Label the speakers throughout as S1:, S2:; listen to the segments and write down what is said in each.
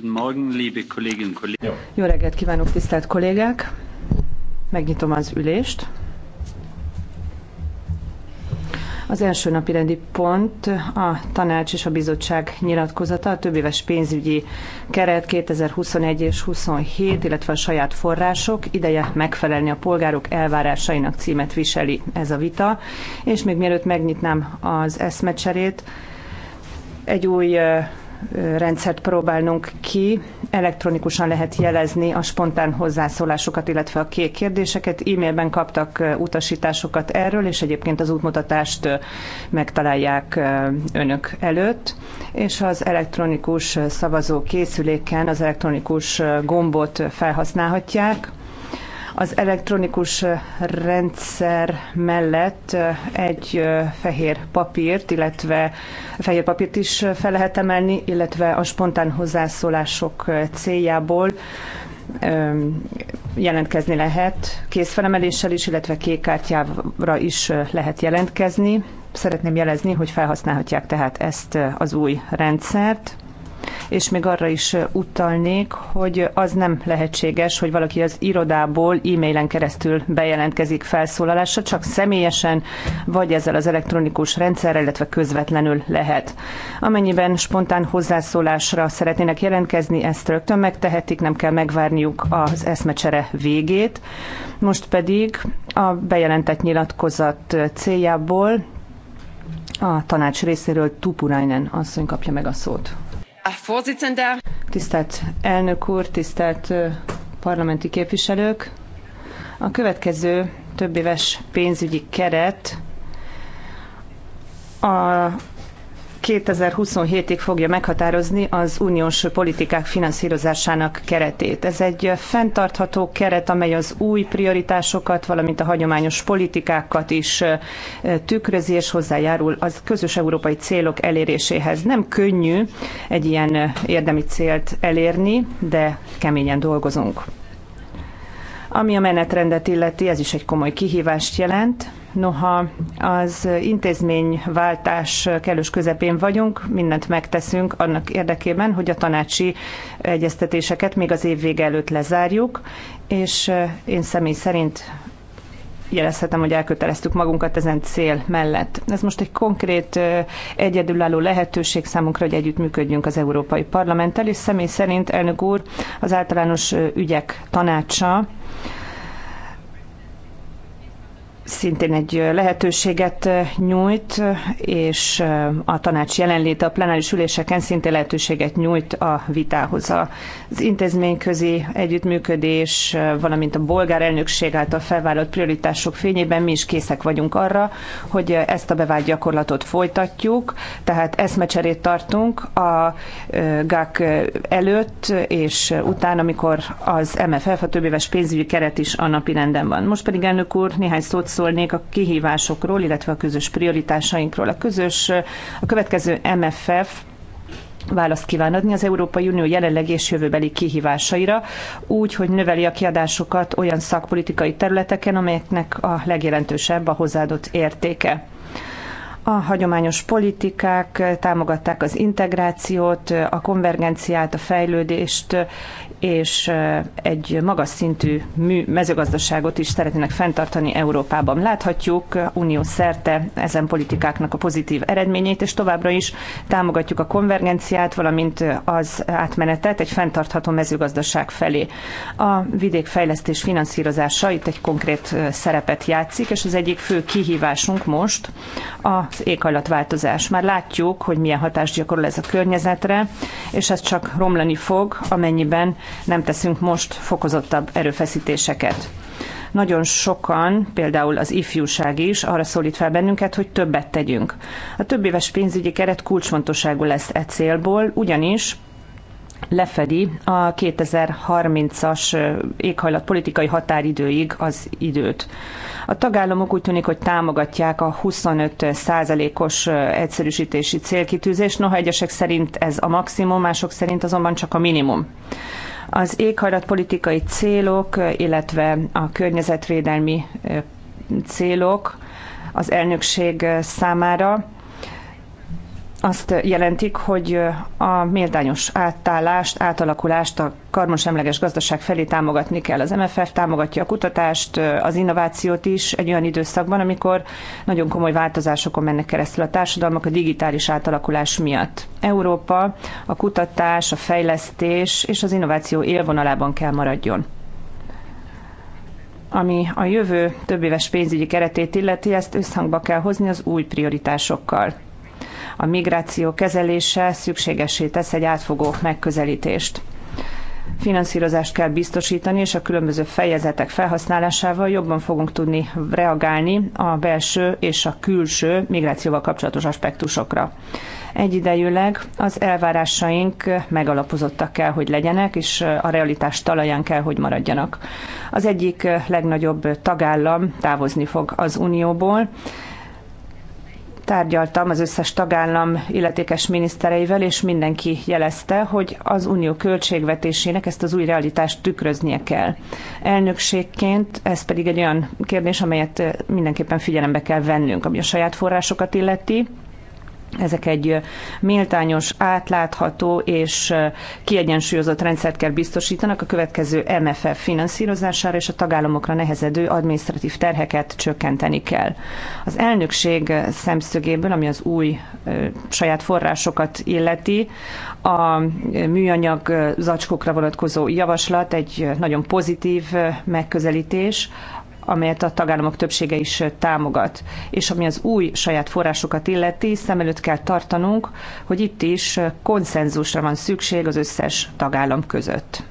S1: Guten Morgen, liebe Kolleginnen und Kollegen.
S2: Jó reggelt kívánok, tisztelt kollégák! Megnyitom az ülést. Az első napi rendi pont a tanács és a bizottság nyilatkozata, a többéves pénzügyi keret 2021 és 27, illetve a saját források, ideje megfelelni a polgárok elvárásainak címet viseli ez a vita. És még mielőtt megnyitnám az eszmecserét, egy új rendszert próbálnunk ki. Elektronikusan lehet jelezni a spontán hozzászólásokat, illetve a kék kérdéseket. E-mailben kaptak utasításokat erről, és egyébként az útmutatást megtalálják önök előtt. És az elektronikus szavazó készüléken az elektronikus gombot felhasználhatják az elektronikus rendszer mellett egy fehér papírt, illetve fehér papírt is fel lehet emelni, illetve a spontán hozzászólások céljából jelentkezni lehet, készfelemeléssel is, illetve kék is lehet jelentkezni. Szeretném jelezni, hogy felhasználhatják tehát ezt az új rendszert és még arra is utalnék, hogy az nem lehetséges, hogy valaki az irodából e-mailen keresztül bejelentkezik felszólalásra, csak személyesen, vagy ezzel az elektronikus rendszerrel, illetve közvetlenül lehet. Amennyiben spontán hozzászólásra szeretnének jelentkezni, ezt rögtön megtehetik, nem kell megvárniuk az eszmecsere végét. Most pedig a bejelentett nyilatkozat céljából a tanács részéről Tupurainen asszony kapja meg a szót. Tisztelt elnök úr, tisztelt parlamenti képviselők! A következő többéves pénzügyi keret a 2027-ig fogja meghatározni az uniós politikák finanszírozásának keretét. Ez egy fenntartható keret, amely az új prioritásokat, valamint a hagyományos politikákat is tükrözi és hozzájárul az közös európai célok eléréséhez. Nem könnyű egy ilyen érdemi célt elérni, de keményen dolgozunk. Ami a menetrendet illeti, ez is egy komoly kihívást jelent Noha az intézményváltás kellős közepén vagyunk, mindent megteszünk annak érdekében, hogy a tanácsi egyeztetéseket még az év vége előtt lezárjuk, és eh, én személy szerint jelezhetem, hogy elköteleztük magunkat ezen cél mellett. Ez most egy konkrét, eh, egyedülálló lehetőség számunkra, hogy együttműködjünk az Európai Parlamenttel, és személy szerint, elnök úr, az általános eh, ügyek tanácsa szintén egy lehetőséget nyújt, és a tanács jelenléte a plenáris üléseken szintén lehetőséget nyújt a vitához. Az intézményközi együttműködés, valamint a bolgár elnökség által felvállalt prioritások fényében mi is készek vagyunk arra, hogy ezt a bevált gyakorlatot folytatjuk, tehát eszmecserét tartunk a GAK előtt és után, amikor az MFF, a többéves pénzügyi keret is a napi renden van. Most pedig elnök úr, néhány szót szólnék a kihívásokról, illetve a közös prioritásainkról. A közös, a következő MFF választ kíván adni az Európai Unió jelenleg és jövőbeli kihívásaira, úgy, hogy növeli a kiadásokat olyan szakpolitikai területeken, amelyeknek a legjelentősebb a hozzáadott értéke a hagyományos politikák támogatták az integrációt, a konvergenciát, a fejlődést, és egy magas szintű mezőgazdaságot is szeretnének fenntartani Európában. Láthatjuk unió szerte ezen politikáknak a pozitív eredményét, és továbbra is támogatjuk a konvergenciát, valamint az átmenetet egy fenntartható mezőgazdaság felé. A vidékfejlesztés finanszírozása itt egy konkrét szerepet játszik, és az egyik fő kihívásunk most a éghajlatváltozás. Már látjuk, hogy milyen hatást gyakorol ez a környezetre, és ez csak romlani fog, amennyiben nem teszünk most fokozottabb erőfeszítéseket nagyon sokan, például az ifjúság is arra szólít fel bennünket, hogy többet tegyünk. A több éves pénzügyi keret kulcsfontosságú lesz e célból, ugyanis lefedi a 2030-as éghajlatpolitikai határidőig az időt. A tagállamok úgy tűnik, hogy támogatják a 25 százalékos egyszerűsítési célkitűzést, noha egyesek szerint ez a maximum, mások szerint azonban csak a minimum. Az éghajlatpolitikai célok, illetve a környezetvédelmi célok az elnökség számára azt jelentik, hogy a méltányos átállást, átalakulást a karbonsemleges gazdaság felé támogatni kell. Az MFF támogatja a kutatást, az innovációt is egy olyan időszakban, amikor nagyon komoly változásokon mennek keresztül a társadalmak a digitális átalakulás miatt. Európa a kutatás, a fejlesztés és az innováció élvonalában kell maradjon ami a jövő többéves pénzügyi keretét illeti, ezt összhangba kell hozni az új prioritásokkal. A migráció kezelése szükségesé tesz egy átfogó megközelítést finanszírozást kell biztosítani, és a különböző fejezetek felhasználásával jobban fogunk tudni reagálni a belső és a külső migrációval kapcsolatos aspektusokra. Egyidejűleg az elvárásaink megalapozottak kell, hogy legyenek, és a realitás talaján kell, hogy maradjanak. Az egyik legnagyobb tagállam távozni fog az Unióból, tárgyaltam az összes tagállam illetékes minisztereivel, és mindenki jelezte, hogy az unió költségvetésének ezt az új realitást tükröznie kell. Elnökségként ez pedig egy olyan kérdés, amelyet mindenképpen figyelembe kell vennünk, ami a saját forrásokat illeti ezek egy méltányos, átlátható és kiegyensúlyozott rendszert kell biztosítanak a következő MFF finanszírozására, és a tagállamokra nehezedő adminisztratív terheket csökkenteni kell. Az elnökség szemszögéből, ami az új saját forrásokat illeti, a műanyag zacskókra vonatkozó javaslat egy nagyon pozitív megközelítés, amelyet a tagállamok többsége is támogat. És ami az új saját forrásokat illeti, szem előtt kell tartanunk, hogy itt is konszenzusra van szükség az összes tagállam között.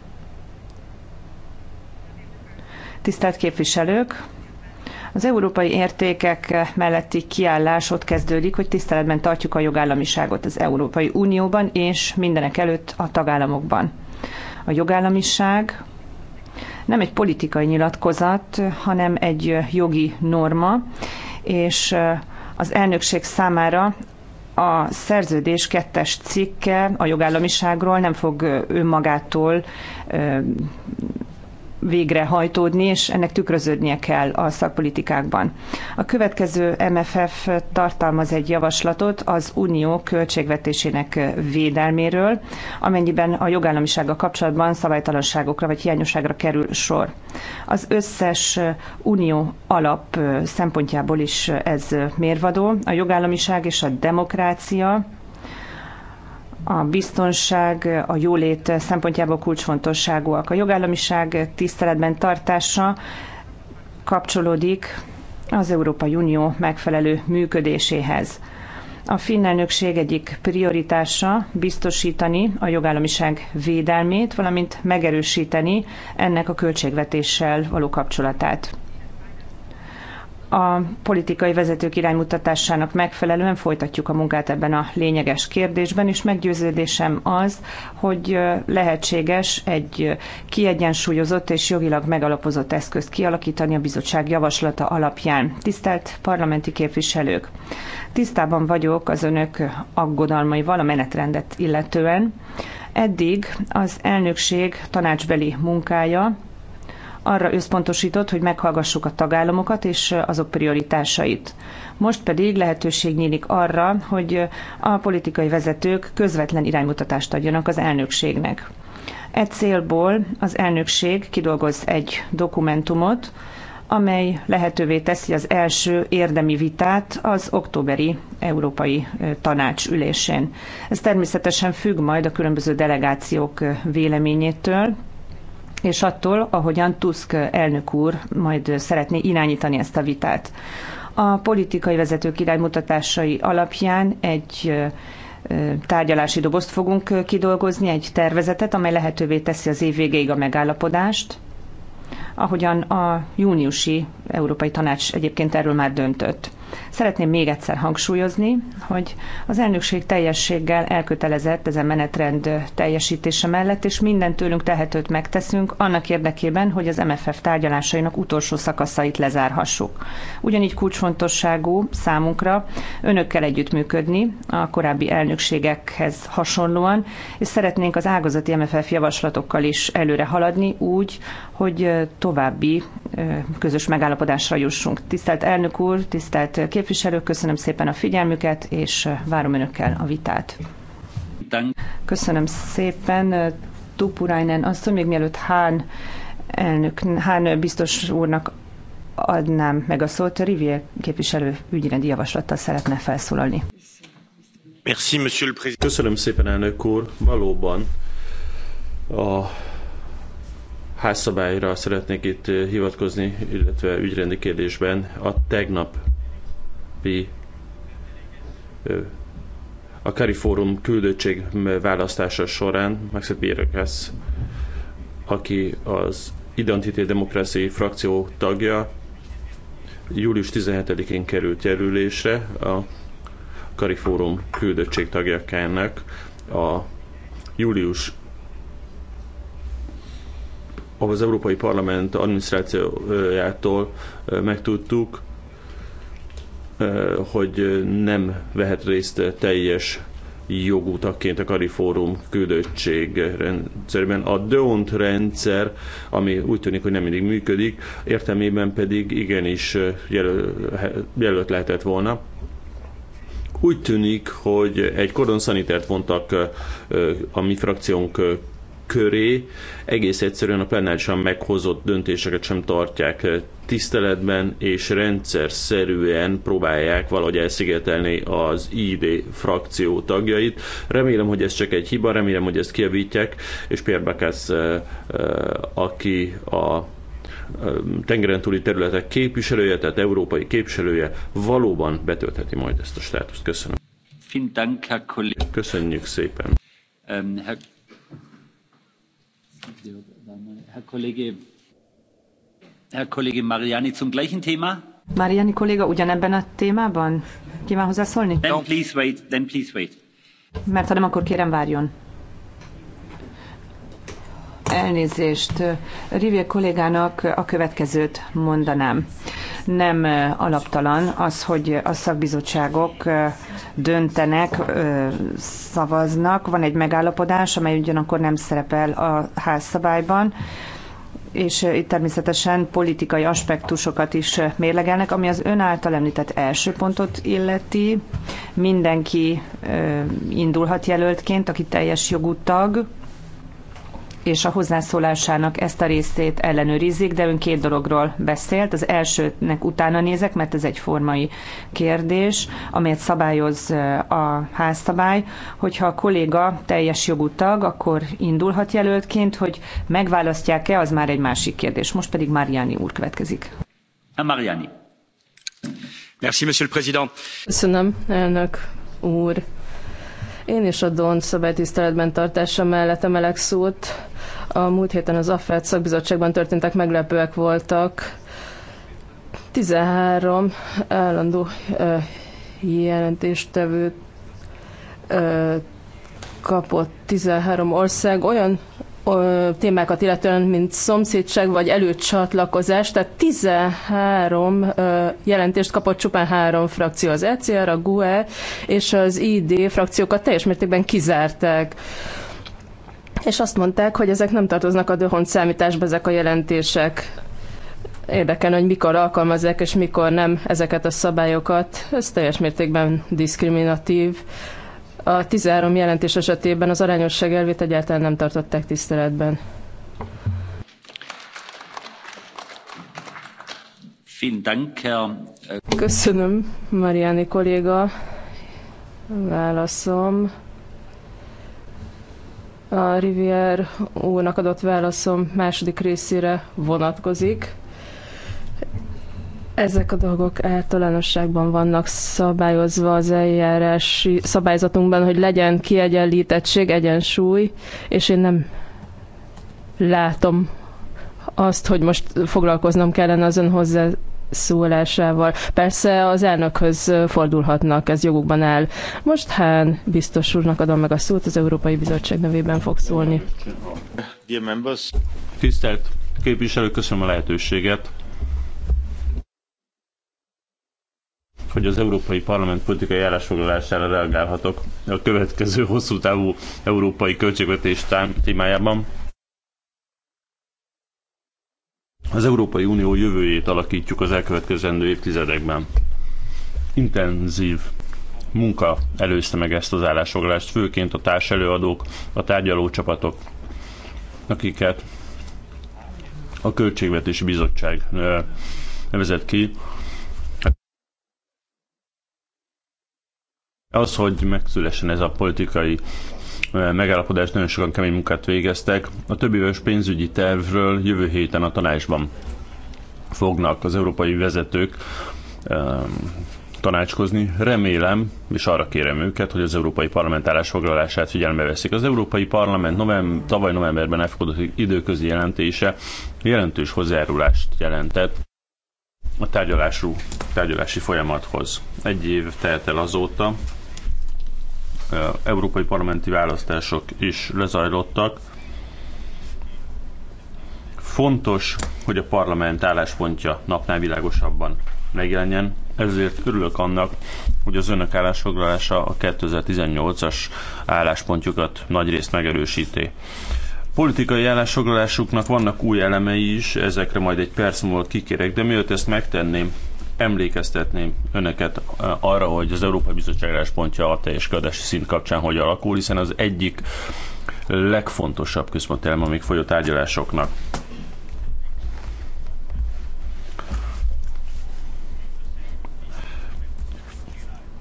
S2: Tisztelt képviselők! Az európai értékek melletti kiállás ott kezdődik, hogy tiszteletben tartjuk a jogállamiságot az Európai Unióban és mindenek előtt a tagállamokban. A jogállamiság nem egy politikai nyilatkozat, hanem egy jogi norma, és az elnökség számára a szerződés kettes cikke a jogállamiságról nem fog önmagától végrehajtódni, és ennek tükröződnie kell a szakpolitikákban. A következő MFF tartalmaz egy javaslatot az unió költségvetésének védelméről, amennyiben a jogállamisággal kapcsolatban szabálytalanságokra vagy hiányosságra kerül sor. Az összes unió alap szempontjából is ez mérvadó. A jogállamiság és a demokrácia a biztonság, a jólét szempontjából kulcsfontosságúak. A jogállamiság tiszteletben tartása kapcsolódik az Európai Unió megfelelő működéséhez. A finn elnökség egyik prioritása biztosítani a jogállamiság védelmét, valamint megerősíteni ennek a költségvetéssel való kapcsolatát a politikai vezetők iránymutatásának megfelelően folytatjuk a munkát ebben a lényeges kérdésben, és meggyőződésem az, hogy lehetséges egy kiegyensúlyozott és jogilag megalapozott eszközt kialakítani a bizottság javaslata alapján. Tisztelt parlamenti képviselők! Tisztában vagyok az önök aggodalmaival a menetrendet illetően. Eddig az elnökség tanácsbeli munkája arra összpontosított, hogy meghallgassuk a tagállamokat és azok prioritásait. Most pedig lehetőség nyílik arra, hogy a politikai vezetők közvetlen iránymutatást adjanak az elnökségnek. E célból az elnökség kidolgoz egy dokumentumot, amely lehetővé teszi az első érdemi vitát az októberi Európai Tanács ülésén. Ez természetesen függ majd a különböző delegációk véleményétől, és attól, ahogyan Tusk elnök úr majd szeretné irányítani ezt a vitát. A politikai vezetők iránymutatásai alapján egy tárgyalási dobozt fogunk kidolgozni, egy tervezetet, amely lehetővé teszi az év végéig a megállapodást, ahogyan a júniusi Európai Tanács egyébként erről már döntött. Szeretném még egyszer hangsúlyozni, hogy az elnökség teljességgel elkötelezett ezen menetrend teljesítése mellett, és minden tőlünk tehetőt megteszünk annak érdekében, hogy az MFF tárgyalásainak utolsó szakaszait lezárhassuk. Ugyanígy kulcsfontosságú számunkra önökkel együttműködni a korábbi elnökségekhez hasonlóan, és szeretnénk az ágazati MFF javaslatokkal is előre haladni úgy, hogy további közös megállapodásra jussunk. Tisztelt elnök úr, tisztelt képviselő, képviselők, köszönöm szépen a figyelmüket, és várom önökkel a vitát. Köszönöm szépen. Tupurainen mondom, még mielőtt Hán elnök, Hán biztos úrnak adnám meg a szót, Rivier képviselő ügyrendi javaslattal szeretne felszólalni.
S3: Köszönöm szépen, elnök úr. Valóban a házszabályra szeretnék itt hivatkozni, illetve ügyrendi kérdésben a tegnap tegnapi a Kari Fórum küldöttség választása során Maxi Bérekesz, aki az Identity Democracy frakció tagja, július 17-én került jelölésre a Kari Fórum küldöttség tagjakának a július az Európai Parlament adminisztrációjától megtudtuk, hogy nem vehet részt teljes jogútakként a Kari Fórum küldöttség rendszerben. A DONT rendszer, ami úgy tűnik, hogy nem mindig működik, értelmében pedig igenis jelöl, jelölt lehetett volna. Úgy tűnik, hogy egy kordon szanitert vontak a mi frakciónk köré egész egyszerűen a plenárisan meghozott döntéseket sem tartják eh, tiszteletben, és rendszer szerűen próbálják valahogy elszigetelni az ID frakció tagjait. Remélem, hogy ez csak egy hiba, remélem, hogy ezt kiavítják, és Pierre Bacass, eh, eh, aki a tengeren túli területek képviselője, tehát európai képviselője valóban betöltheti majd ezt a státuszt. Köszönöm.
S1: Köszönjük szépen. Ähm, Herr Kollege, Herr Kollege Mariani zum gleichen Thema.
S2: Mariani kolléga ugyanebben a témában kíván hozzászólni? Then
S1: please wait, then please wait.
S2: Mert ha nem, akkor kérem várjon. Elnézést. Rivier kollégának a következőt mondanám. Nem alaptalan az, hogy a szakbizottságok döntenek, szavaznak. Van egy megállapodás, amely ugyanakkor nem szerepel a házszabályban és itt természetesen politikai aspektusokat is mérlegelnek, ami az ön által említett első pontot illeti. Mindenki indulhat jelöltként, aki teljes jogú tag, és a hozzászólásának ezt a részét ellenőrizzék, de ön két dologról beszélt. Az elsőnek utána nézek, mert ez egy formai kérdés, amelyet szabályoz a házszabály, hogyha a kolléga teljes jogú tag, akkor indulhat jelöltként, hogy megválasztják-e, az már egy másik kérdés. Most pedig Mariani úr következik. A Mariani. Merci, monsieur le président. Köszönöm, elnök úr.
S4: Én is a DON szabálytiszteletben tartása mellett emelek szót. A múlt héten az AFED szakbizottságban történtek meglepőek voltak. 13 eh, állandó eh, jelentéstevőt eh, kapott 13 ország olyan témákat illetően, mint szomszédság vagy előcsatlakozás, tehát 13 jelentést kapott csupán három frakció, az ECR, a GUE és az ID frakciókat teljes mértékben kizárták. És azt mondták, hogy ezek nem tartoznak a Dohont számításba ezek a jelentések. Érdekel, hogy mikor alkalmazzák és mikor nem ezeket a szabályokat. Ez teljes mértékben diszkriminatív. A 13 jelentés esetében az arányosság elvét egyáltalán nem tartották tiszteletben.
S1: Äh, Köszönöm,
S4: Mariani kolléga. Válaszom. A Rivier úrnak adott válaszom második részére vonatkozik. Ezek a dolgok általánosságban vannak szabályozva az eljárási szabályzatunkban, hogy legyen kiegyenlítettség, egyensúly, és én nem látom azt, hogy most foglalkoznom kellene azon hozzá szólásával. Persze az elnökhöz fordulhatnak, ez jogukban áll. Most Hán biztos úrnak adom meg a szót, az Európai Bizottság nevében fog szólni.
S3: Tisztelt képviselő, köszönöm a lehetőséget. hogy az Európai Parlament politikai állásfoglalására reagálhatok a következő hosszú távú európai költségvetés témájában. Az Európai Unió jövőjét alakítjuk az elkövetkezendő évtizedekben. Intenzív munka előzte meg ezt az állásfoglalást, főként a társelőadók, a tárgyalócsapatok, akiket a Költségvetési Bizottság nevezett ki Az, hogy megszülessen ez a politikai megállapodás, nagyon sokan kemény munkát végeztek. A többi pénzügyi tervről jövő héten a tanácsban fognak az európai vezetők tanácskozni. Remélem, és arra kérem őket, hogy az Európai Parlament állásfoglalását figyelembe veszik. Az Európai Parlament novemb- tavaly novemberben elfogadott időközi jelentése jelentős hozzájárulást jelentett a tárgyalású, tárgyalási folyamathoz. Egy év telt el azóta, Eh, európai parlamenti választások is lezajlottak. Fontos, hogy a parlament álláspontja napnál világosabban megjelenjen, ezért örülök annak, hogy az önök állásfoglalása a 2018-as álláspontjukat nagyrészt megerősíti. Politikai állásfoglalásuknak vannak új elemei is, ezekre majd egy perc múlva kikérek, de mielőtt ezt megtenném, emlékeztetném önöket eh, arra, hogy az Európai Bizottság álláspontja a teljes teljesködési szint kapcsán hogy alakul, hiszen az egyik legfontosabb központi elem a még folyó tárgyalásoknak.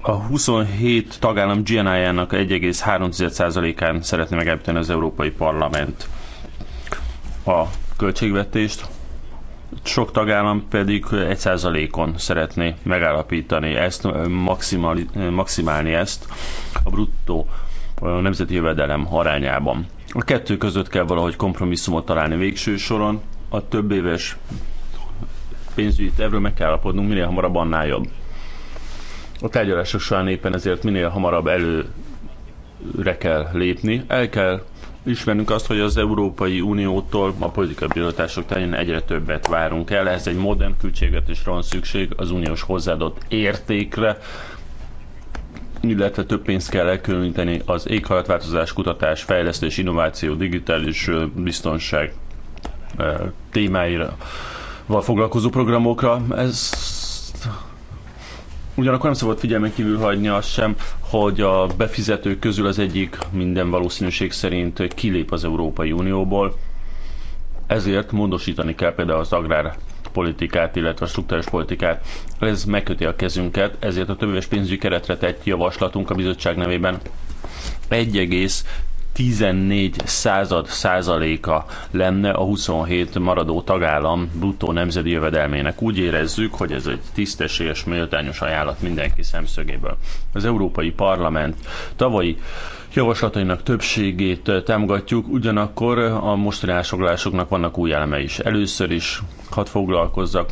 S3: A 27 tagállam GNI-jának 1,3%-án szeretné megállítani az Európai Parlament a költségvetést, sok tagállam pedig egy százalékon szeretné megállapítani ezt, maximálni ezt a bruttó nemzeti jövedelem arányában. A kettő között kell valahogy kompromisszumot találni végső soron, a több éves pénzügyi tervről meg kell alapodnunk, minél hamarabb annál jobb. A tárgyalások során éppen ezért minél hamarabb előre kell lépni, el kell ismerünk azt, hogy az Európai Uniótól a politikai prioritások terén egyre többet várunk el. Ez egy modern költségvetésre van szükség az uniós hozzáadott értékre, illetve több pénzt kell elkülöníteni az éghajlatváltozás, kutatás, fejlesztés, innováció, digitális biztonság témáira, val foglalkozó programokra. Ez Ugyanakkor nem szabad figyelmen kívül hagyni azt sem, hogy a befizetők közül az egyik minden valószínűség szerint kilép az Európai Unióból, ezért módosítani kell például az agrár politikát, illetve a struktúrás politikát. Ez megköti a kezünket, ezért a többéves pénzügyi keretre tett javaslatunk a bizottság nevében 14 század százaléka lenne a 27 maradó tagállam bruttó nemzeti jövedelmének. Úgy érezzük, hogy ez egy tisztességes, méltányos ajánlat mindenki szemszögéből. Az Európai Parlament tavalyi javaslatainak többségét támogatjuk, ugyanakkor a mostani elsoglásoknak vannak új elemei is. Először is, hadd foglalkozzak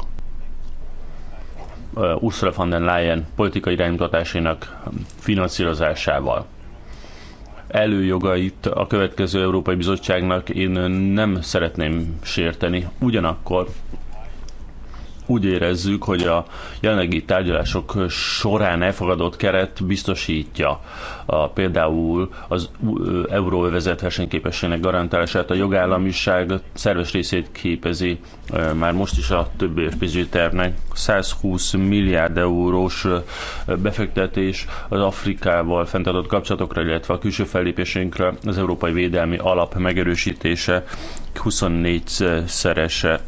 S3: uh, Ursula von der Leyen politikai iránymutatásainak finanszírozásával előjogait a következő Európai Bizottságnak én nem szeretném sérteni. Ugyanakkor úgy érezzük, hogy a jelenlegi tárgyalások során elfogadott keret biztosítja a, például az euróövezet versenyképességének garantálását, a jogállamiság szerves részét képezi már most is a több éves tervnek. 120 milliárd eurós befektetés az Afrikával fenntartott kapcsolatokra, illetve a külső fellépésünkre az Európai Védelmi Alap megerősítése 24-szerese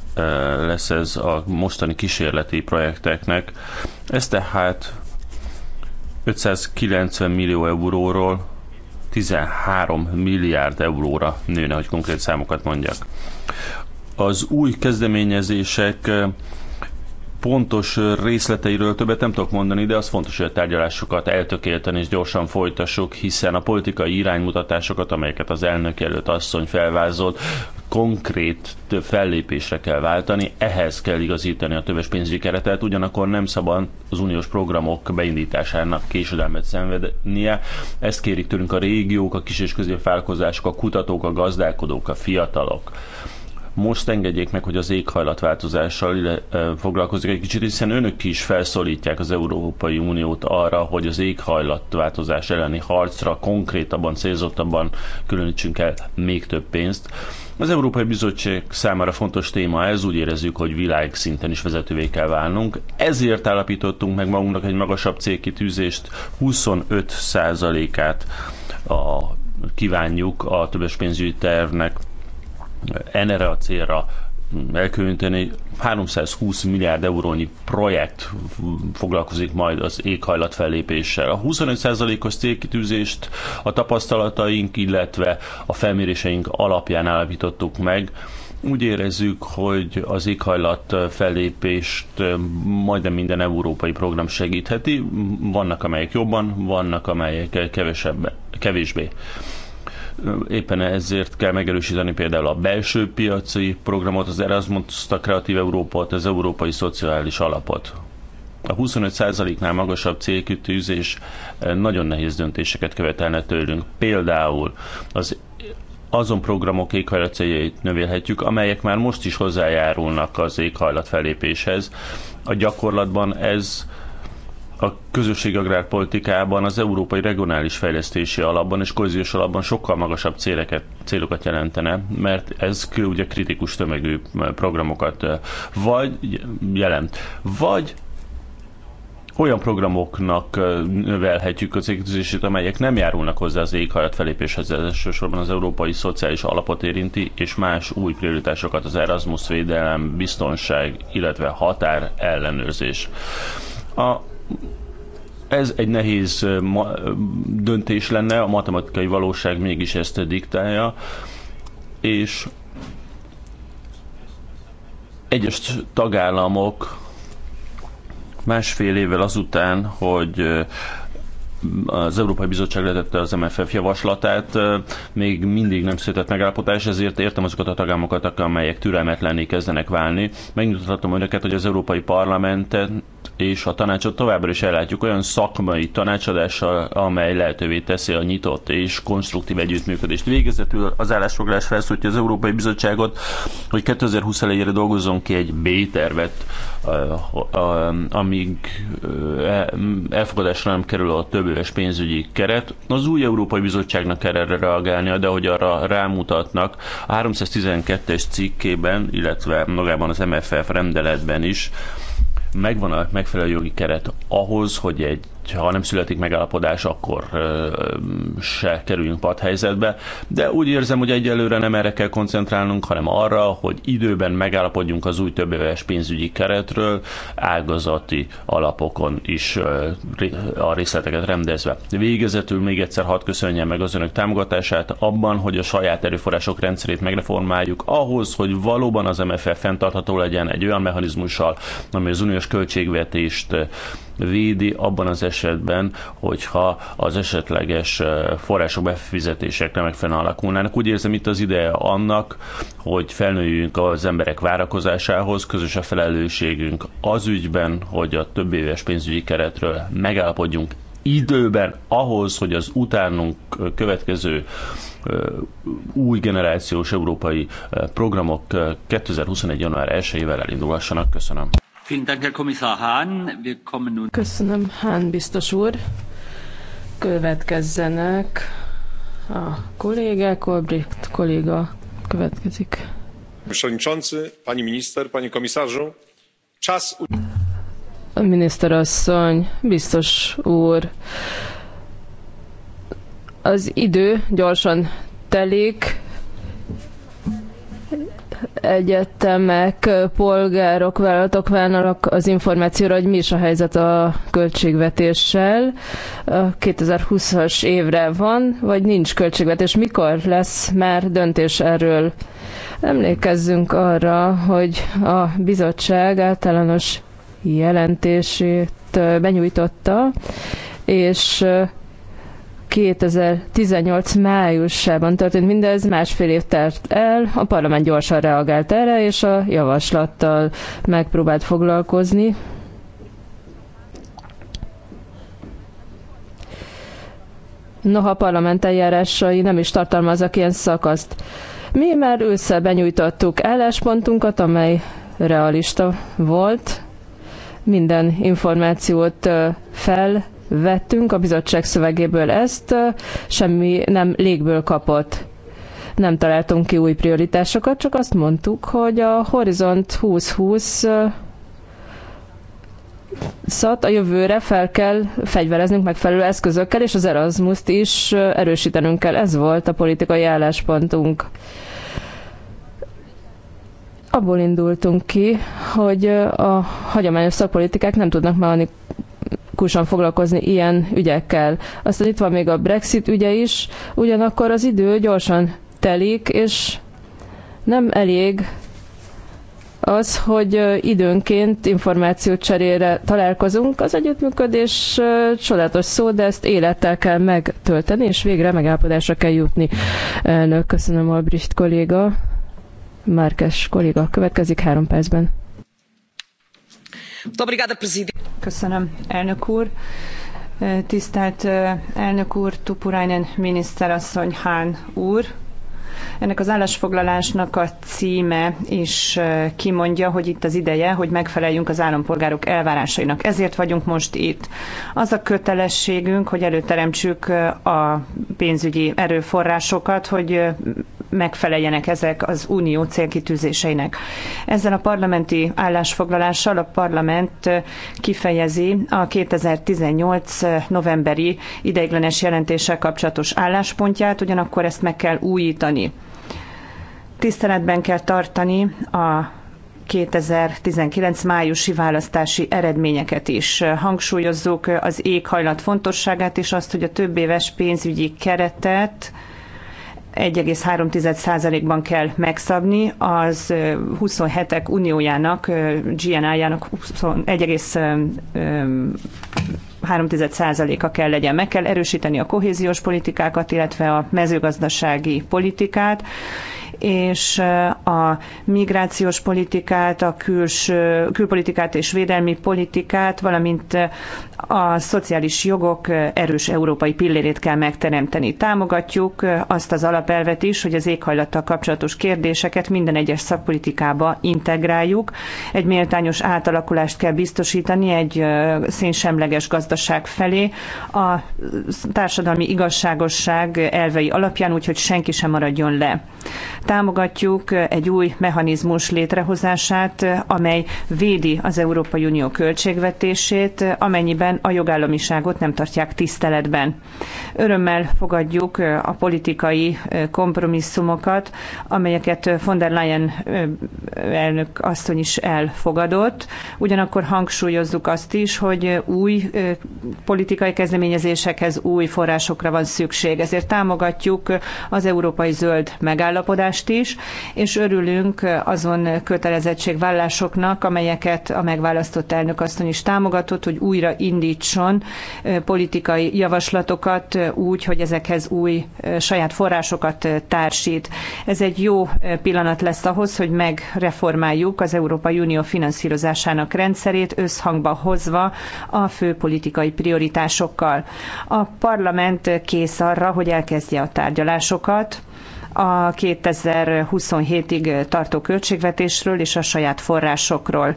S3: lesz ez a mostani kísérleti projekteknek. Ez tehát 590 millió euróról 13 milliárd euróra nőne, hogy konkrét számokat mondjak. Az új kezdeményezések pontos részleteiről többet nem tudok mondani, de az fontos, hogy a tárgyalásokat eltökélten és gyorsan folytassuk, hiszen a politikai iránymutatásokat, amelyeket az elnök előtt asszony felvázolt, konkrét fellépésre kell váltani, ehhez kell igazítani a többes pénzügyi keretet, ugyanakkor nem szabad az uniós programok beindításának késedelmet szenvednie. Ezt kérik tőlünk a régiók, a kis és középvállalkozások, a kutatók, a gazdálkodók, a fiatalok most engedjék meg, hogy az éghajlatváltozással foglalkozik egy kicsit, hiszen önök is felszólítják az Európai Uniót arra, hogy az éghajlatváltozás elleni harcra konkrétabban, célzottabban különítsünk el még több pénzt. Az Európai Bizottság számára fontos téma ez, úgy érezzük, hogy világszinten is vezetővé kell válnunk. Ezért állapítottunk meg magunknak egy magasabb célkitűzést, 25%-át a, kívánjuk a többes pénzügyi tervnek erre a célra elkülöníteni. 320 milliárd eurónyi projekt foglalkozik majd az éghajlat fellépéssel. A 25%-os célkitűzést a tapasztalataink, illetve a felméréseink alapján állapítottuk meg. Úgy érezzük, hogy az éghajlat fellépést majdnem minden európai program segítheti. Vannak, amelyek jobban, vannak, amelyek kevesebb, kevésbé. Éppen ezért kell megerősíteni például a belső piaci programot, az Erasmus, a Kreatív Európát, az Európai Szociális Alapot. A 25%-nál magasabb célkütőzés eh, nagyon nehéz döntéseket követelne tőlünk. Például az azon programok éghajlat céljait növelhetjük, amelyek már most is hozzájárulnak az éghajlat felépéshez. A gyakorlatban ez a közösség agrárpolitikában, az európai regionális fejlesztési alapban és kohéziós alapban sokkal magasabb céleket, célokat jelentene, mert ez ugye kritikus tömegű programokat vagy jelent. Vagy olyan programoknak növelhetjük az égtüzését, amelyek nem járulnak hozzá az éghajlat felépéshez, ez elsősorban az európai szociális alapot érinti, és más új prioritásokat az Erasmus védelem, biztonság, illetve határ ellenőrzés. A ez egy nehéz döntés lenne, a matematikai valóság mégis ezt diktálja, és egyes tagállamok másfél évvel azután, hogy az Európai Bizottság letette az MFF javaslatát, még mindig nem született megállapodás, ezért értem azokat a tagállamokat, amelyek türelmetlenné kezdenek válni. Megnyugtathatom önöket, hogy az Európai Parlamentet és a tanácsot továbbra is ellátjuk olyan szakmai tanácsadással, amely lehetővé teszi a nyitott és konstruktív együttműködést. Végezetül az állásfoglalás felszólítja az Európai Bizottságot, hogy 2020 elejére dolgozzon ki egy B-tervet amíg e, elfogadásra nem kerül a többéves pénzügyi keret. Az új Európai Bizottságnak kell erre reagálnia, de hogy arra rámutatnak, a 312-es cikkében, illetve magában az MFF rendeletben is megvan a megfelelő jogi keret ahhoz, hogy egy hogyha nem születik megállapodás, akkor se kerüljünk padhelyzetbe. De úgy érzem, hogy egyelőre nem erre kell koncentrálnunk, hanem arra, hogy időben megállapodjunk az új többéves pénzügyi keretről, ágazati alapokon is a részleteket rendezve. Végezetül még egyszer hadd köszönjem meg az önök támogatását abban, hogy a saját erőforrások rendszerét megreformáljuk ahhoz, hogy valóban az MFF fenntartható legyen egy olyan mechanizmussal, ami az uniós költségvetést védi abban az esetben, esetben, hogyha az esetleges eh, források befizetések nem megfelelően alakulnának. Úgy érzem itt az ideje annak, hogy felnőjünk az emberek várakozásához, közös a felelősségünk az ügyben, hogy a több éves pénzügyi keretről megállapodjunk időben ahhoz, hogy az utánunk eh, következő eh, új generációs európai programok 2021. január 1-ével elindulhassanak. Köszönöm.
S4: Köszönöm, Hán biztos úr. Következzenek a kollégák, Olbricht kolléga következik.
S5: Przewodniczący, pani minister, pani komisarzu, czas...
S4: Miniszterasszony, biztos úr, az idő gyorsan telik, egyetemek, polgárok, vállalatok válnak az információra, hogy mi is a helyzet a költségvetéssel. 2020-as évre van, vagy nincs költségvetés. Mikor lesz már döntés erről? Emlékezzünk arra, hogy a bizottság általános jelentését benyújtotta, és 2018 májusában történt mindez, másfél év telt el, a parlament gyorsan reagált erre, és a javaslattal megpróbált foglalkozni. Noha a parlament eljárásai nem is tartalmaznak ilyen szakaszt. Mi már ősszel benyújtottuk álláspontunkat, amely realista volt, minden információt fel vettünk a bizottság szövegéből ezt, semmi nem légből kapott. Nem találtunk ki új prioritásokat, csak azt mondtuk, hogy a Horizont 2020 szat a jövőre fel kell fegyvereznünk megfelelő eszközökkel, és az erasmus is erősítenünk kell. Ez volt a politikai álláspontunk abból indultunk ki, hogy a hagyományos szakpolitikák nem tudnak szisztematikusan foglalkozni ilyen ügyekkel. Aztán itt van még a Brexit ügye is, ugyanakkor az idő gyorsan telik, és nem elég az, hogy időnként információt cserére találkozunk. Az együttműködés csodálatos szó, de ezt élettel kell megtölteni, és végre megállapodásra kell jutni. Elnök, köszönöm Albrecht kolléga. Márkes kolléga következik három percben.
S2: Köszönöm, elnök úr. Tisztelt eh, elnök úr, Tupurainen miniszterasszony Hán úr, ennek az állásfoglalásnak a címe is kimondja, hogy itt az ideje, hogy megfeleljünk az állampolgárok elvárásainak. Ezért vagyunk most itt. Az a kötelességünk, hogy előteremtsük a pénzügyi erőforrásokat, hogy megfeleljenek ezek az unió célkitűzéseinek. Ezzel a parlamenti állásfoglalással a parlament kifejezi a 2018 novemberi ideiglenes jelentéssel kapcsolatos álláspontját, ugyanakkor ezt meg kell újítani. Tiszteletben kell tartani a 2019 májusi választási eredményeket is. Hangsúlyozzuk az éghajlat fontosságát és azt, hogy a több éves pénzügyi keretet 1,3%-ban kell megszabni, az 27-ek uniójának, GNI-jának 3,3%-a kell legyen. Meg kell erősíteni a kohéziós politikákat, illetve a mezőgazdasági politikát, és eh, a migrációs politikát, a külső, külpolitikát és védelmi politikát, valamint eh, a szociális jogok eh, erős európai pillérét kell megteremteni. Támogatjuk azt az alapelvet is, hogy az éghajlattal kapcsolatos kérdéseket minden egyes szakpolitikába integráljuk. Egy méltányos átalakulást kell biztosítani egy szénsemleges gazdaság gazdaság felé a társadalmi igazságosság elvei alapján, úgyhogy senki sem maradjon le. Támogatjuk egy új mechanizmus létrehozását, amely védi az Európai Unió költségvetését, amennyiben a jogállamiságot nem tartják tiszteletben. Örömmel fogadjuk a politikai kompromisszumokat, amelyeket von der Leyen elnök asszony is elfogadott. Ugyanakkor hangsúlyozzuk azt is, hogy új politikai kezdeményezésekhez új forrásokra van szükség. Ezért támogatjuk az európai zöld megállapodást is, és örülünk azon kötelezettségvállásoknak, amelyeket a megválasztott elnök asszony is támogatott, hogy újra indítson politikai javaslatokat úgy, hogy ezekhez új saját forrásokat társít. Ez egy jó pillanat lesz ahhoz, hogy megreformáljuk az Európai Unió finanszírozásának rendszerét, összhangba hozva a fő politikai politikai prioritásokkal. A parlament kész arra, hogy elkezdje a tárgyalásokat a 2027-ig tartó költségvetésről és a saját forrásokról.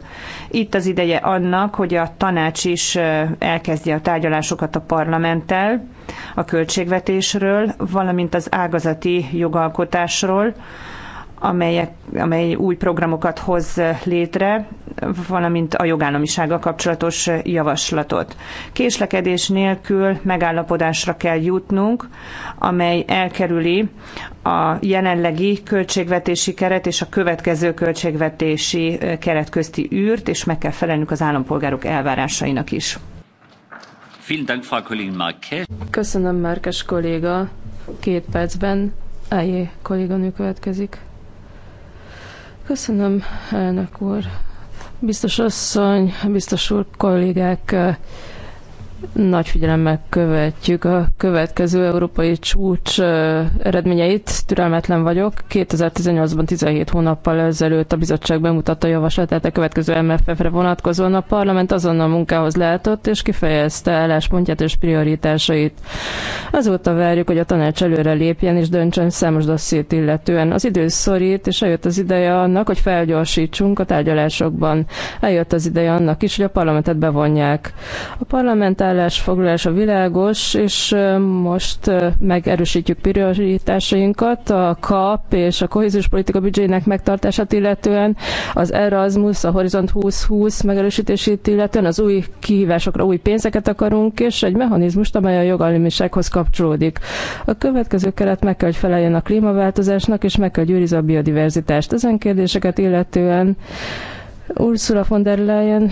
S2: Itt az ideje annak, hogy a tanács is elkezdje a tárgyalásokat a parlamenttel a költségvetésről, valamint az ágazati jogalkotásról, amelyek, amely új programokat hoz létre, valamint a jogállamisággal kapcsolatos javaslatot. Késlekedés nélkül megállapodásra kell jutnunk, amely elkerüli a jelenlegi költségvetési keret és a következő költségvetési keret közti űrt, és meg kell felelnünk az állampolgárok elvárásainak is. Köszönöm, Márkes kolléga.
S4: Két percben Ájé kolléganő következik. Köszönöm, elnök úr. Biztos asszony, biztos úr, kollégák, nagy figyelemmel követjük a következő európai csúcs eredményeit. Türelmetlen vagyok. 2018-ban 17 hónappal ezelőtt a bizottság bemutatta javaslatát a következő MFF-re vonatkozóan. A parlament azonnal munkához látott és kifejezte álláspontját és prioritásait. Azóta várjuk, hogy a tanács előre lépjen és döntsön számos dossziét illetően. Az idő szorít, és eljött az ideje annak, hogy felgyorsítsunk a tárgyalásokban. Eljött az ideje annak is, hogy a parlamentet bevonják. A parlament állásfoglalása világos, és most megerősítjük prioritásainkat a KAP és a kohéziós politika büdzsének megtartását illetően, az Erasmus, a Horizont 2020 megerősítését illetően, az új kihívásokra új pénzeket akarunk, és egy mechanizmust, amely a jogalimisághoz kapcsolódik. A következő keret meg kell, hogy feleljen a klímaváltozásnak, és meg kell, hogy a biodiverzitást. Ezen kérdéseket illetően Ursula von der Leyen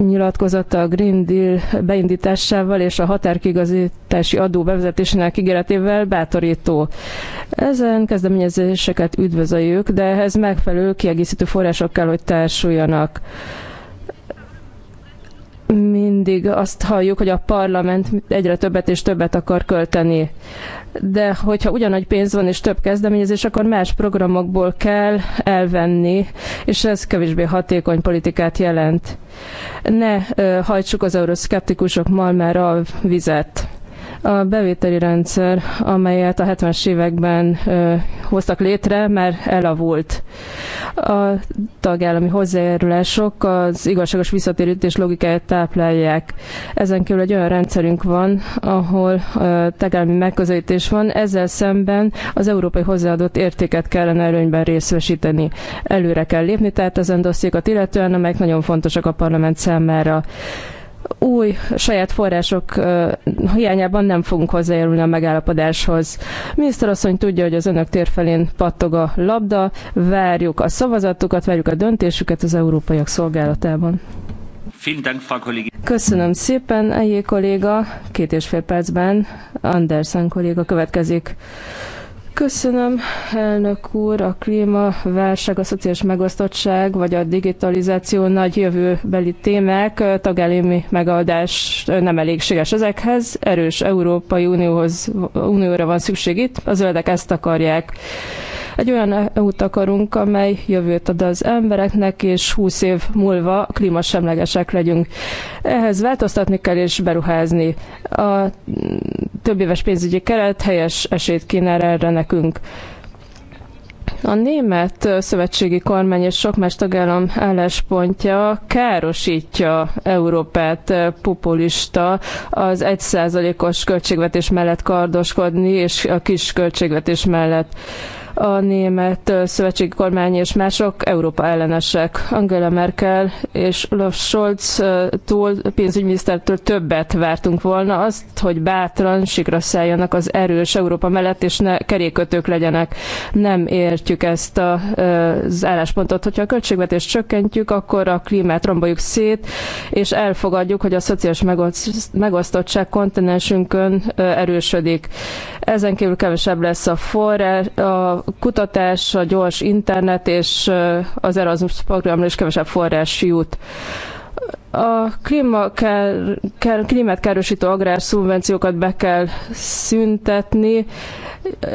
S4: nyilatkozata a Green Deal beindításával és a határkigazítási adó bevezetésének ígéretével bátorító. Ezen kezdeményezéseket üdvözöljük, de ehhez megfelelő kiegészítő források kell, hogy társuljanak mindig azt halljuk, hogy a parlament egyre többet és többet akar költeni. De hogyha ugyanagy pénz van és több kezdeményezés, akkor más programokból kell elvenni, és ez kevésbé hatékony politikát jelent. Ne hajtsuk az euroszkeptikusok malmára a vizet. A bevételi rendszer, amelyet a 70-es években ö, hoztak létre, mert elavult. A tagállami hozzájárulások az igazságos visszatérítés logikáját táplálják. Ezen kívül egy olyan rendszerünk van, ahol ö, tagállami megközelítés van, ezzel szemben az európai hozzáadott értéket kellene előnyben részvesíteni. Előre kell lépni, tehát ezen dossziékat illetően, amelyek nagyon fontosak a parlament számára új saját források hiányában nem fogunk hozzájárulni a megállapodáshoz. asszony tudja, hogy az önök térfelén pattog a labda, várjuk a szavazatukat, várjuk a döntésüket az európaiak szolgálatában. Köszönöm szépen, Ejé kolléga. Két és fél percben Andersen kolléga következik. Köszönöm, elnök úr, a klímaválság, a szociális megosztottság vagy a digitalizáció nagy jövőbeli témák, tagállami megoldás nem elégséges ezekhez, erős Európai Unióhoz, Unióra van szükség itt, a zöldek ezt akarják. Egy olyan út akarunk, amely jövőt ad az embereknek, és 20 év múlva klímasemlegesek legyünk. Ehhez változtatni kell és beruházni. A több éves pénzügyi keret helyes esélyt kínál erre nekünk. A német szövetségi kormány és sok más tagállam álláspontja károsítja Európát populista az 1%-os költségvetés mellett kardoskodni és a kis költségvetés mellett a német szövetségi kormány és mások Európa ellenesek. Angela Merkel és Olaf Scholz túl, pénzügyminisztertől többet vártunk volna, azt, hogy bátran sikra szálljanak az erős Európa mellett, és ne kerékötők legyenek. Nem értjük ezt a, az álláspontot. Hogyha a költségvetést csökkentjük, akkor a klímát romboljuk szét, és elfogadjuk, hogy a szociális megosztottság kontinensünkön erősödik. Ezen kívül kevesebb lesz a forrás, a kutatás, a gyors internet és az Erasmus programra is kevesebb forrás jut. A klímát károsító agrárszubvenciókat be kell szüntetni.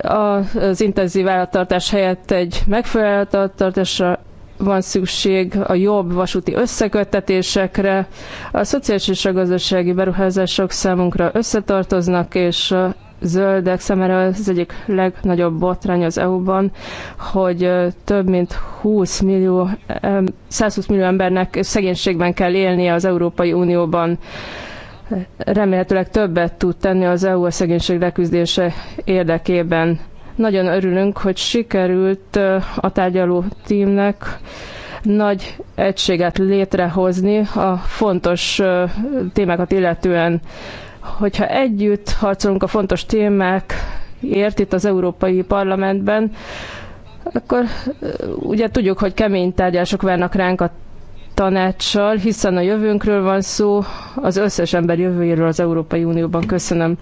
S4: A, az intenzív állattartás helyett egy megfelelő állattartásra van szükség a jobb vasúti összeköttetésekre. A szociális és a gazdasági beruházások számunkra összetartoznak, és zöldek szemére az egyik legnagyobb botrány az EU-ban, hogy több mint 20 millió, 120 millió embernek szegénységben kell élnie az Európai Unióban. Remélhetőleg többet tud tenni az EU a szegénység leküzdése érdekében. Nagyon örülünk, hogy sikerült a tárgyaló tímnek nagy egységet létrehozni a fontos témákat illetően hogyha együtt harcolunk a fontos témákért itt az Európai Parlamentben, akkor ugye tudjuk, hogy kemény tárgyások várnak ránk a tanácssal, hiszen a jövőnkről van szó, az összes ember jövőjéről az Európai Unióban. Köszönöm.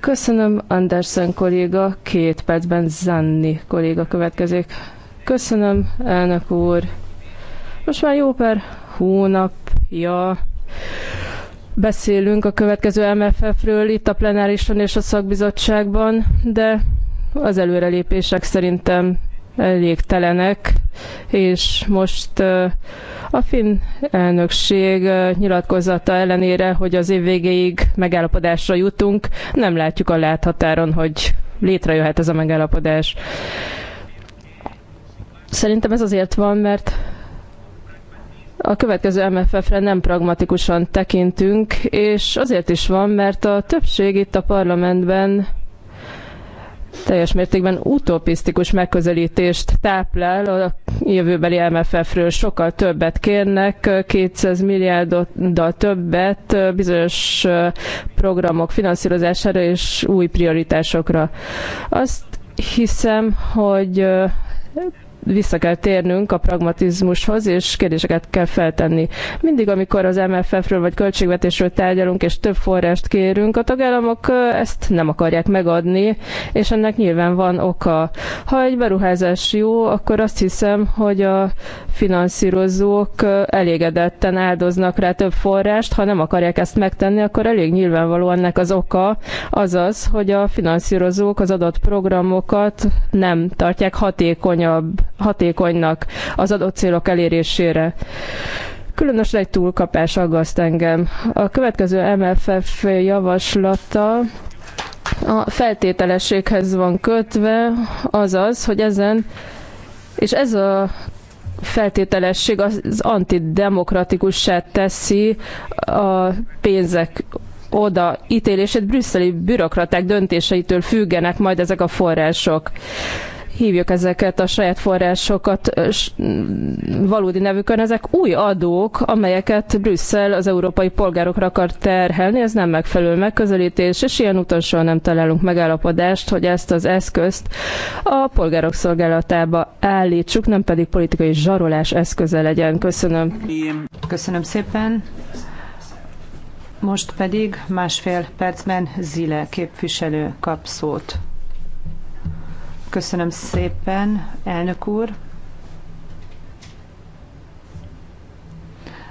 S4: Köszönöm, Andersen kolléga, két percben Zanni kolléga következik. Köszönöm, elnök úr. Most már jó per hónapja beszélünk a következő MFF-ről itt a plenárison és a szakbizottságban, de az előrelépések szerintem elégtelenek, és most a finn elnökség nyilatkozata ellenére, hogy az év végéig megállapodásra jutunk, nem látjuk a láthatáron, hogy létrejöhet ez a megállapodás. Szerintem ez azért van, mert a következő MFF-re nem pragmatikusan tekintünk, és azért is van, mert a többség itt a parlamentben teljes mértékben utopisztikus megközelítést táplál a jövőbeli MFF-ről. Sokkal többet kérnek, 200 milliárddal többet bizonyos programok finanszírozására és új prioritásokra. Azt hiszem, hogy vissza kell térnünk a pragmatizmushoz, és kérdéseket kell feltenni. Mindig, amikor az MFF-ről vagy költségvetésről tárgyalunk, és több forrást kérünk, a tagállamok ezt nem akarják megadni, és ennek nyilván van oka. Ha egy beruházás jó, akkor azt hiszem, hogy a finanszírozók elégedetten áldoznak rá több forrást, ha nem akarják ezt megtenni, akkor elég nyilvánvaló ennek az oka, azaz, hogy a finanszírozók az adott programokat nem tartják hatékonyabb hatékonynak az adott célok elérésére. Különösen egy túlkapás aggaszt engem. A következő MFF javaslata a feltételességhez van kötve, azaz, hogy ezen, és ez a feltételesség az antidemokratikussá teszi a pénzek oda ítélését brüsszeli bürokraták döntéseitől függenek majd ezek a források hívjuk ezeket a saját forrásokat valódi nevükön, ezek új adók, amelyeket Brüsszel az európai polgárokra akar terhelni, ez nem megfelelő megközelítés, és ilyen úton soha nem találunk megállapodást, hogy ezt az eszközt a polgárok szolgálatába állítsuk, nem pedig politikai zsarolás
S2: eszköze legyen. Köszönöm. Köszönöm szépen. Most pedig másfél percben Zile képviselő kap szót. Köszönöm szépen, elnök úr.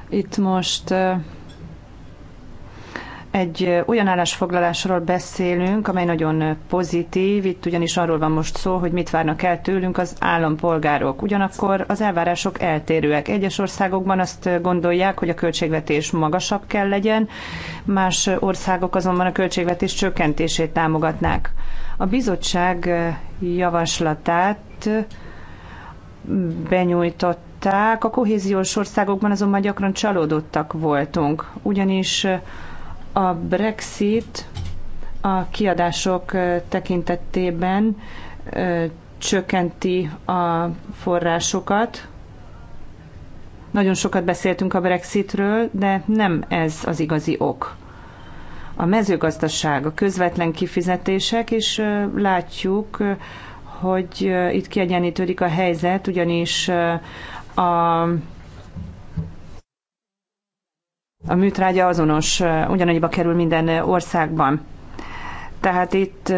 S2: Itt most egy olyan állásfoglalásról beszélünk, amely nagyon pozitív, itt ugyanis arról van most szó, hogy mit várnak el tőlünk az állampolgárok. Ugyanakkor az elvárások eltérőek. Egyes országokban azt gondolják, hogy a költségvetés magasabb kell legyen, más országok azonban a költségvetés csökkentését támogatnák. A bizottság javaslatát benyújtották, a kohéziós országokban azonban gyakran csalódottak voltunk, ugyanis a Brexit a kiadások tekintetében csökkenti a forrásokat. Nagyon sokat beszéltünk a Brexitről, de nem ez az igazi ok a mezőgazdaság, a közvetlen kifizetések, és látjuk, hogy itt kiegyenlítődik a helyzet, ugyanis a a műtrágya azonos, ugyanannyiba kerül minden országban. Tehát itt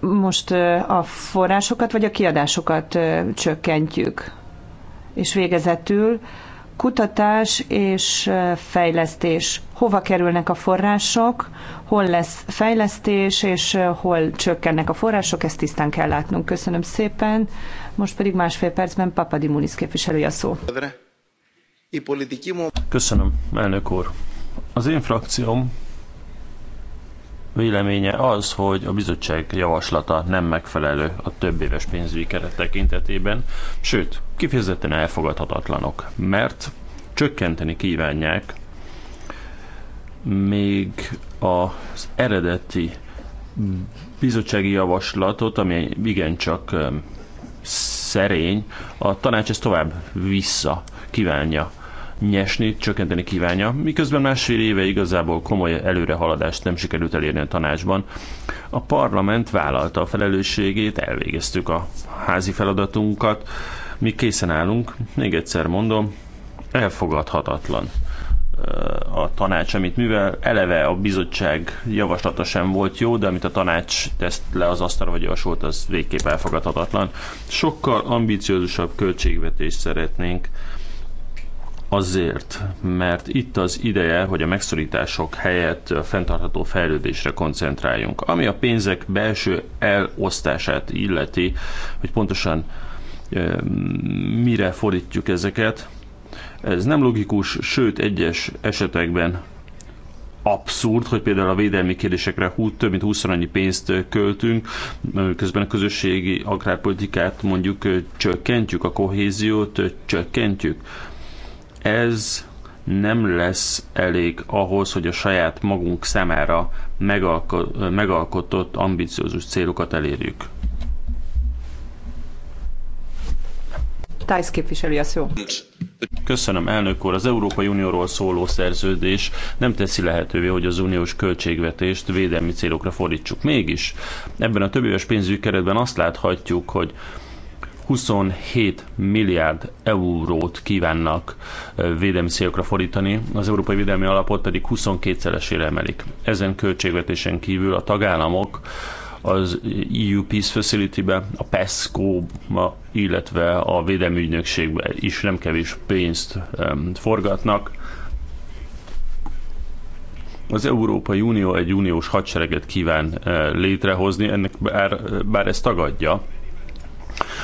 S2: most a forrásokat vagy a kiadásokat csökkentjük. És végezetül Kutatás és fejlesztés. Hova kerülnek a források, hol lesz fejlesztés, és hol csökkennek a források, ezt tisztán kell látnunk. Köszönöm szépen. Most pedig másfél percben Papadimulis képviselő a szó.
S3: Köszönöm, elnök úr. Az én frakcióm véleménye az, hogy a bizottság javaslata nem megfelelő a több éves pénzügyi keret tekintetében, sőt, kifejezetten elfogadhatatlanok, mert csökkenteni kívánják még az eredeti bizottsági javaslatot, ami igencsak szerény, a tanács ezt tovább vissza kívánja nyesni, csökkenteni kívánja, miközben másfél éve igazából komoly előrehaladást nem sikerült elérni a tanácsban. A parlament vállalta a felelősségét, elvégeztük a házi feladatunkat, mi készen állunk, még egyszer mondom, elfogadhatatlan a tanács, amit mivel eleve a bizottság javaslata sem volt jó, de amit a tanács teszt le az asztalra vagy javasolt, az végképp elfogadhatatlan. Sokkal ambiciózusabb költségvetést szeretnénk Azért, mert itt az ideje, hogy a megszorítások helyett a fenntartható fejlődésre koncentráljunk. Ami a pénzek belső elosztását illeti, hogy pontosan mire fordítjuk ezeket, ez nem logikus, sőt egyes esetekben abszurd, hogy például a védelmi kérdésekre több mint 20 annyi pénzt költünk, közben a közösségi agrárpolitikát mondjuk csökkentjük, a kohéziót csökkentjük. Ez nem lesz elég ahhoz, hogy a saját magunk számára megalkotott ambiciózus célokat elérjük.
S2: Tájsz képviselő szó.
S3: Köszönöm, elnök úr. Az Európai Unióról szóló szerződés nem teszi lehetővé, hogy az uniós költségvetést védelmi célokra fordítsuk. Mégis ebben a többéves pénzügyi keretben azt láthatjuk, hogy 27 milliárd eurót kívánnak védelmi célokra fordítani, az Európai Védelmi Alapot pedig 22-szeresére emelik. Ezen költségvetésen kívül a tagállamok az EU Peace Facility-be, a pesco ba illetve a Védelmi Ügynökségbe is nem kevés pénzt forgatnak. Az Európai Unió egy uniós hadsereget kíván létrehozni, ennek bár, bár ezt tagadja,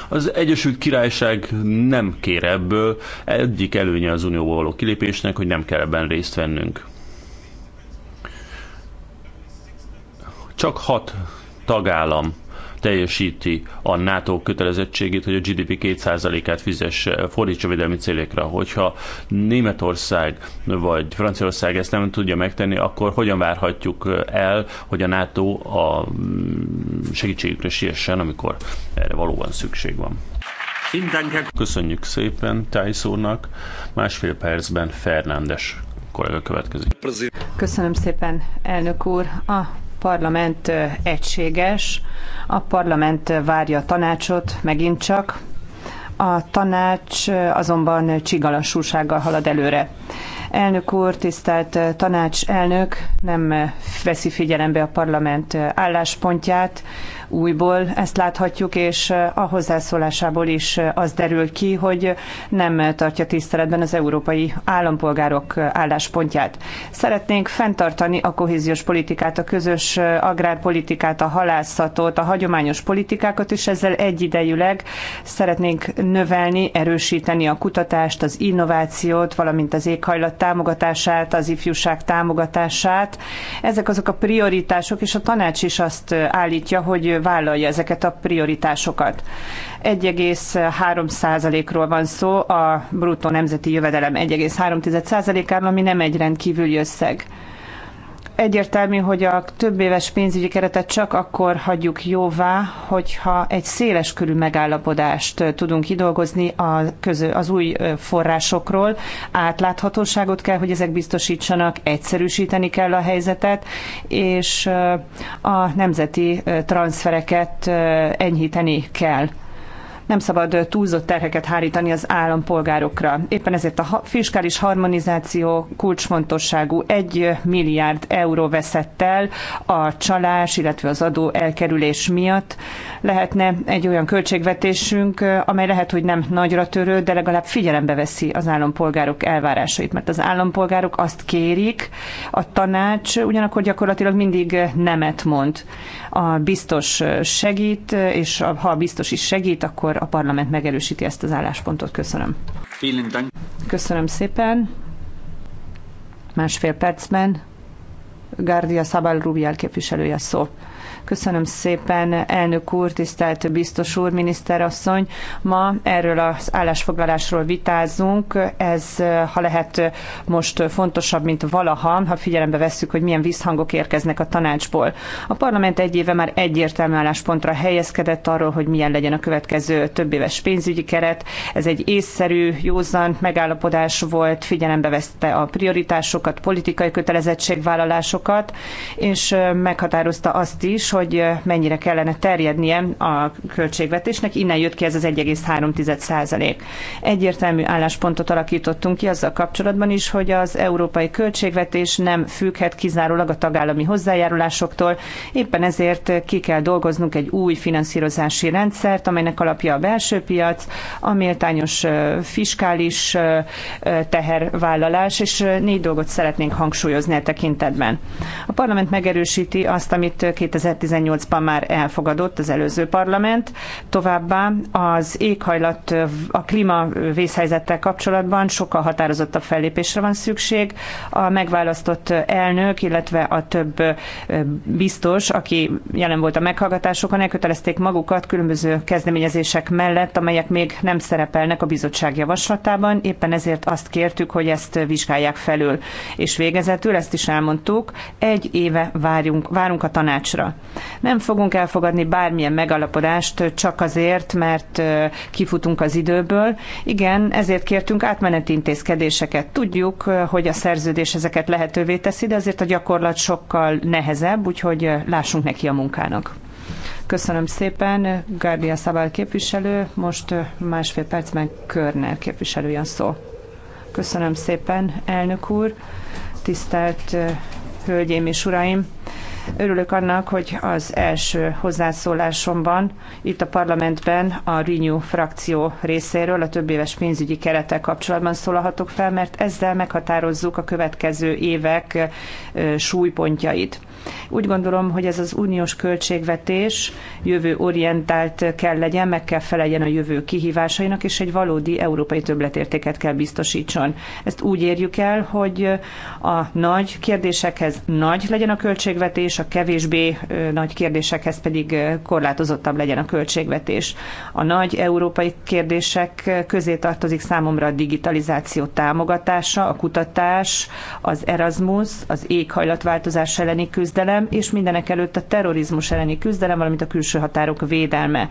S3: az Egyesült Királyság nem kér ebből, egyik előnye az unióból való kilépésnek, hogy nem kell ebben részt vennünk. Csak hat tagállam teljesíti a NATO kötelezettségét, hogy a GDP 2%-át fizesse, fordítsa védelmi célékra. Hogyha Németország vagy Franciaország ezt nem tudja megtenni, akkor hogyan várhatjuk el, hogy a NATO a mm, segítségükre siessen, amikor erre valóban szükség van? Köszönjük szépen Tyszónak. Másfél percben Fernándes kollega következik.
S2: Köszönöm szépen, elnök úr. A parlament egységes, a parlament várja a tanácsot megint csak, a tanács azonban csigalassúsággal halad előre. Elnök úr, tisztelt tanácselnök nem veszi figyelembe a parlament álláspontját, újból ezt láthatjuk, és a hozzászólásából is az derül ki, hogy nem tartja tiszteletben az európai állampolgárok álláspontját. Szeretnénk fenntartani a kohéziós politikát, a közös agrárpolitikát, a halászatot, a hagyományos politikákat, és ezzel egyidejűleg szeretnénk növelni, erősíteni a kutatást, az innovációt, valamint az éghajlat támogatását, az ifjúság támogatását. Ezek azok a prioritások, és a tanács is azt állítja, hogy vállalja ezeket a prioritásokat. 1,3%-ról van szó, a bruttó nemzeti jövedelem 1,3%-áról, ami nem egy rendkívüli összeg egyértelmű, hogy a több éves pénzügyi keretet csak akkor hagyjuk jóvá, hogyha egy széles körű megállapodást tudunk kidolgozni a közö, az új forrásokról. Átláthatóságot kell, hogy ezek biztosítsanak, egyszerűsíteni kell a helyzetet, és a nemzeti transzfereket enyhíteni kell nem szabad túlzott terheket hárítani az állampolgárokra. Éppen ezért a fiskális harmonizáció kulcsfontosságú. Egy milliárd euró veszett el a csalás, illetve az adó elkerülés miatt. Lehetne egy olyan költségvetésünk, amely lehet, hogy nem nagyra törő, de legalább figyelembe veszi az állampolgárok elvárásait, mert az állampolgárok azt kérik, a tanács ugyanakkor gyakorlatilag mindig nemet mond. A biztos segít, és ha a biztos is segít, akkor a parlament megerősíti ezt az álláspontot. Köszönöm. Köszönöm szépen. Másfél percben Gárdia Szabál Rubial képviselője szó. Köszönöm szépen, elnök úr, tisztelt biztos úr, miniszterasszony. Ma erről az állásfoglalásról vitázunk. Ez, ha lehet, most fontosabb, mint valaha, ha figyelembe vesszük, hogy milyen visszhangok érkeznek a tanácsból. A parlament egy éve már egyértelmű álláspontra helyezkedett arról, hogy milyen legyen a következő éves pénzügyi keret. Ez egy észszerű, józan megállapodás volt, figyelembe veszte a prioritásokat, politikai kötelezettségvállalásokat, és meghatározta azt is, hogy mennyire kellene terjednie a költségvetésnek, innen jött ki ez az 1,3 százalék. Egyértelmű álláspontot alakítottunk ki azzal kapcsolatban is, hogy az európai költségvetés nem függhet kizárólag a tagállami hozzájárulásoktól, éppen ezért ki kell dolgoznunk egy új finanszírozási rendszert, amelynek alapja a belső piac, a méltányos fiskális tehervállalás, és négy dolgot szeretnénk hangsúlyozni a e tekintetben. A parlament megerősíti azt, amit 2000 2018-ban már elfogadott az előző parlament. Továbbá az éghajlat, a klímavészhelyzettel kapcsolatban sokkal határozottabb fellépésre van szükség. A megválasztott elnök, illetve a több biztos, aki jelen volt a meghallgatásokon, elkötelezték magukat különböző kezdeményezések mellett, amelyek még nem szerepelnek a bizottság javaslatában. Éppen ezért azt kértük, hogy ezt vizsgálják felül. És végezetül, ezt is elmondtuk, egy éve várjunk, várunk a tanácsra. Nem fogunk elfogadni bármilyen megalapodást csak azért, mert kifutunk az időből. Igen, ezért kértünk átmeneti intézkedéseket. Tudjuk, hogy a szerződés ezeket lehetővé teszi, de azért a gyakorlat sokkal nehezebb, úgyhogy lássunk neki a munkának. Köszönöm szépen, Gárdia Szabál képviselő, most másfél percben Körner képviselő jön szó. Köszönöm szépen, elnök úr, tisztelt hölgyeim és uraim! Örülök annak, hogy az első hozzászólásomban itt a parlamentben a Renew frakció részéről a több éves pénzügyi keretek kapcsolatban szólalhatok fel, mert ezzel meghatározzuk a következő évek súlypontjait. Úgy gondolom, hogy ez az uniós költségvetés jövő orientált kell legyen, meg kell feleljen a jövő kihívásainak, és egy valódi európai többletértéket kell biztosítson. Ezt úgy érjük el, hogy a nagy kérdésekhez nagy legyen a költségvetés, a kevésbé nagy kérdésekhez pedig korlátozottabb legyen a költségvetés. A nagy európai kérdések közé tartozik számomra a digitalizáció támogatása, a kutatás, az Erasmus, az éghajlatváltozás elleni küzdés, küzdelem, és mindenek előtt a terrorizmus elleni küzdelem, valamint a külső határok védelme.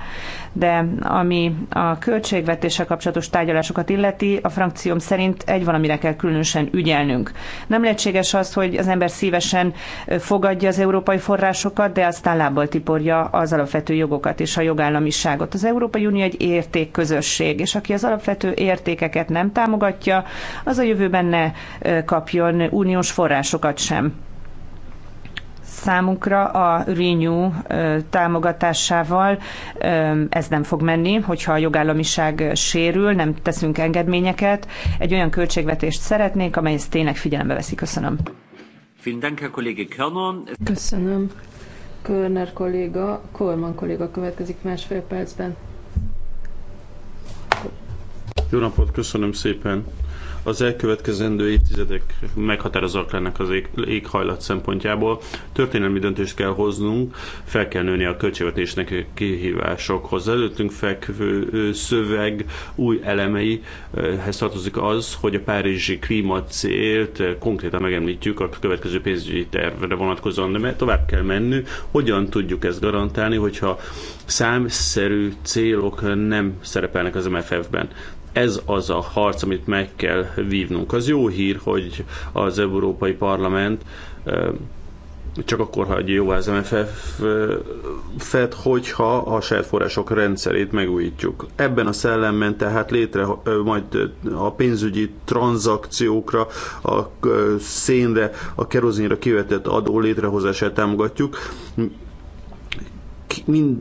S2: De ami a költségvetéssel kapcsolatos tárgyalásokat illeti, a frakcióm szerint egy valamire kell különösen ügyelnünk. Nem lehetséges az, hogy az ember szívesen fogadja az európai forrásokat, de aztán lábbal tiporja az alapvető jogokat és a jogállamiságot. Az Európai Unió egy értékközösség, és aki az alapvető értékeket nem támogatja, az a jövőben ne kapjon uniós forrásokat sem számunkra a Renew támogatásával ez nem fog menni, hogyha a jogállamiság sérül, nem teszünk engedményeket. Egy olyan költségvetést szeretnénk, amely ezt tényleg figyelembe veszi. Köszönöm. Köszönöm. Körner kolléga, Kolman kolléga következik másfél
S4: percben.
S3: Jó napot, köszönöm szépen az elkövetkezendő évtizedek meghatározók lennek az éghajlat szempontjából. Történelmi döntést kell hoznunk, fel kell nőni a költségvetésnek kihívásokhoz. Előttünk fekvő szöveg új elemeihez tartozik az, hogy a párizsi klímacélt konkrétan megemlítjük a következő pénzügyi tervre vonatkozóan, de tovább kell menni. Hogyan tudjuk ezt garantálni, hogyha számszerű célok nem szerepelnek az MFF-ben? ez az a harc, amit meg kell vívnunk. Az jó hír, hogy az Európai Parlament csak akkor hagyja jó az MFF-et, hogyha a saját források rendszerét megújítjuk. Ebben a szellemben tehát létre majd a pénzügyi tranzakciókra, a szénre, a kerozinra kivetett adó létrehozását támogatjuk. Mind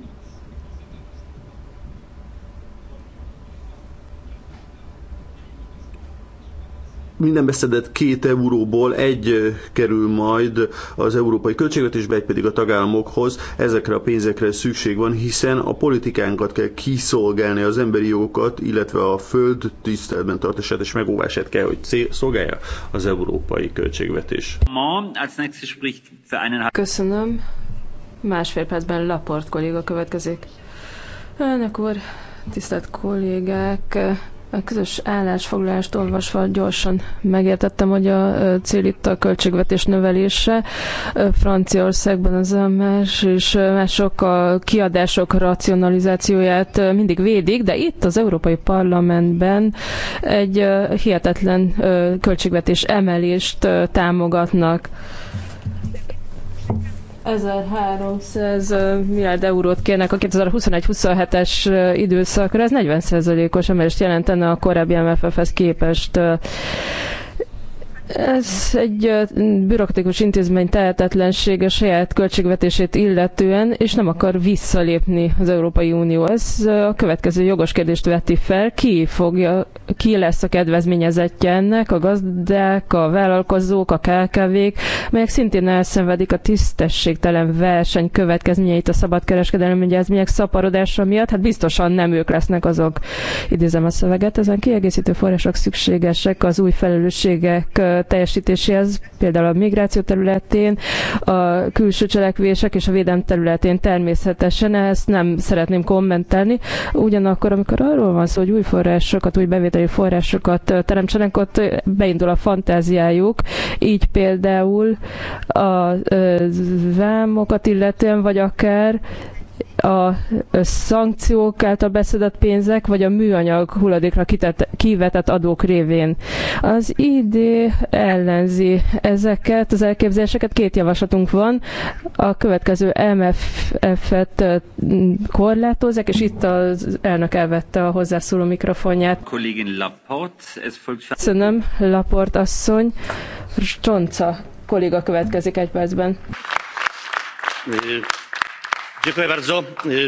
S3: minden beszedett két euróból egy kerül majd az európai költségvetésbe, egy pedig a tagállamokhoz. Ezekre a pénzekre szükség van, hiszen a politikánkat kell kiszolgálni, az emberi jogokat, illetve a föld tiszteletben tartását és megóvását kell, hogy szolgálja az európai költségvetés.
S4: Köszönöm. Másfél percben Laport kolléga következik. Elnök úr, tisztelt kollégák, a közös állásfoglalást olvasva gyorsan megértettem, hogy a cél itt a költségvetés növelése. Franciaországban az más és mások a kiadások racionalizációját mindig védik, de itt az Európai Parlamentben egy hihetetlen költségvetés emelést támogatnak. 1300 milliárd eurót kérnek a 2021-27-es időszakra, ez 40%-os emelést jelentene a korábbi MFF-hez képest. Ez egy bürokratikus intézmény tehetetlensége saját költségvetését illetően, és nem akar visszalépni az Európai Unió. Ez a következő jogos kérdést veti fel, ki, fogja, ki lesz a kedvezményezettje ennek, a gazdák, a vállalkozók, a KKV-k, melyek szintén elszenvedik a tisztességtelen verseny következményeit a szabadkereskedelmi egyezmények szaporodása miatt, hát biztosan nem ők lesznek azok, idézem a szöveget, ezen kiegészítő források szükségesek az új felelősségek teljesítéséhez, például a migráció területén, a külső cselekvések és a védelem területén természetesen, ezt nem szeretném kommentelni. Ugyanakkor, amikor arról van szó, hogy új forrásokat, új bevételi forrásokat teremtsenek, ott beindul a fantáziájuk, így például a vámokat illetően, vagy akár a szankciók által beszedett pénzek, vagy a műanyag hulladékra kitett, kivetett adók révén. Az ID ellenzi ezeket az elképzeléseket. Két javaslatunk van. A következő MFF-et korlátozzák, és itt az elnök elvette a hozzászóló mikrofonját.
S1: Laport, ez Köszönöm,
S4: Laport asszony. Stonca kolléga következik egy percben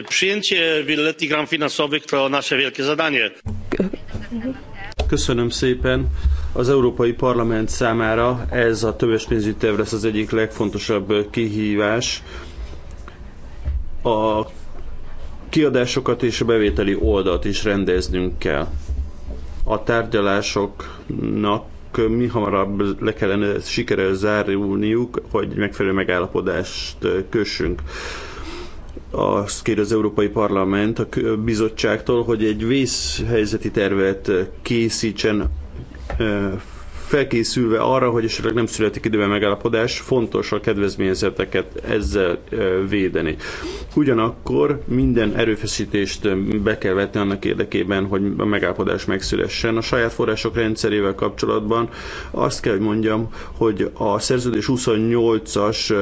S3: przyjęcie wieloletnich ram finansowych to nasze wielkie zadanie. Köszönöm szépen. Az Európai Parlament számára ez a többes pénzügyi terv lesz az egyik legfontosabb kihívás. A kiadásokat és a bevételi oldalt is rendeznünk kell. A tárgyalásoknak mi hamarabb le kellene sikerrel zárulniuk, hogy megfelelő megállapodást kössünk azt kér az Európai Parlament a bizottságtól, hogy egy vészhelyzeti tervet készítsen felkészülve arra, hogy esetleg nem születik időben megállapodás, fontos a kedvezményezeteket ezzel védeni. Ugyanakkor minden erőfeszítést be kell vetni annak érdekében, hogy a megállapodás megszülessen. A saját források rendszerével kapcsolatban azt kell, hogy mondjam, hogy a szerződés 28-as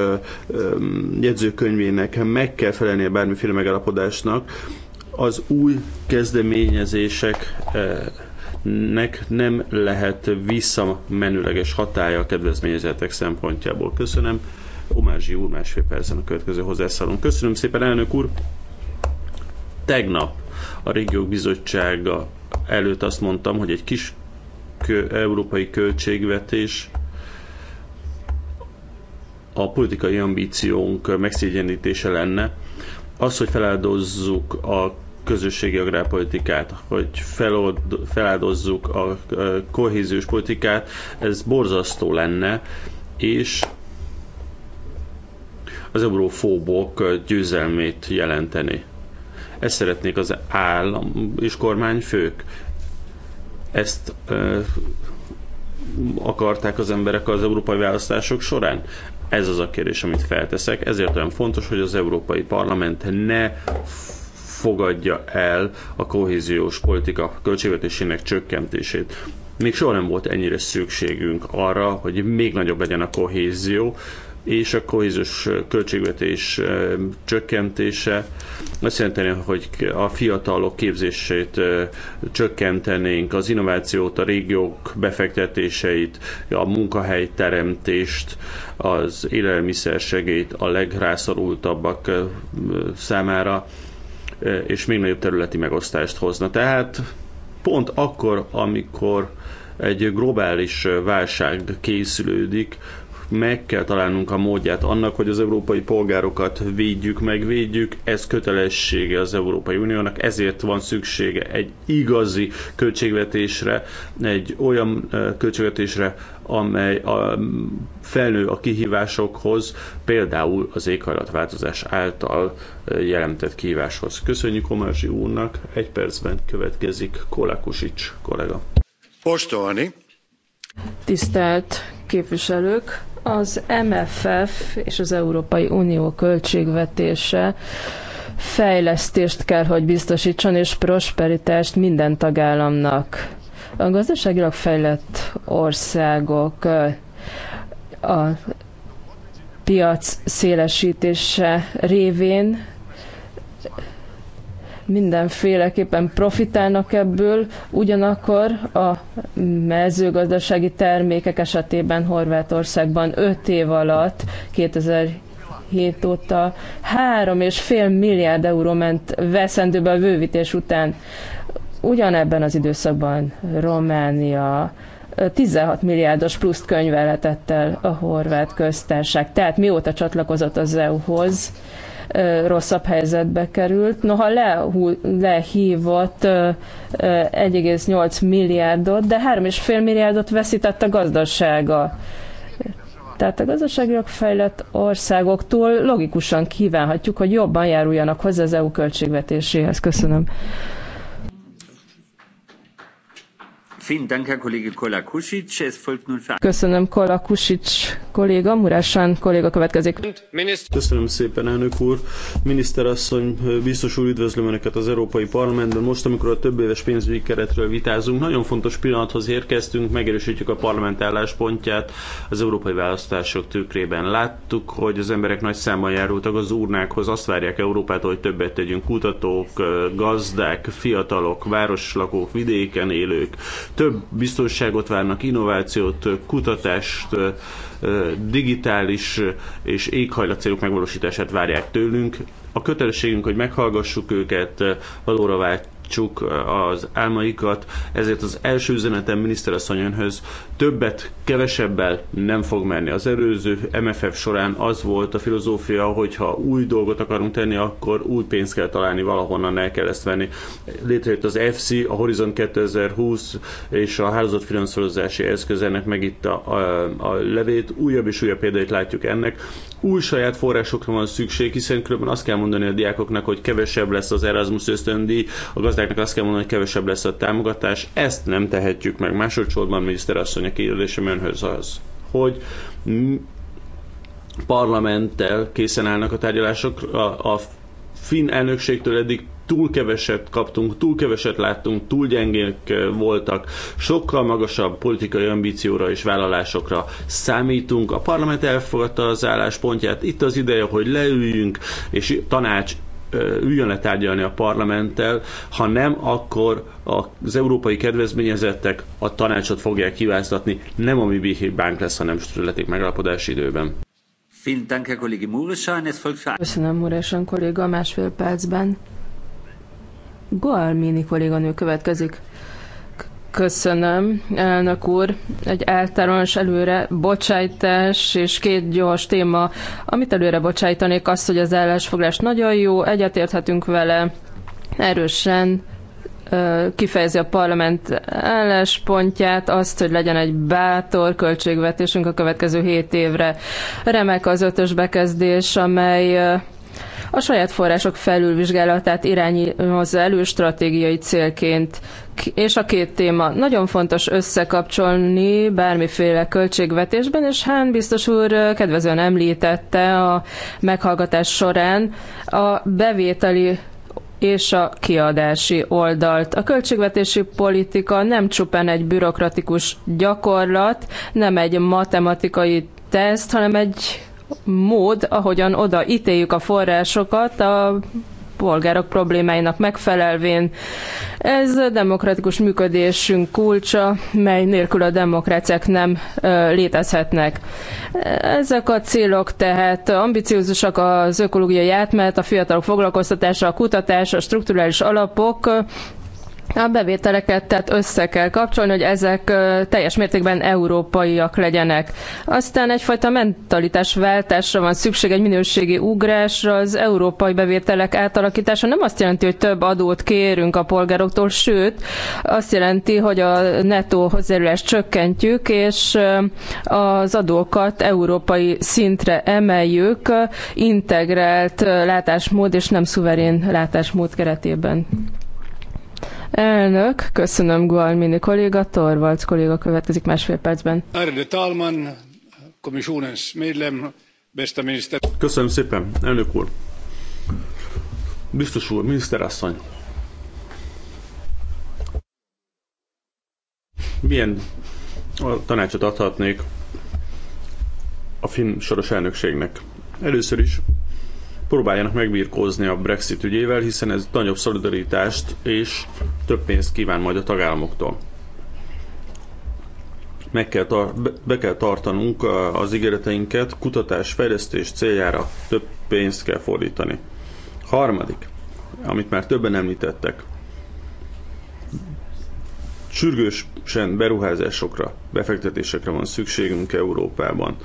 S3: jegyzőkönyvének meg kell felelnie bármiféle megállapodásnak, az új kezdeményezések ennek nem lehet visszamenőleges hatája a kedvezményezetek szempontjából. Köszönöm. Omázsi úr másfél percen a következő hozzászállom. Köszönöm szépen, elnök úr. Tegnap a Régiók Bizottsága előtt azt mondtam, hogy egy kis kö- európai költségvetés a politikai ambíciónk megszégyenítése lenne. Az, hogy feláldozzuk a közösségi agrárpolitikát, hogy felold, feláldozzuk a kohéziós politikát, ez borzasztó lenne, és az eurofóbok győzelmét jelenteni. Ezt szeretnék az állam és kormányfők. Ezt e, akarták az emberek az európai választások során? Ez az a kérdés, amit felteszek. Ezért olyan fontos, hogy az Európai Parlament ne fogadja el a kohéziós politika költségvetésének csökkentését. Még soha nem volt ennyire szükségünk arra, hogy még nagyobb legyen a kohézió, és a kohéziós költségvetés csökkentése azt jelenteni, hogy a fiatalok képzését csökkentenénk, az innovációt, a régiók befektetéseit, a munkahelyteremtést, az élelmiszer segélyt a legrászorultabbak számára Eh, és még nagyobb területi megosztást hozna. Tehát pont akkor, amikor egy globális eh, válság készülődik, meg kell találnunk a módját annak, hogy az európai polgárokat védjük, megvédjük, ez kötelessége az Európai Uniónak, ezért van szüksége egy igazi költségvetésre, egy olyan költségvetésre, amely a, felnő a kihívásokhoz, például az éghajlatváltozás által jelentett kihíváshoz. Köszönjük Omázsi úrnak, egy percben következik Kolákusics kollega.
S6: Postolni.
S4: Tisztelt képviselők! Az MFF és az Európai Unió költségvetése fejlesztést kell, hogy biztosítson, és prosperitást minden tagállamnak. A gazdaságilag fejlett országok a piac szélesítése révén mindenféleképpen profitálnak ebből, ugyanakkor a mezőgazdasági termékek esetében Horvátországban 5 év alatt 2000 hét óta három és fél milliárd euró ment veszendőbe a bővítés után. Ugyanebben az időszakban Románia 16 milliárdos pluszt könyvelhetett el a horvát köztársaság. Tehát mióta csatlakozott az EU-hoz, rosszabb helyzetbe került. Noha lehú, lehívott 1,8 milliárdot, de 3,5 milliárdot veszített a gazdasága. Tehát a gazdaságilag fejlett országoktól logikusan kívánhatjuk, hogy jobban járuljanak hozzá az EU költségvetéséhez. Köszönöm. Köszönöm, Kola Kusics kolléga, Murásán kolléga következik.
S3: Köszönöm szépen, elnök úr. Miniszterasszony, biztos úr, üdvözlöm Önöket az Európai Parlamentben. Most, amikor a több éves pénzügyi keretről vitázunk, nagyon fontos pillanathoz érkeztünk, megerősítjük a parlament álláspontját az európai választások tükrében. Láttuk, hogy az emberek nagy számban járultak az urnákhoz, azt várják Európától, hogy többet tegyünk kutatók, gazdák, fiatalok, városlakók, vidéken élők, több biztonságot várnak, innovációt, kutatást, digitális és célok megvalósítását várják tőlünk. A kötelességünk, hogy meghallgassuk őket, valóra vált megtartsuk az álmaikat. Ezért az első üzenetem miniszterasszony önhöz többet, kevesebbel nem fog menni. Az előző MFF során az volt a filozófia, hogy ha új dolgot akarunk tenni, akkor új pénzt kell találni valahonnan, el kell ezt venni. Létrejött az FC, a Horizon 2020 és a hálózatfinanszírozási eszköz ennek meg itt a, a, a levét. Újabb és újabb példáit látjuk ennek. Új saját forrásokra van szükség, hiszen különben azt kell mondani a diákoknak, hogy kevesebb lesz az Erasmus ösztöndíj, a gazdaság egyeteknek azt kell mondani, hogy kevesebb lesz a támogatás, ezt nem tehetjük meg. Másodszorban, asszony, a kérdésem önhöz az, hogy parlamenttel készen állnak a tárgyalások. A, a finn elnökségtől eddig túl keveset kaptunk, túl keveset láttunk, túl gyengék voltak, sokkal magasabb politikai ambícióra és vállalásokra számítunk. A parlament elfogadta az álláspontját, itt az ideje, hogy leüljünk, és tanács üljön le tárgyalni a parlamenttel, ha nem, akkor az európai kedvezményezettek a tanácsot fogják
S1: kiváztatni, nem a mi bánk lesz, hanem születik megállapodás időben.
S4: Köszönöm, Muresan kolléga, másfél percben. Goalmini kolléganő következik. Köszönöm, elnök úr. Egy általános előre bocsájtás és két gyors téma, amit előre bocsájtanék, az, hogy az állásfoglás nagyon jó, egyetérthetünk vele, erősen kifejezi a parlament álláspontját, azt, hogy legyen egy bátor költségvetésünk a következő hét évre. Remek az ötös bekezdés, amely a saját források felülvizsgálatát irányozza elő stratégiai célként. És a két téma. Nagyon fontos összekapcsolni bármiféle költségvetésben, és Hán biztos úr kedvezően említette a meghallgatás során a bevételi és a kiadási oldalt. A költségvetési politika nem csupán egy bürokratikus gyakorlat, nem egy matematikai teszt, hanem egy mód, ahogyan oda ítéljük a forrásokat a polgárok problémáinak megfelelvén. Ez a demokratikus működésünk kulcsa, mely nélkül a demokráciák nem létezhetnek. Ezek a célok tehát ambiciózusak az ökológiai átmenet, a fiatalok foglalkoztatása, a kutatás, a strukturális alapok, a bevételeket tehát össze kell kapcsolni, hogy ezek teljes mértékben európaiak legyenek. Aztán egyfajta váltásra van szükség, egy minőségi ugrásra, az európai bevételek átalakítása nem azt jelenti, hogy több adót kérünk a polgároktól, sőt, azt jelenti, hogy a netó hozzájárulást csökkentjük, és az adókat európai szintre emeljük, integrált látásmód és nem szuverén látásmód keretében. Elnök, köszönöm Gualmini kolléga, Torvalds kolléga következik másfél percben.
S5: Erde talman, kommissionens medlem, beste miniszter. Köszönöm szépen, elnök úr.
S3: Biztos úr, miniszterasszony. Milyen a tanácsot adhatnék a finn soros elnökségnek? Először is próbáljanak megbírkózni a Brexit ügyével, hiszen ez nagyobb szolidaritást és több pénzt kíván majd a tagállamoktól. Meg kell tar- be kell tartanunk az ígéreteinket, kutatás, fejlesztés céljára több pénzt kell fordítani. Harmadik, amit már többen említettek, sürgősen beruházásokra, befektetésekre van szükségünk Európában.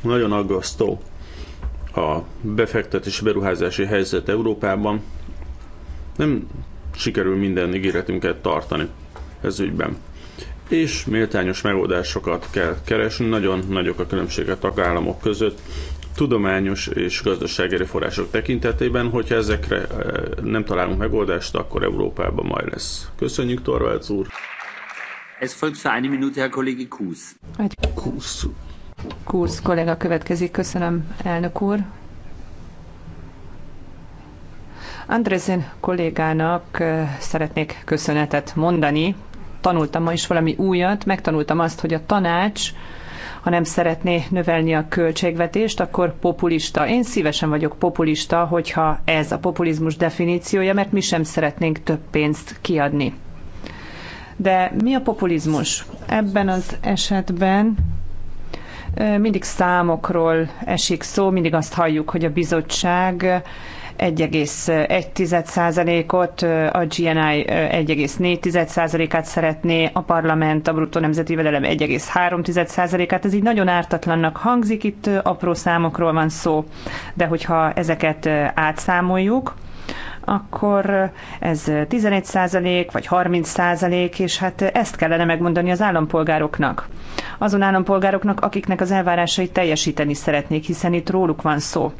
S3: Nagyon aggasztó, a befektetési beruházási helyzet Európában. Nem sikerül minden ígéretünket tartani ez ügyben. És méltányos megoldásokat kell keresni, nagyon nagyok a különbségek a tagállamok között, tudományos és gazdasági források tekintetében, hogyha ezekre eh, nem találunk megoldást, akkor Európában majd lesz. Köszönjük, Torvalds úr!
S1: Ez folgt für eine Minute, Herr Kollege Kuss.
S2: Kuss Kursz kollega következik. Köszönöm, elnök úr. Andresen kollégának szeretnék köszönetet mondani. Tanultam ma is valami újat, megtanultam azt, hogy a tanács, ha nem szeretné növelni a költségvetést, akkor populista. Én szívesen vagyok populista, hogyha ez a populizmus definíciója, mert mi sem szeretnénk több pénzt kiadni. De mi a populizmus? Ebben az esetben mindig számokról esik szó, mindig azt halljuk, hogy a bizottság 1,1%-ot, a GNI 1,4%-át szeretné, a parlament a bruttó nemzeti jövedelem 1,3%-át. Ez így nagyon ártatlannak hangzik, itt apró számokról van szó, de hogyha ezeket átszámoljuk, akkor ez 11 százalék, vagy 30 százalék, és hát ezt kellene megmondani az állampolgároknak. Azon állampolgároknak, akiknek az elvárásait teljesíteni szeretnék, hiszen itt róluk van szó.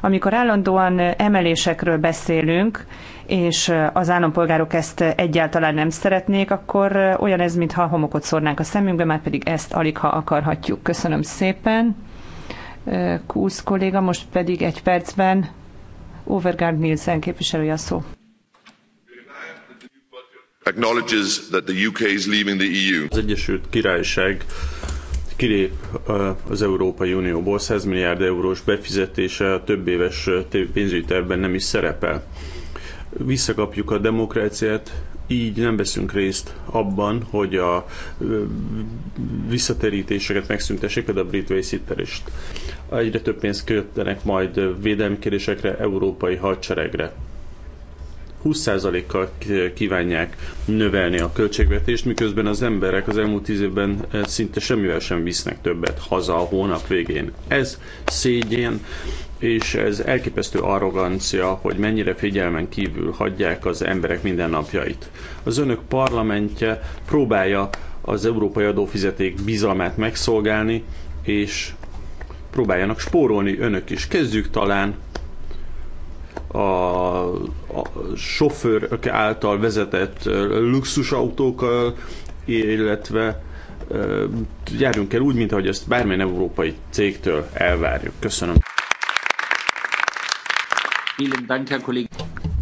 S2: Amikor állandóan emelésekről beszélünk, és az állampolgárok ezt egyáltalán nem szeretnék, akkor olyan ez, mintha homokot szórnánk a szemünkbe, már pedig ezt alig ha akarhatjuk. Köszönöm szépen. Kúsz kolléga, most pedig egy percben Overgaard Nielsen képviselője a szó.
S3: Acknowledges that the the UK is leaving EU. E az Egyesült Királyság kilép az Európai Unióból, 100 milliárd eurós befizetése a több éves pénzügyi tervben nem is szerepel. Visszakapjuk a demokráciát, így nem veszünk részt abban, hogy a visszatérítéseket megszüntessék, például a brit vészítelést. Egyre több pénzt költenek majd védelmi kérdésekre, európai hadseregre. 20%-kal kívánják növelni a költségvetést, miközben az emberek az elmúlt 10 évben eh, szinte semmivel sem visznek többet haza a hónap végén. Ez szégyen, és ez elképesztő arrogancia, hogy mennyire figyelmen kívül hagyják az emberek mindennapjait. Az önök parlamentje próbálja az európai adófizeték bizalmát megszolgálni, és próbáljanak spórolni önök is. Kezdjük talán a, a sofőrök által vezetett luxusautókkal, illetve járjunk el úgy, mint ahogy ezt bármilyen európai cégtől elvárjuk. Köszönöm.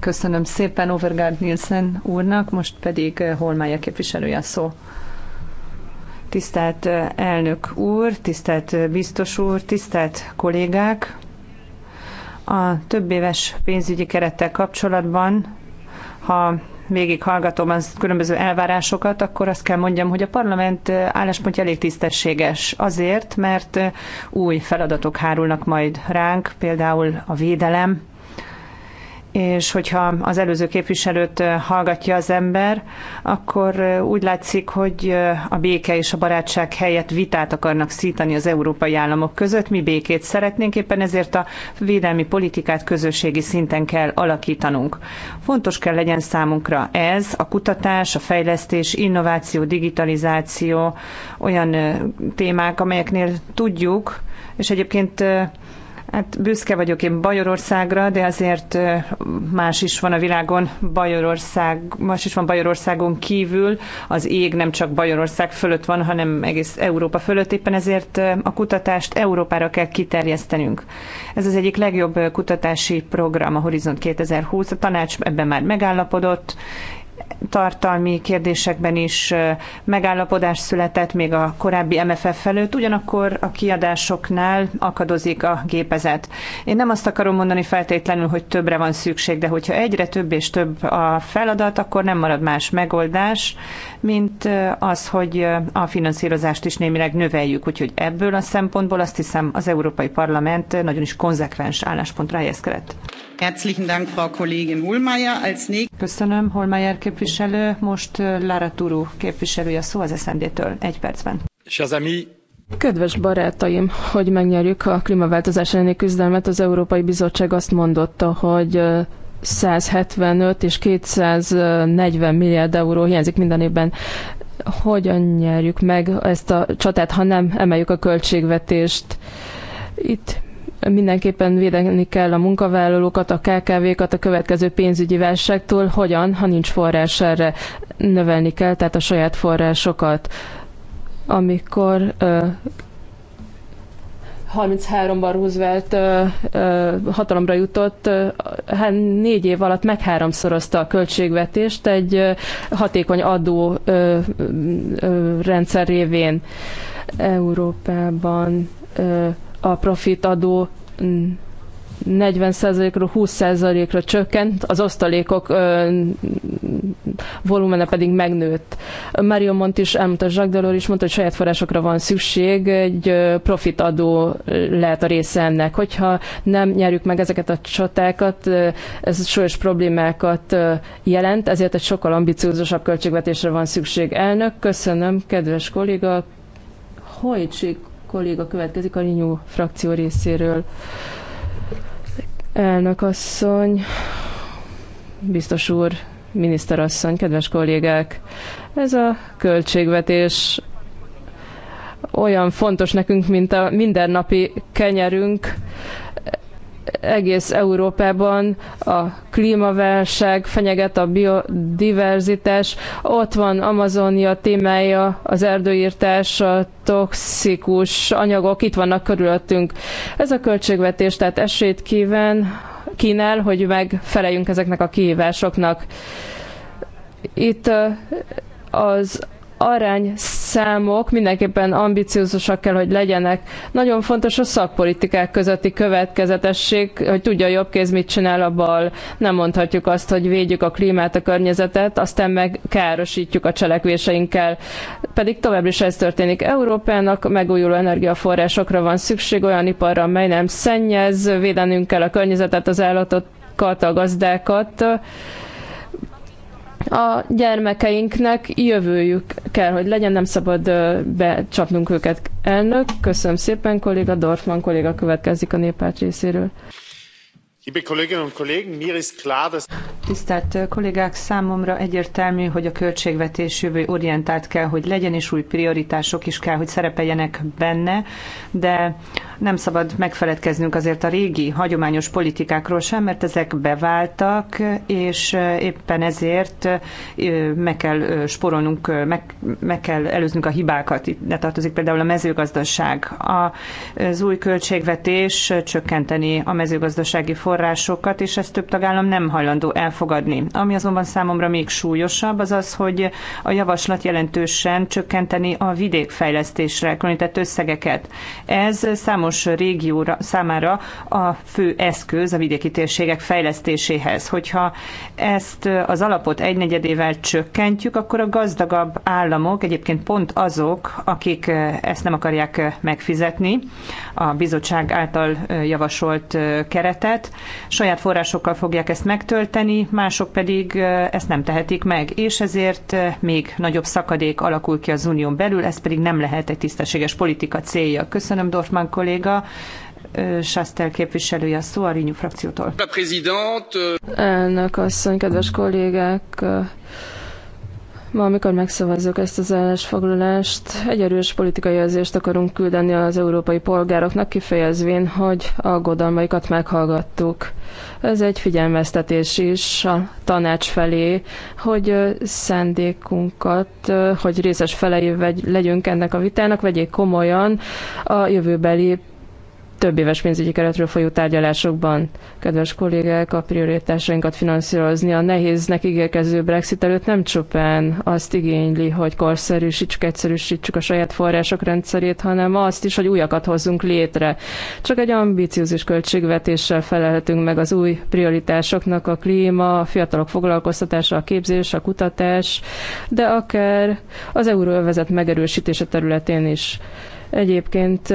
S2: Köszönöm szépen Overgaard Nielsen úrnak, most pedig Holmája képviselője szó. Tisztelt elnök úr, tisztelt biztos úr, tisztelt kollégák! A több éves pénzügyi kerettel kapcsolatban, ha végig hallgatom az különböző elvárásokat, akkor azt kell mondjam, hogy a parlament álláspontja elég tisztességes. Azért, mert új feladatok hárulnak majd ránk, például a védelem, és hogyha az előző képviselőt hallgatja az ember, akkor úgy látszik, hogy a béke és a barátság helyett vitát akarnak szítani az európai államok között. Mi békét szeretnénk, éppen ezért a védelmi politikát közösségi szinten kell alakítanunk. Fontos kell legyen számunkra ez, a kutatás, a fejlesztés, innováció, digitalizáció, olyan témák, amelyeknél tudjuk, és egyébként Hát büszke vagyok én Bajorországra, de azért más is van a világon Bajorország, más is van Bajorországon kívül. Az ég nem csak Bajorország fölött van, hanem egész Európa fölött. Éppen ezért a kutatást Európára kell kiterjesztenünk. Ez az egyik legjobb kutatási program a Horizont 2020. A tanács ebben már megállapodott, tartalmi kérdésekben is megállapodás született még a korábbi MFF felőtt, ugyanakkor a kiadásoknál akadozik a gépezet. Én nem azt akarom mondani feltétlenül, hogy többre van szükség, de hogyha egyre több és több a feladat, akkor nem marad más megoldás, mint az, hogy a finanszírozást is némileg növeljük. Úgyhogy ebből a szempontból azt hiszem az Európai Parlament nagyon is konzekvens álláspontra helyezkedett.
S7: Hohlmeier.
S2: Köszönöm, Holmeier képviselő. Most äh, Lara Turu képviselője szó az SZND-től. Egy percben. Kedves barátaim, hogy megnyerjük a klímaváltozás
S4: elleni küzdelmet, az Európai Bizottság azt mondotta, hogy 175 äh, és 240 milliárd euró hiányzik minden évben. Hogyan nyerjük meg ezt a csatát, ha nem emeljük a költségvetést? Itt Mindenképpen védeni kell a munkavállalókat, a KKV-kat a következő pénzügyi válságtól. Hogyan, ha nincs forrás erre? Növelni kell, tehát a saját forrásokat. Amikor 33-ban Roosevelt ö, ö, hatalomra jutott, ö, hát négy év alatt megháromszorozta a költségvetést egy ö, hatékony adó ö, ö, rendszer révén Európában. Ö, a profitadó 40%-ról 20%-ra csökkent, az osztalékok ö, volumene pedig megnőtt. Mario Mont is elmondta, Jacques Delors is mondta, hogy saját forrásokra van szükség, egy profitadó lehet a része ennek. Hogyha nem nyerjük meg ezeket a csatákat, ez súlyos problémákat jelent, ezért egy sokkal ambiciózusabb költségvetésre van szükség. Elnök, köszönöm, kedves kolléga, Hojcsik kolléga következik a Rinyó frakció részéről. Elnök asszony, biztos úr, asszony, kedves kollégák! Ez a költségvetés olyan fontos nekünk, mint a mindennapi kenyerünk, egész Európában a klímaválság fenyeget a biodiverzitás, ott van Amazonia témája, az erdőírtás, a toxikus anyagok, itt vannak körülöttünk. Ez a költségvetés tehát esélyt kíván, kínál, hogy megfeleljünk ezeknek a kihívásoknak. Itt az arányszámok mindenképpen ambiciózusak kell, hogy legyenek. Nagyon fontos a szakpolitikák közötti következetesség, hogy tudja a jobb kéz mit csinál a bal. Nem mondhatjuk azt, hogy védjük a klímát, a környezetet, aztán meg károsítjuk a cselekvéseinkkel. Pedig tovább is ez történik. Európának megújuló energiaforrásokra van szükség, olyan iparra, amely nem szennyez, védenünk kell a környezetet, az állatokat, a gazdákat a gyermekeinknek jövőjük kell, hogy legyen, nem szabad becsapnunk őket. Elnök, köszönöm szépen, kolléga Dorfman kolléga következik a néppárt
S2: részéről. Tisztelt kollégák, számomra egyértelmű, hogy a költségvetés jövő orientált kell, hogy legyen, és új prioritások is kell, hogy szerepeljenek benne, de nem szabad megfeledkeznünk azért a régi hagyományos politikákról sem, mert ezek beváltak, és éppen ezért meg kell sporolnunk, meg, meg kell előznünk a hibákat. Itt ne tartozik például a mezőgazdaság. Az új költségvetés csökkenteni a mezőgazdasági forrásokat, forrásokat, és ezt több tagállam nem hajlandó elfogadni. Ami azonban számomra még súlyosabb, az az, hogy a javaslat jelentősen csökkenteni a vidékfejlesztésre különített összegeket. Ez számos régióra számára a fő eszköz a vidéki térségek fejlesztéséhez. Hogyha ezt az alapot egynegyedével csökkentjük, akkor a gazdagabb államok, egyébként pont azok, akik ezt nem akarják megfizetni, a bizottság által javasolt keretet, saját forrásokkal fogják ezt megtölteni, mások pedig ezt nem tehetik meg, és ezért még nagyobb szakadék alakul ki az unión belül, ez pedig nem lehet egy tisztességes politika célja. Köszönöm Dorfman kolléga, Sastel képviselője a szó a Rényú frakciótól. Elnök asszony, kedves
S4: kollégák, Ma, amikor megszavazzuk ezt az állásfoglalást, egy erős politikai érzést akarunk küldeni az európai polgároknak, kifejezvén, hogy aggodalmaikat meghallgattuk. Ez egy figyelmeztetés is a tanács felé, hogy szándékunkat, hogy részes felei legyünk ennek a vitának, vegyék komolyan a jövőbeli több éves pénzügyi keretről folyó tárgyalásokban. Kedves kollégák, a prioritásainkat finanszírozni a nehéznek ígérkező Brexit előtt nem csupán azt igényli, hogy korszerűsítsük, egyszerűsítsük a saját források rendszerét, hanem azt is, hogy újakat hozzunk létre. Csak egy ambiciózus költségvetéssel felelhetünk meg az új prioritásoknak, a klíma, a fiatalok foglalkoztatása, a képzés, a kutatás, de akár az euróövezet megerősítése területén is. Egyébként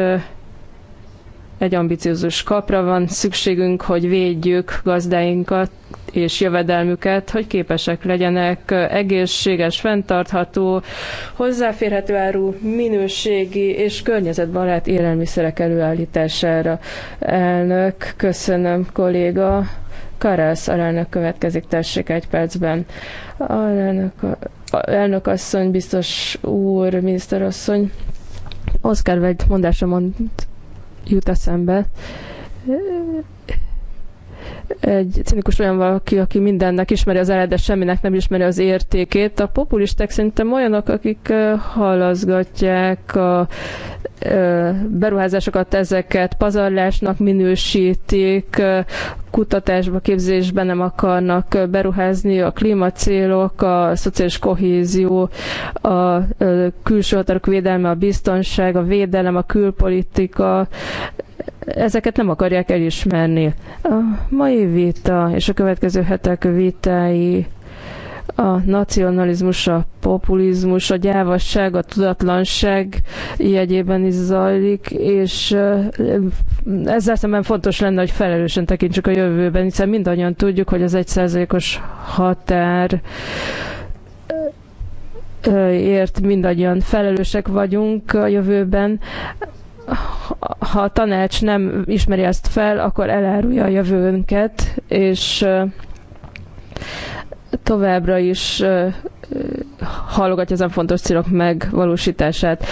S4: egy ambiciózus kapra van szükségünk, hogy védjük gazdáinkat és jövedelmüket, hogy képesek legyenek egészséges, fenntartható, hozzáférhető áru, minőségi és környezetbarát élelmiszerek előállítására. Elnök, köszönöm kolléga. Karasz alelnök következik, tessék egy percben. Alelnök, elnök asszony, biztos úr, miniszterasszony, Oscar Wilde mondása mond, jut eszembe. Egy cinikus olyan valaki, aki mindennek ismeri az eredet, de semminek nem ismeri az értékét. A populisták szerintem olyanok, akik halazgatják a beruházásokat, ezeket pazarlásnak minősítik, kutatásba, képzésben nem akarnak beruházni, a klímacélok, a szociális kohézió, a külső határok védelme, a biztonság, a védelem, a külpolitika, ezeket nem akarják elismerni. A mai vita és a következő hetek vitái a nacionalizmus, a populizmus, a gyávasság, a tudatlanság jegyében is zajlik, és ezzel szemben fontos lenne, hogy felelősen tekintsük a jövőben, hiszen mindannyian tudjuk, hogy az százalékos határ ért mindannyian felelősek vagyunk a jövőben. Ha a tanács nem ismeri ezt fel, akkor elárulja a jövőnket, és továbbra is hallogatja a fontos célok megvalósítását.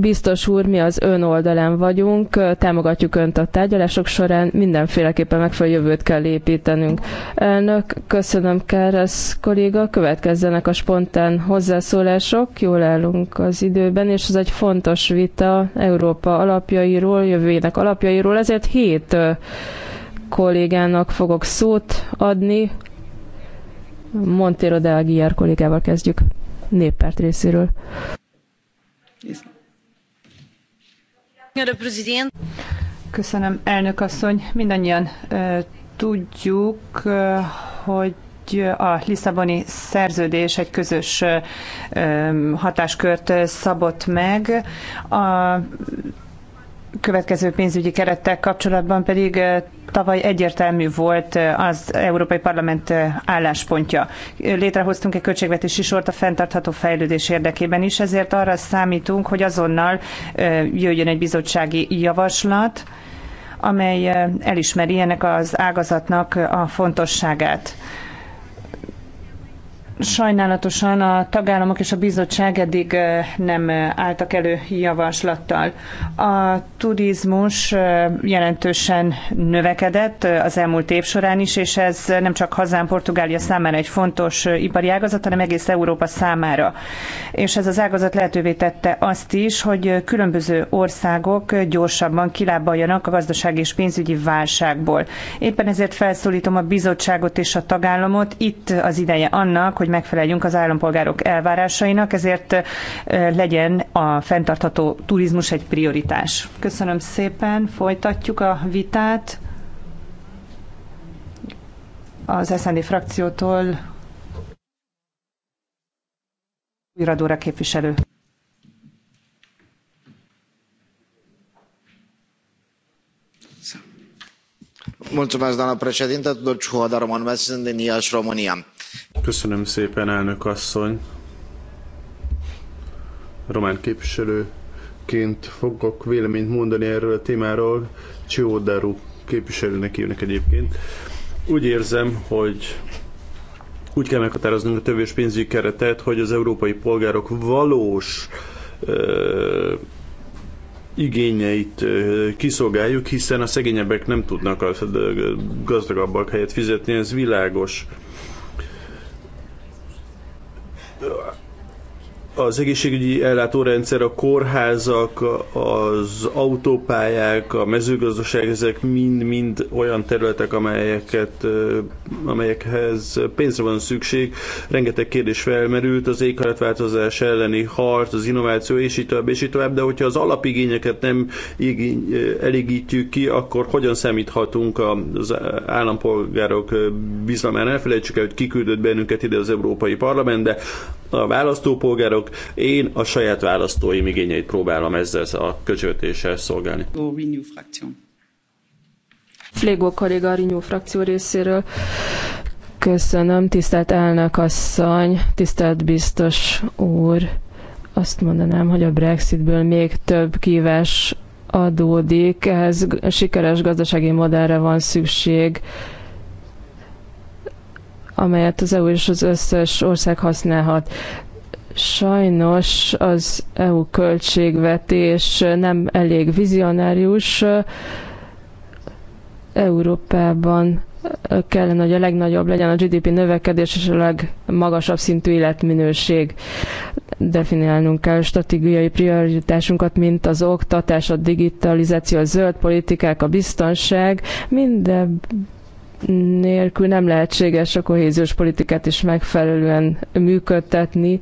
S4: Biztos úr, mi az ön oldalán vagyunk, támogatjuk önt a tárgyalások során, mindenféleképpen megfelelő jövőt kell építenünk. Elnök, köszönöm, Káresz kolléga, következzenek a spontán hozzászólások, jól állunk az időben, és ez egy fontos vita Európa alapjairól, jövőjének alapjairól, ezért hét kollégának fogok szót adni, Montero de Aguiar kollégával kezdjük néppárt részéről.
S2: Köszönöm, elnök asszony. Mindannyian uh, tudjuk, uh, hogy a Lisszaboni szerződés egy közös hatáskört szabott meg. A következő pénzügyi kerettel kapcsolatban pedig tavaly egyértelmű volt az Európai Parlament álláspontja. Létrehoztunk egy költségvetési sort a fenntartható fejlődés érdekében is, ezért arra számítunk, hogy azonnal jöjjön egy bizottsági javaslat, amely elismeri ennek az ágazatnak a fontosságát. Sajnálatosan a tagállamok és a bizottság eddig nem álltak elő javaslattal. A turizmus jelentősen növekedett az elmúlt év során is, és ez nem csak hazán Portugália számára egy fontos ipari ágazat, hanem egész Európa számára. És ez az ágazat lehetővé tette azt is, hogy különböző országok gyorsabban kilábaljanak a gazdaság és pénzügyi válságból. Éppen ezért felszólítom a bizottságot és a tagállamot, itt az ideje annak, hogy megfeleljünk az állampolgárok elvárásainak, ezért legyen a fenntartható turizmus egy prioritás. Köszönöm szépen, folytatjuk a vitát. Az SZND frakciótól Újradóra képviselő.
S5: doamnă președintă tudor ciuhodaru mă numesc sunt din iași românia.
S3: Köszönöm szépen, elnök asszony. Román képviselőként fogok véleményt mondani erről a témáról. Csiódáru képviselőnek hívnak egyébként. Úgy érzem, hogy úgy kell meghatároznunk a tövés pénzügyi keretet, hogy az európai polgárok valós ö, igényeit ö, kiszolgáljuk, hiszen a szegényebbek nem tudnak a gazdagabbak helyet fizetni, ez világos. Ugh az egészségügyi ellátórendszer, a kórházak, az autópályák, a mezőgazdaság, ezek mind-mind olyan területek, amelyeket, amelyekhez pénzre van szükség. Rengeteg kérdés felmerült, az éghajlatváltozás elleni harc, az innováció, és így tovább, és így tovább, de hogyha az alapigényeket nem elégítjük ki, akkor hogyan számíthatunk az állampolgárok bizalmán? Elfelejtsük el, hogy kiküldött bennünket ide az Európai Parlament, de a választópolgárok vagyok. Én a saját választóim igényeit próbálom ezzel a köcsötéssel szolgálni.
S5: Renew
S4: Flégó kolléga a Renew frakció részéről. Köszönöm, tisztelt elnök asszony, tisztelt biztos úr. Azt mondanám, hogy a Brexitből még több kíves adódik, ehhez sikeres gazdasági modellre van szükség, amelyet az EU és az összes ország használhat. Sajnos az EU költségvetés nem elég vizionárius. Európában kellene, hogy a legnagyobb legyen a GDP növekedés és a legmagasabb szintű életminőség. Definiálnunk kell stratégiai prioritásunkat, mint az oktatás, a digitalizáció, a zöld politikák, a biztonság. Mindebben nélkül nem lehetséges a kohéziós politikát is megfelelően működtetni,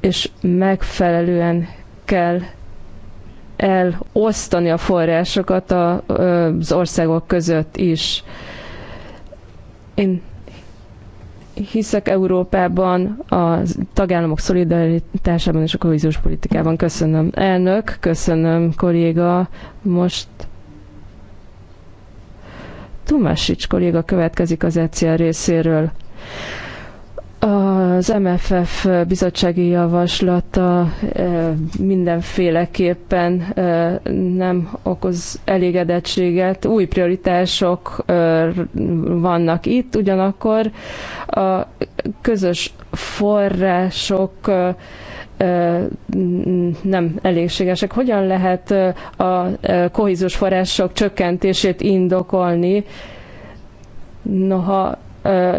S4: és megfelelően kell elosztani a forrásokat az országok között is. Én hiszek Európában, a tagállamok szolidaritásában és a kohéziós politikában. Köszönöm elnök, köszönöm kolléga, most Tumásics kolléga következik az ECR részéről. Az MFF bizottsági javaslata eh, mindenféleképpen eh, nem okoz elégedettséget. Új prioritások eh, vannak itt, ugyanakkor a közös források nem elégségesek. Hogyan lehet a kohéziós források csökkentését indokolni, noha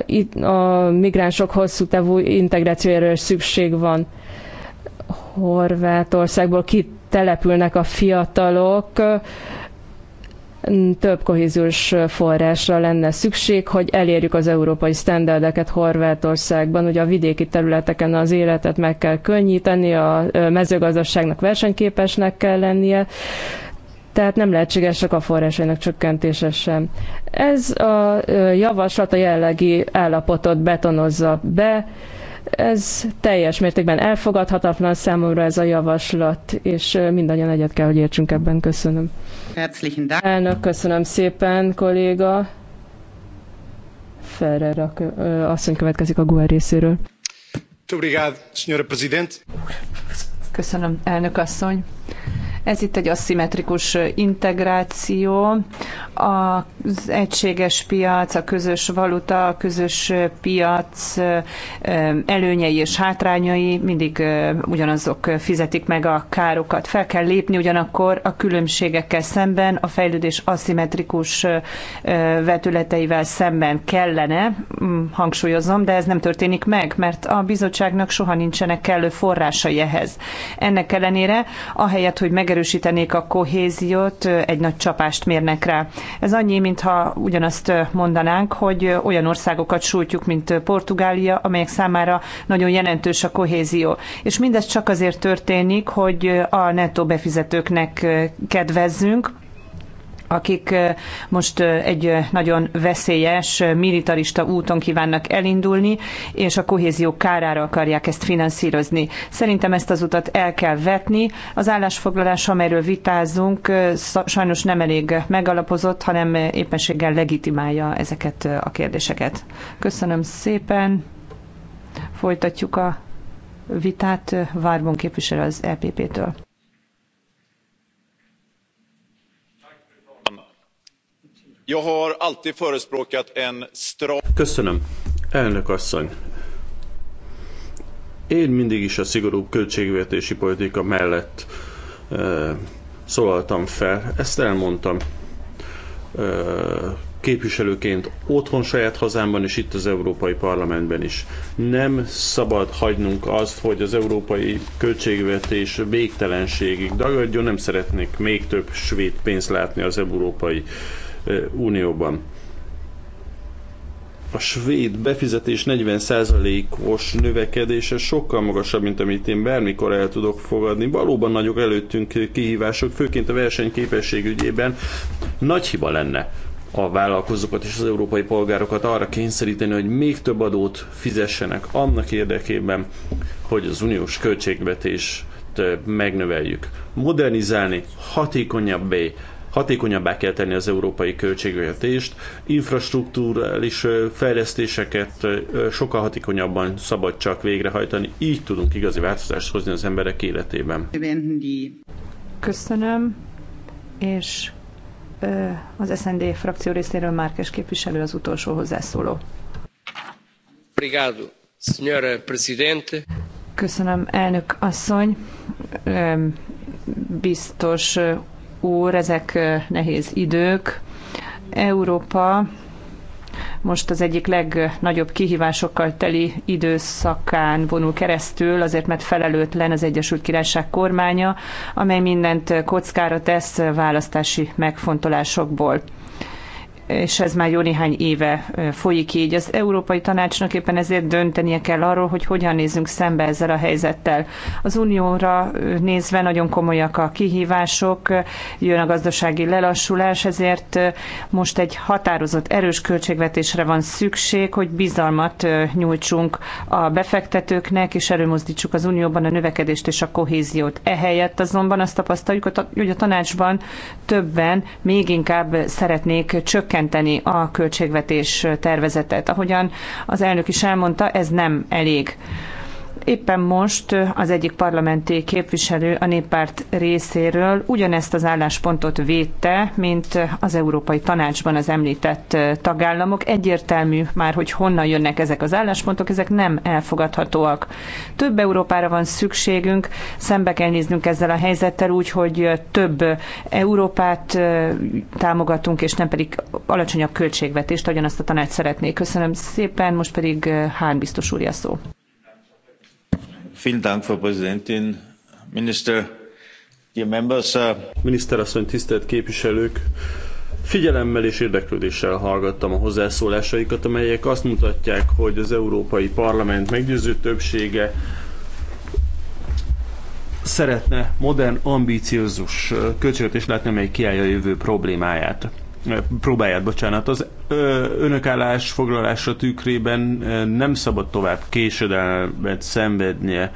S4: itt a migránsok hosszú távú integrációjáról is szükség van. Horvátországból kitelepülnek a fiatalok, több kohéziós forrásra lenne szükség, hogy elérjük az európai sztenderdeket Horvátországban. Ugye a vidéki területeken az életet meg kell könnyíteni, a mezőgazdaságnak versenyképesnek kell lennie, tehát nem lehetséges csak a forrásainak csökkentése sem. Ez a javaslat a jellegi állapotot betonozza be, ez teljes mértékben elfogadhatatlan számomra ez a javaslat, és mindannyian egyet kell, hogy értsünk ebben. Köszönöm.
S5: Herzlichen Dank. Elnök,
S4: köszönöm szépen, kolléga. Ferrer asszony következik a
S2: GUE részéről. Köszönöm, elnök asszony. Ez itt egy aszimmetrikus integráció, az egységes piac, a közös valuta, a közös piac előnyei és hátrányai mindig ugyanazok fizetik meg a károkat. Fel kell lépni ugyanakkor a különbségekkel szemben, a fejlődés aszimmetrikus vetületeivel szemben kellene, mm, hangsúlyozom, de ez nem történik meg, mert a bizottságnak soha nincsenek kellő forrásai ehhez. Ennek ellenére, ahelyett, hogy megerősítsük megerősítenék a kohéziót, egy nagy csapást mérnek rá. Ez annyi, mintha ugyanazt mondanánk, hogy olyan országokat sújtjuk, mint Portugália, amelyek számára nagyon jelentős a kohézió. És mindez csak azért történik, hogy a nettó befizetőknek kedvezzünk, akik most egy nagyon veszélyes, militarista úton kívánnak elindulni, és a kohézió kárára akarják ezt finanszírozni. Szerintem ezt az utat el kell vetni. Az állásfoglalás, amelyről vitázunk, sajnos nem elég megalapozott, hanem éppenséggel legitimálja ezeket a kérdéseket. Köszönöm szépen. Folytatjuk a vitát Várbon képviselő az EPP-től.
S3: Jag har alltid förespråkat en stram... Köszönöm, elnök asszony. Én mindig is a szigorú költségvetési politika mellett ö, szólaltam fel. Ezt elmondtam ö, képviselőként otthon saját hazámban és itt az Európai Parlamentben is. Nem szabad hagynunk azt, hogy az európai költségvetés végtelenségig dagadjon, nem szeretnék még több svéd pénzt látni az európai Unióban. A svéd befizetés 40%-os növekedése sokkal magasabb, mint amit én bármikor el tudok fogadni. Valóban nagyok előttünk kihívások, főként a versenyképesség ügyében. Nagy hiba lenne a vállalkozókat és az európai polgárokat arra kényszeríteni, hogy még több adót fizessenek annak érdekében, hogy az uniós költségvetést megnöveljük. Modernizálni, hatékonyabbé, hatékonyabbá kell tenni az európai költségvetést, infrastruktúrális fejlesztéseket sokkal hatékonyabban szabad csak végrehajtani, így tudunk igazi változást hozni az emberek életében.
S2: Köszönöm, és az SND frakció részéről Márkes képviselő az utolsó hozzászóló.
S1: Obrigado,
S4: senhora presidente.
S2: Köszönöm, elnök asszony. Biztos úr, ezek nehéz idők. Európa most az egyik legnagyobb kihívásokkal teli időszakán vonul keresztül, azért mert felelőtlen az Egyesült Királyság kormánya, amely mindent kockára tesz választási megfontolásokból és ez már jó néhány éve folyik így. Az Európai Tanácsnak éppen ezért döntenie kell arról, hogy hogyan nézzünk szembe ezzel a helyzettel. Az Unióra nézve nagyon komolyak a kihívások, jön a gazdasági lelassulás, ezért most egy határozott erős költségvetésre van szükség, hogy bizalmat nyújtsunk a befektetőknek, és előmozdítsuk az Unióban a növekedést és a kohéziót. Ehelyett azonban azt tapasztaljuk, hogy a tanácsban többen még inkább szeretnék csökkenteni csökkenteni a költségvetés tervezetet. Ahogyan az elnök is elmondta, ez nem elég. Éppen most az egyik parlamenti képviselő a néppárt részéről ugyanezt az álláspontot védte, mint az Európai Tanácsban az említett tagállamok. Egyértelmű már, hogy honnan jönnek ezek az álláspontok, ezek nem elfogadhatóak. Több Európára van szükségünk, szembe kell néznünk ezzel a helyzettel úgy, hogy több Európát támogatunk, és nem pedig alacsonyabb költségvetést, ahogyan azt a tanács szeretné. Köszönöm szépen, most pedig Hán biztos úr szó
S3: frau präsidentin minister dear members! Uh, miniszter asszony tisztelt képviselők! figyelemmel és érdeklődéssel hallgattam a hozzászólásaikat amelyek azt mutatják hogy az európai parlament meggyőző többsége szeretne modern, ambíciózus költségvetést látni, amely kiállja a jövő problémáját próbáját, bocsánat, az önökállás foglalása tükrében nem szabad tovább késedelmet szenvednie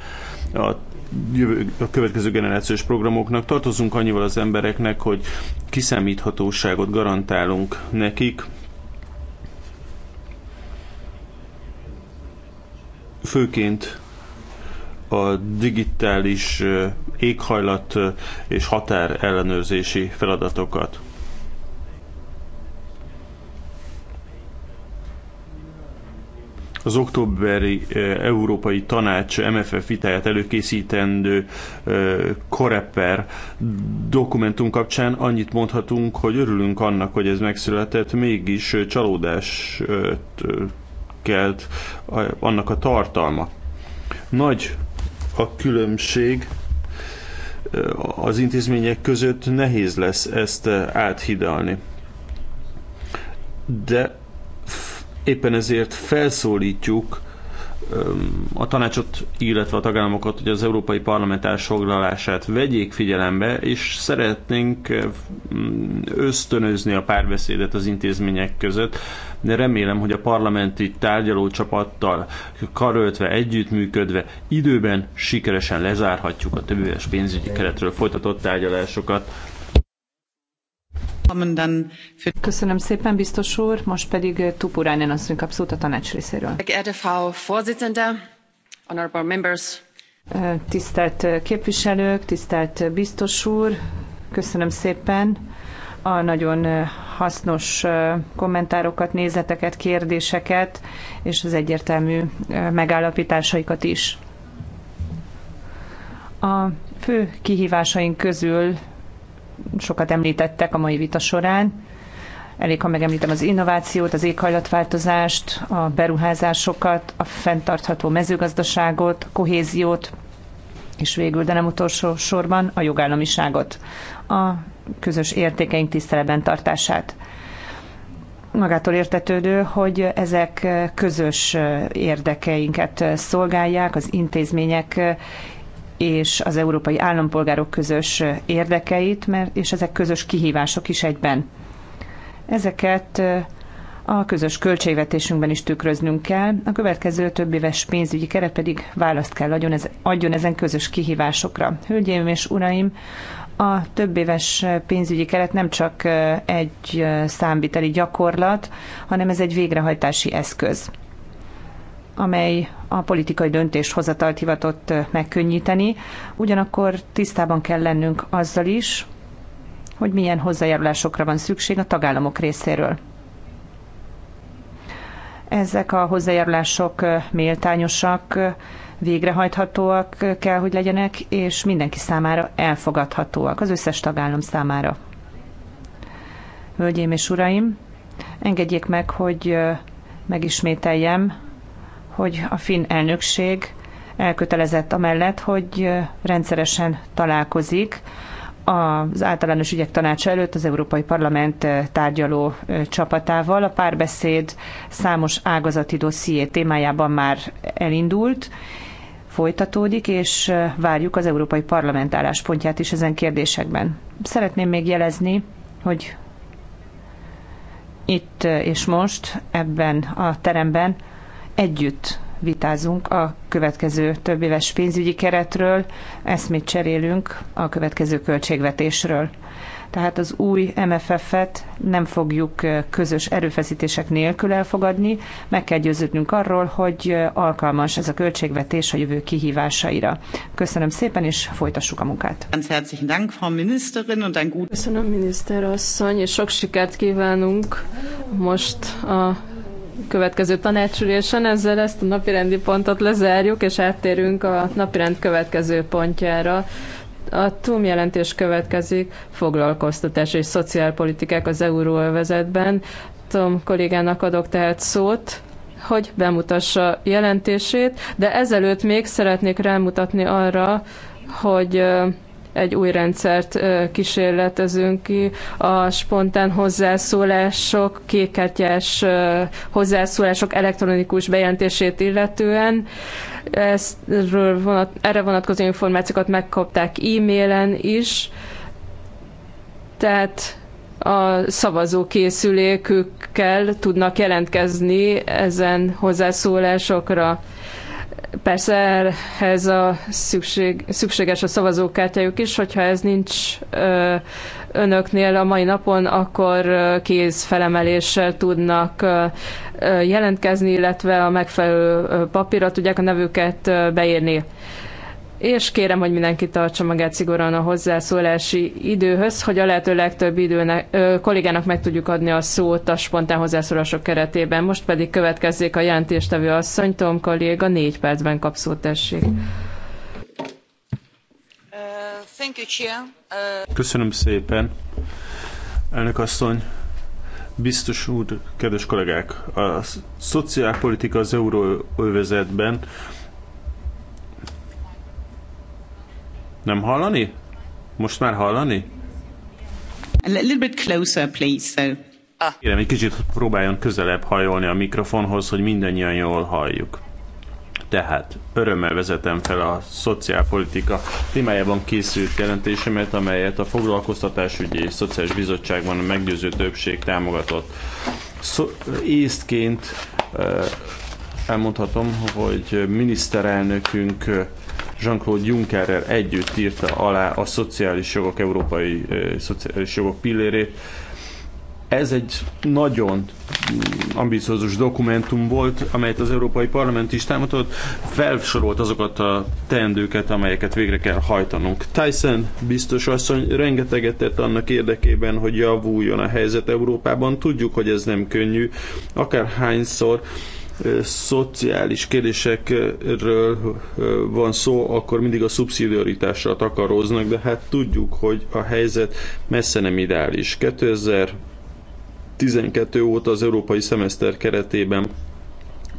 S3: a jövő, a következő generációs programoknak. Tartozunk annyival az embereknek, hogy kiszámíthatóságot garantálunk nekik, főként a digitális éghajlat és határ ellenőrzési feladatokat. az októberi Európai Tanács MFF vitáját előkészítendő koreper dokumentum kapcsán annyit mondhatunk, hogy örülünk annak, hogy ez megszületett, mégis csalódás kelt annak a tartalma. Nagy a különbség az intézmények között nehéz lesz ezt áthidalni. De Éppen ezért felszólítjuk a tanácsot, illetve a tagállamokat, hogy az Európai Parlament elsoglalását vegyék figyelembe, és szeretnénk mm, ösztönözni a párbeszédet az intézmények között, de remélem, hogy a parlamenti tárgyalócsapattal karöltve, együttműködve időben sikeresen lezárhatjuk a többéves pénzügyi keretről folytatott tárgyalásokat.
S2: Köszönöm szépen, biztos úr. Most pedig eh, Tupuránen asszony kap szót a tanács részéről. Eh, tisztelt eh, képviselők, tisztelt biztos úr, köszönöm szépen a nagyon hasznos kommentárokat, nézeteket, kérdéseket, és az egyértelmű megállapításaikat is. A fő kihívásaink közül sokat említettek a mai vita során. Elég, ha megemlítem az innovációt, az éghajlatváltozást, a beruházásokat, a fenntartható mezőgazdaságot, kohéziót, és végül, de nem utolsó sorban a jogállamiságot, a közös értékeink tiszteletben tartását. Magától értetődő, hogy ezek közös érdekeinket szolgálják, az intézmények és az európai állampolgárok közös érdekeit, mert, és ezek közös kihívások is egyben. Ezeket a közös költségvetésünkben is tükröznünk kell, a következő több éves pénzügyi keret pedig választ kell adjon, ez, adjon ezen közös kihívásokra. Hölgyeim és uraim, a több éves pénzügyi keret nem csak egy számviteli gyakorlat, hanem ez egy végrehajtási eszköz amely a politikai döntéshozatalt hivatott megkönnyíteni. Ugyanakkor tisztában kell lennünk azzal is, hogy milyen hozzájárulásokra van szükség a tagállamok részéről. Ezek a hozzájárulások méltányosak, végrehajthatóak kell, hogy legyenek, és mindenki számára elfogadhatóak, az összes tagállam számára. Hölgyeim és uraim, engedjék meg, hogy megismételjem hogy a finn elnökség elkötelezett amellett, hogy rendszeresen találkozik az általános ügyek tanácsa előtt az Európai Parlament tárgyaló csapatával. A párbeszéd számos ágazati dosszié témájában már elindult, folytatódik, és várjuk az Európai Parlament álláspontját is ezen kérdésekben. Szeretném még jelezni, hogy itt és most ebben a teremben együtt vitázunk a következő több éves pénzügyi keretről, eszmét cserélünk a következő költségvetésről. Tehát az új MFF-et nem fogjuk közös erőfeszítések nélkül elfogadni, meg kell győződnünk arról, hogy alkalmas ez a költségvetés a jövő kihívásaira. Köszönöm szépen, és folytassuk a munkát.
S4: Köszönöm, miniszter asszony, és sok sikert kívánunk most a következő tanácsülésen. Ezzel ezt a napirendi pontot lezárjuk, és áttérünk a napirend következő pontjára. A TUM jelentés következik, foglalkoztatás és szociálpolitikák az euróövezetben. Tom kollégának adok tehát szót hogy bemutassa jelentését, de ezelőtt még szeretnék rámutatni arra, hogy egy új rendszert kísérletezünk ki. A spontán hozzászólások, kéketyes hozzászólások elektronikus bejelentését illetően. Ezről vonat, erre vonatkozó információkat megkapták e-mailen is. Tehát a szavazókészülékükkel tudnak jelentkezni ezen hozzászólásokra. Persze ehhez a szükség, szükséges a szavazókártyájuk is, hogyha ez nincs ö, önöknél a mai napon, akkor kéz felemeléssel tudnak ö, jelentkezni, illetve a megfelelő papírra tudják a nevüket beírni és kérem, hogy mindenki tartsa magát szigorúan a hozzászólási időhöz, hogy a lehető legtöbb időnek, ö, kollégának meg tudjuk adni a szót a spontán hozzászólások keretében. Most pedig következzék a jelentéstevő asszony, Tom kolléga, négy percben kap szót, tessék. Uh,
S2: uh,
S3: Köszönöm szépen, elnök asszony. Biztos úr, kedves kollégák, a szociálpolitika az euróövezetben Nem hallani? Most már hallani?
S2: A little bit closer, please. So. Ah.
S3: Kérem, egy kicsit próbáljon közelebb hajolni a mikrofonhoz, hogy mindannyian jól halljuk. Tehát örömmel vezetem fel a szociálpolitika témájában készült jelentésemet, amelyet a Foglalkoztatásügyi és Szociális Bizottságban a meggyőző többség támogatott. Szó, észtként eh, elmondhatom, hogy miniszterelnökünk eh, Jean-Claude Junckerrel együtt írta alá a szociális jogok európai eh, szociális jogok pillérét. Ez egy nagyon ambiciózus dokumentum volt, amelyet az Európai Parlament is támogatott. felsorolt azokat a teendőket, amelyeket végre kell hajtanunk. Tyson biztos asszony rengeteget tett annak érdekében, hogy javuljon a helyzet Európában. Tudjuk, hogy ez nem könnyű. Akárhányszor hányszor szociális kérdésekről van szó, akkor mindig a szubszidiaritásra takaróznak, de hát tudjuk, hogy a helyzet messze nem ideális. 2012 óta az európai szemeszter keretében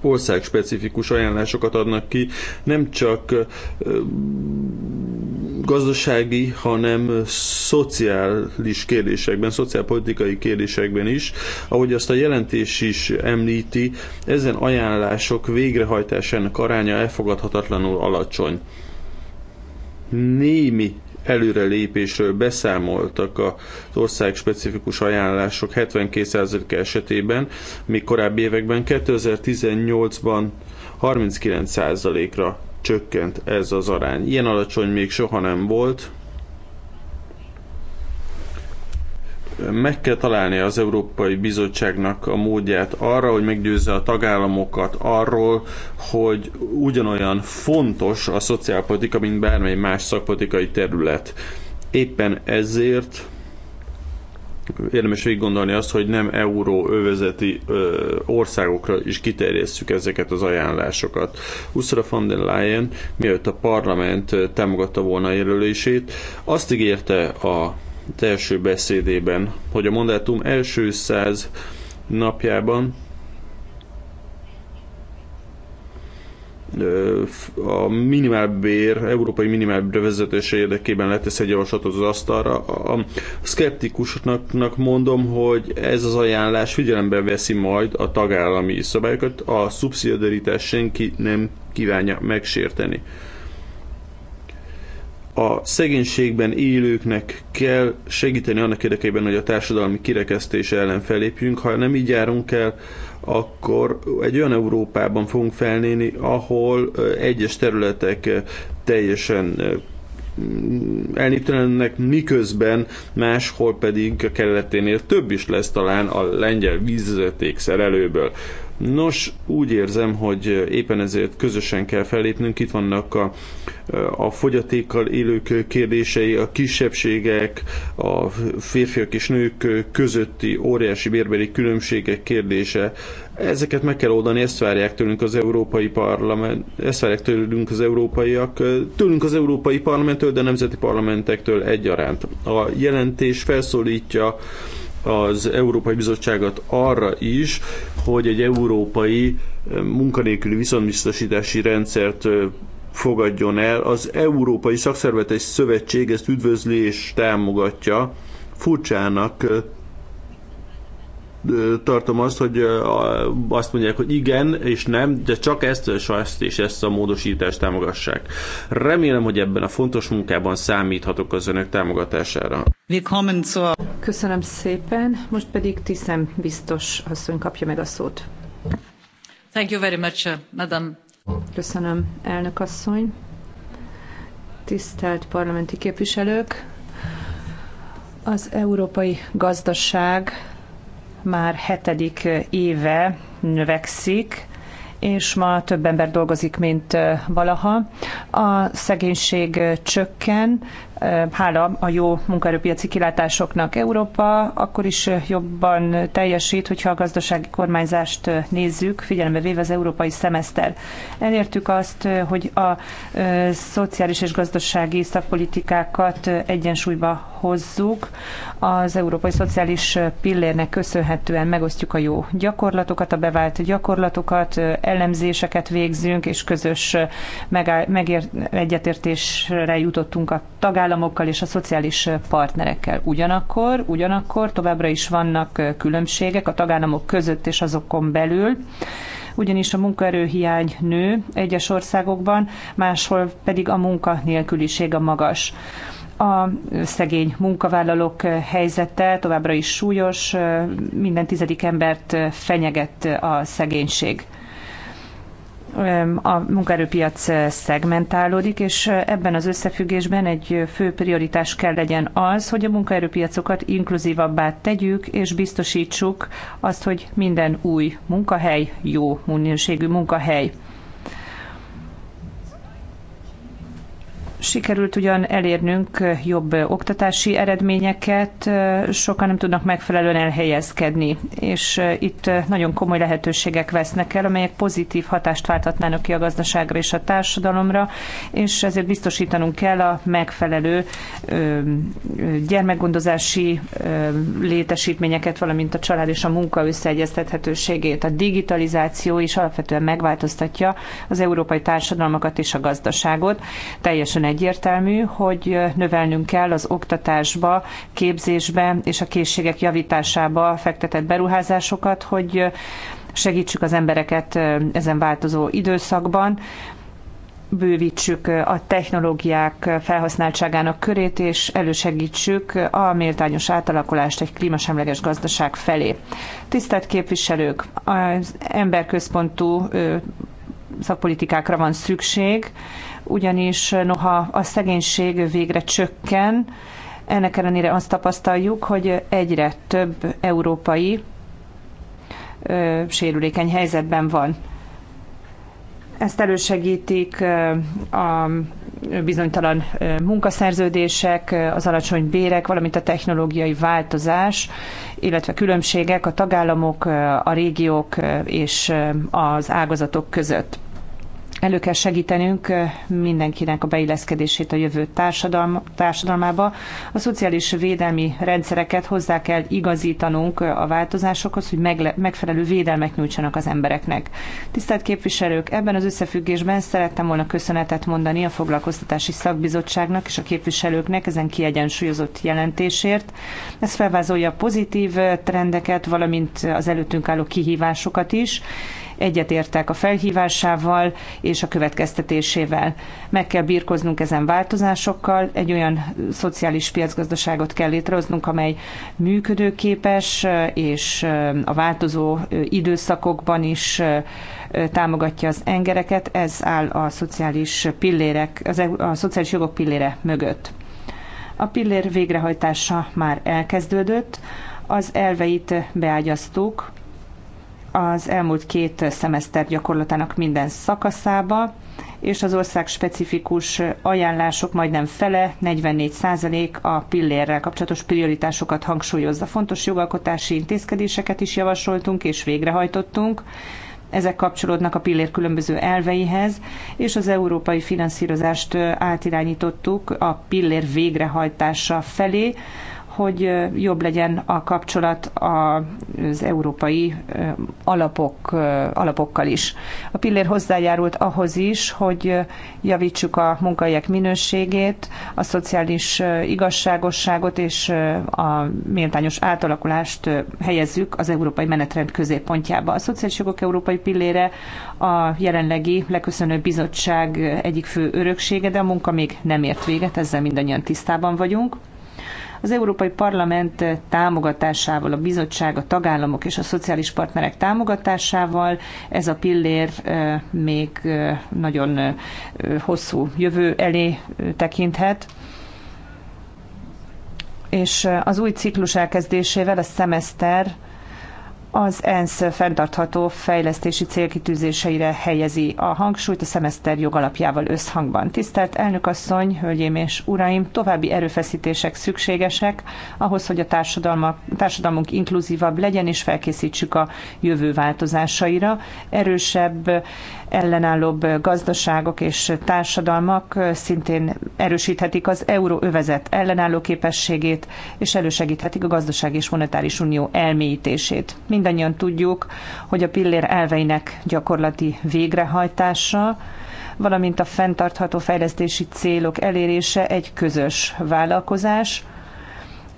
S3: országspecifikus ajánlásokat adnak ki, nem csak gazdasági, hanem szociális kérdésekben, szociálpolitikai kérdésekben is. Ahogy azt a jelentés is említi, ezen ajánlások végrehajtásának aránya elfogadhatatlanul alacsony. Némi előrelépésről beszámoltak az ország specifikus ajánlások 72%-a esetében, míg korábbi években 2018-ban 39%-ra csökkent ez az arány. Ilyen alacsony még soha nem volt, meg kell találni az Európai Bizottságnak a módját arra, hogy meggyőzze a tagállamokat arról, hogy ugyanolyan fontos a szociálpolitika, mint bármely más szakpolitikai terület. Éppen ezért érdemes végig gondolni azt, hogy nem euró övezeti országokra is kiterjesszük ezeket az ajánlásokat. Ursula von der Leyen, mielőtt a parlament támogatta volna a jelölését, azt ígérte a első beszédében, hogy a mandátum első száz napjában a minimálbér, európai minimálbér vezetése érdekében letesz egy javaslatot az asztalra. A szkeptikusnak mondom, hogy ez az ajánlás figyelembe veszi majd a tagállami szabályokat, a szubszidiaritás senki nem kívánja megsérteni a szegénységben élőknek kell segíteni annak érdekében, hogy a társadalmi kirekesztés ellen felépjünk. Ha nem így járunk el, akkor egy olyan Európában fogunk felnéni, ahol egyes területek teljesen elnéptelennek, miközben máshol pedig a kelleténél több is lesz talán a lengyel vízvezeték szerelőből. Nos, úgy érzem, hogy éppen ezért közösen kell fellépnünk. Itt vannak a, a fogyatékkal élők kérdései, a kisebbségek, a férfiak és nők közötti óriási bérbeli különbségek kérdése. Ezeket meg kell oldani, ezt várják tőlünk az Európai Parlament, ezt várják tőlünk az európaiak, tőlünk az Európai Parlamenttől, de a nemzeti parlamentektől egyaránt. A jelentés felszólítja az Európai Bizottságot arra is, hogy egy európai munkanélküli viszontbiztosítási rendszert fogadjon el. Az Európai Szakszervetes Szövetség ezt üdvözli és támogatja. Furcsának tartom azt, hogy azt mondják, hogy igen és nem, de csak ezt és ezt és ezt a módosítást támogassák. Remélem, hogy ebben a fontos munkában számíthatok az önök támogatására.
S2: Köszönöm szépen, most pedig Tiszem biztos asszony kapja meg a szót. Thank you very much, uh, madam. Köszönöm, elnök asszony. Tisztelt parlamenti képviselők, az európai gazdaság már hetedik éve növekszik, és ma több ember dolgozik, mint valaha. A szegénység csökken, hála a jó munkaerőpiaci kilátásoknak Európa akkor is jobban teljesít, hogyha a gazdasági kormányzást nézzük, figyelembe véve az európai szemeszter. Elértük azt, hogy a szociális és gazdasági szakpolitikákat egyensúlyba hozzuk. Az európai szociális pillérnek köszönhetően megosztjuk a jó gyakorlatokat, a bevált gyakorlatokat, elemzéseket végzünk, és közös megáll, megért, egyetértésre jutottunk a tagállamokat, tagállamokkal és a szociális partnerekkel. Ugyanakkor, ugyanakkor továbbra is vannak különbségek a tagállamok között és azokon belül, ugyanis a munkaerőhiány nő egyes országokban, máshol pedig a munkanélküliség a magas a szegény munkavállalók helyzete továbbra is súlyos, minden tizedik embert fenyeget a szegénység a munkaerőpiac szegmentálódik, és ebben az összefüggésben egy fő prioritás kell legyen az, hogy a munkaerőpiacokat inkluzívabbá tegyük, és biztosítsuk azt, hogy minden új munkahely jó minőségű munkahely. Sikerült ugyan elérnünk jobb oktatási eredményeket, sokan nem tudnak megfelelően elhelyezkedni, és itt nagyon komoly lehetőségek vesznek el, amelyek pozitív hatást válthatnának ki a gazdaságra és a társadalomra, és ezért biztosítanunk kell a megfelelő gyermekgondozási létesítményeket, valamint a család és a munka összeegyeztethetőségét. A digitalizáció is alapvetően megváltoztatja az európai társadalmakat és a gazdaságot. Teljesen egyértelmű, hogy növelnünk kell az oktatásba, képzésbe és a készségek javításába fektetett beruházásokat, hogy segítsük az embereket ezen változó időszakban, bővítsük a technológiák felhasználtságának körét, és elősegítsük a méltányos átalakulást egy klímasemleges gazdaság felé. Tisztelt képviselők, az emberközpontú szakpolitikákra van szükség, ugyanis noha a szegénység végre csökken, ennek ellenére azt tapasztaljuk, hogy egyre több európai ö, sérülékeny helyzetben van. Ezt elősegítik a bizonytalan munkaszerződések, az alacsony bérek, valamint a technológiai változás, illetve különbségek a tagállamok, a régiók és az ágazatok között elő kell segítenünk mindenkinek a beilleszkedését a jövő társadalma, társadalmába. A szociális védelmi rendszereket hozzá kell igazítanunk a változásokhoz, hogy megle, megfelelő védelmet nyújtsanak az embereknek. Tisztelt képviselők, ebben az összefüggésben szerettem volna köszönetet mondani a Foglalkoztatási Szakbizottságnak és a képviselőknek ezen kiegyensúlyozott jelentésért. Ez felvázolja pozitív trendeket, valamint az előttünk álló kihívásokat is, egyetértek a felhívásával és a következtetésével. Meg kell birkoznunk ezen változásokkal, egy olyan szociális piacgazdaságot kell létrehoznunk, amely működőképes és a változó időszakokban is támogatja az engereket. Ez áll a szociális pillérek, e-, a szociális jogok pillére mögött. A pillér végrehajtása már elkezdődött, az elveit beágyaztuk, az elmúlt két szemeszter gyakorlatának minden szakaszába, és az ország specifikus ajánlások majdnem fele, 44% a pillérrel kapcsolatos prioritásokat hangsúlyozza. Fontos jogalkotási intézkedéseket is javasoltunk és végrehajtottunk. Ezek kapcsolódnak a pillér különböző elveihez, és az európai finanszírozást átirányítottuk a pillér végrehajtása felé, hogy jobb legyen a kapcsolat az európai alapok, alapokkal is. A pillér hozzájárult ahhoz is, hogy javítsuk a munkahelyek minőségét, a szociális igazságosságot és a méltányos átalakulást helyezzük az európai menetrend középpontjába. A szociális jogok európai pillére a jelenlegi leköszönő bizottság egyik fő öröksége, de a munka még nem ért véget, ezzel mindannyian tisztában vagyunk az Európai Parlament támogatásával, a bizottság, a tagállamok és a szociális partnerek támogatásával ez a pillér még nagyon hosszú jövő elé tekinthet és az új ciklus elkezdésével a szemeszter az ENSZ fenntartható fejlesztési célkitűzéseire helyezi a hangsúlyt a szemeszter jogalapjával összhangban. Tisztelt elnökasszony, hölgyém és uraim, további erőfeszítések szükségesek ahhoz, hogy a társadalmunk inkluzívabb legyen és felkészítsük a jövő változásaira. Erősebb ellenállóbb gazdaságok és társadalmak szintén erősíthetik az euróövezet ellenálló képességét, és elősegíthetik a gazdaság és monetáris unió elmélyítését. Mindannyian tudjuk, hogy a pillér elveinek gyakorlati végrehajtása, valamint a fenntartható fejlesztési célok elérése egy közös vállalkozás,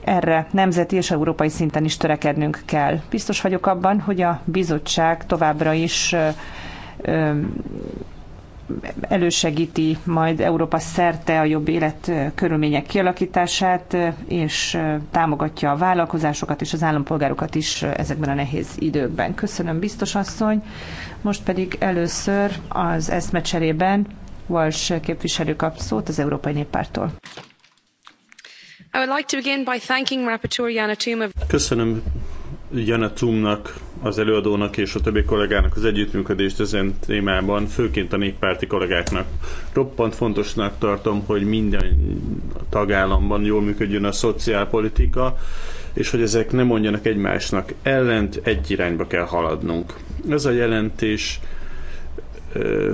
S2: erre nemzeti és európai szinten is törekednünk kell. Biztos vagyok abban, hogy a bizottság továbbra is elősegíti majd Európa szerte a jobb élet körülmények kialakítását, és támogatja a vállalkozásokat és az állampolgárokat is ezekben a nehéz időkben. Köszönöm, biztos asszony. Most pedig először az eszmecserében Walsh képviselő kap szót az Európai Néppártól. Köszönöm Jana Tumnak,
S3: az előadónak és a többi kollégának az együttműködést ezen témában, főként a néppárti kollégáknak. Roppant fontosnak tartom, hogy minden tagállamban jól működjön a szociálpolitika, és hogy ezek nem mondjanak egymásnak ellent, egy irányba kell haladnunk. Ez a jelentés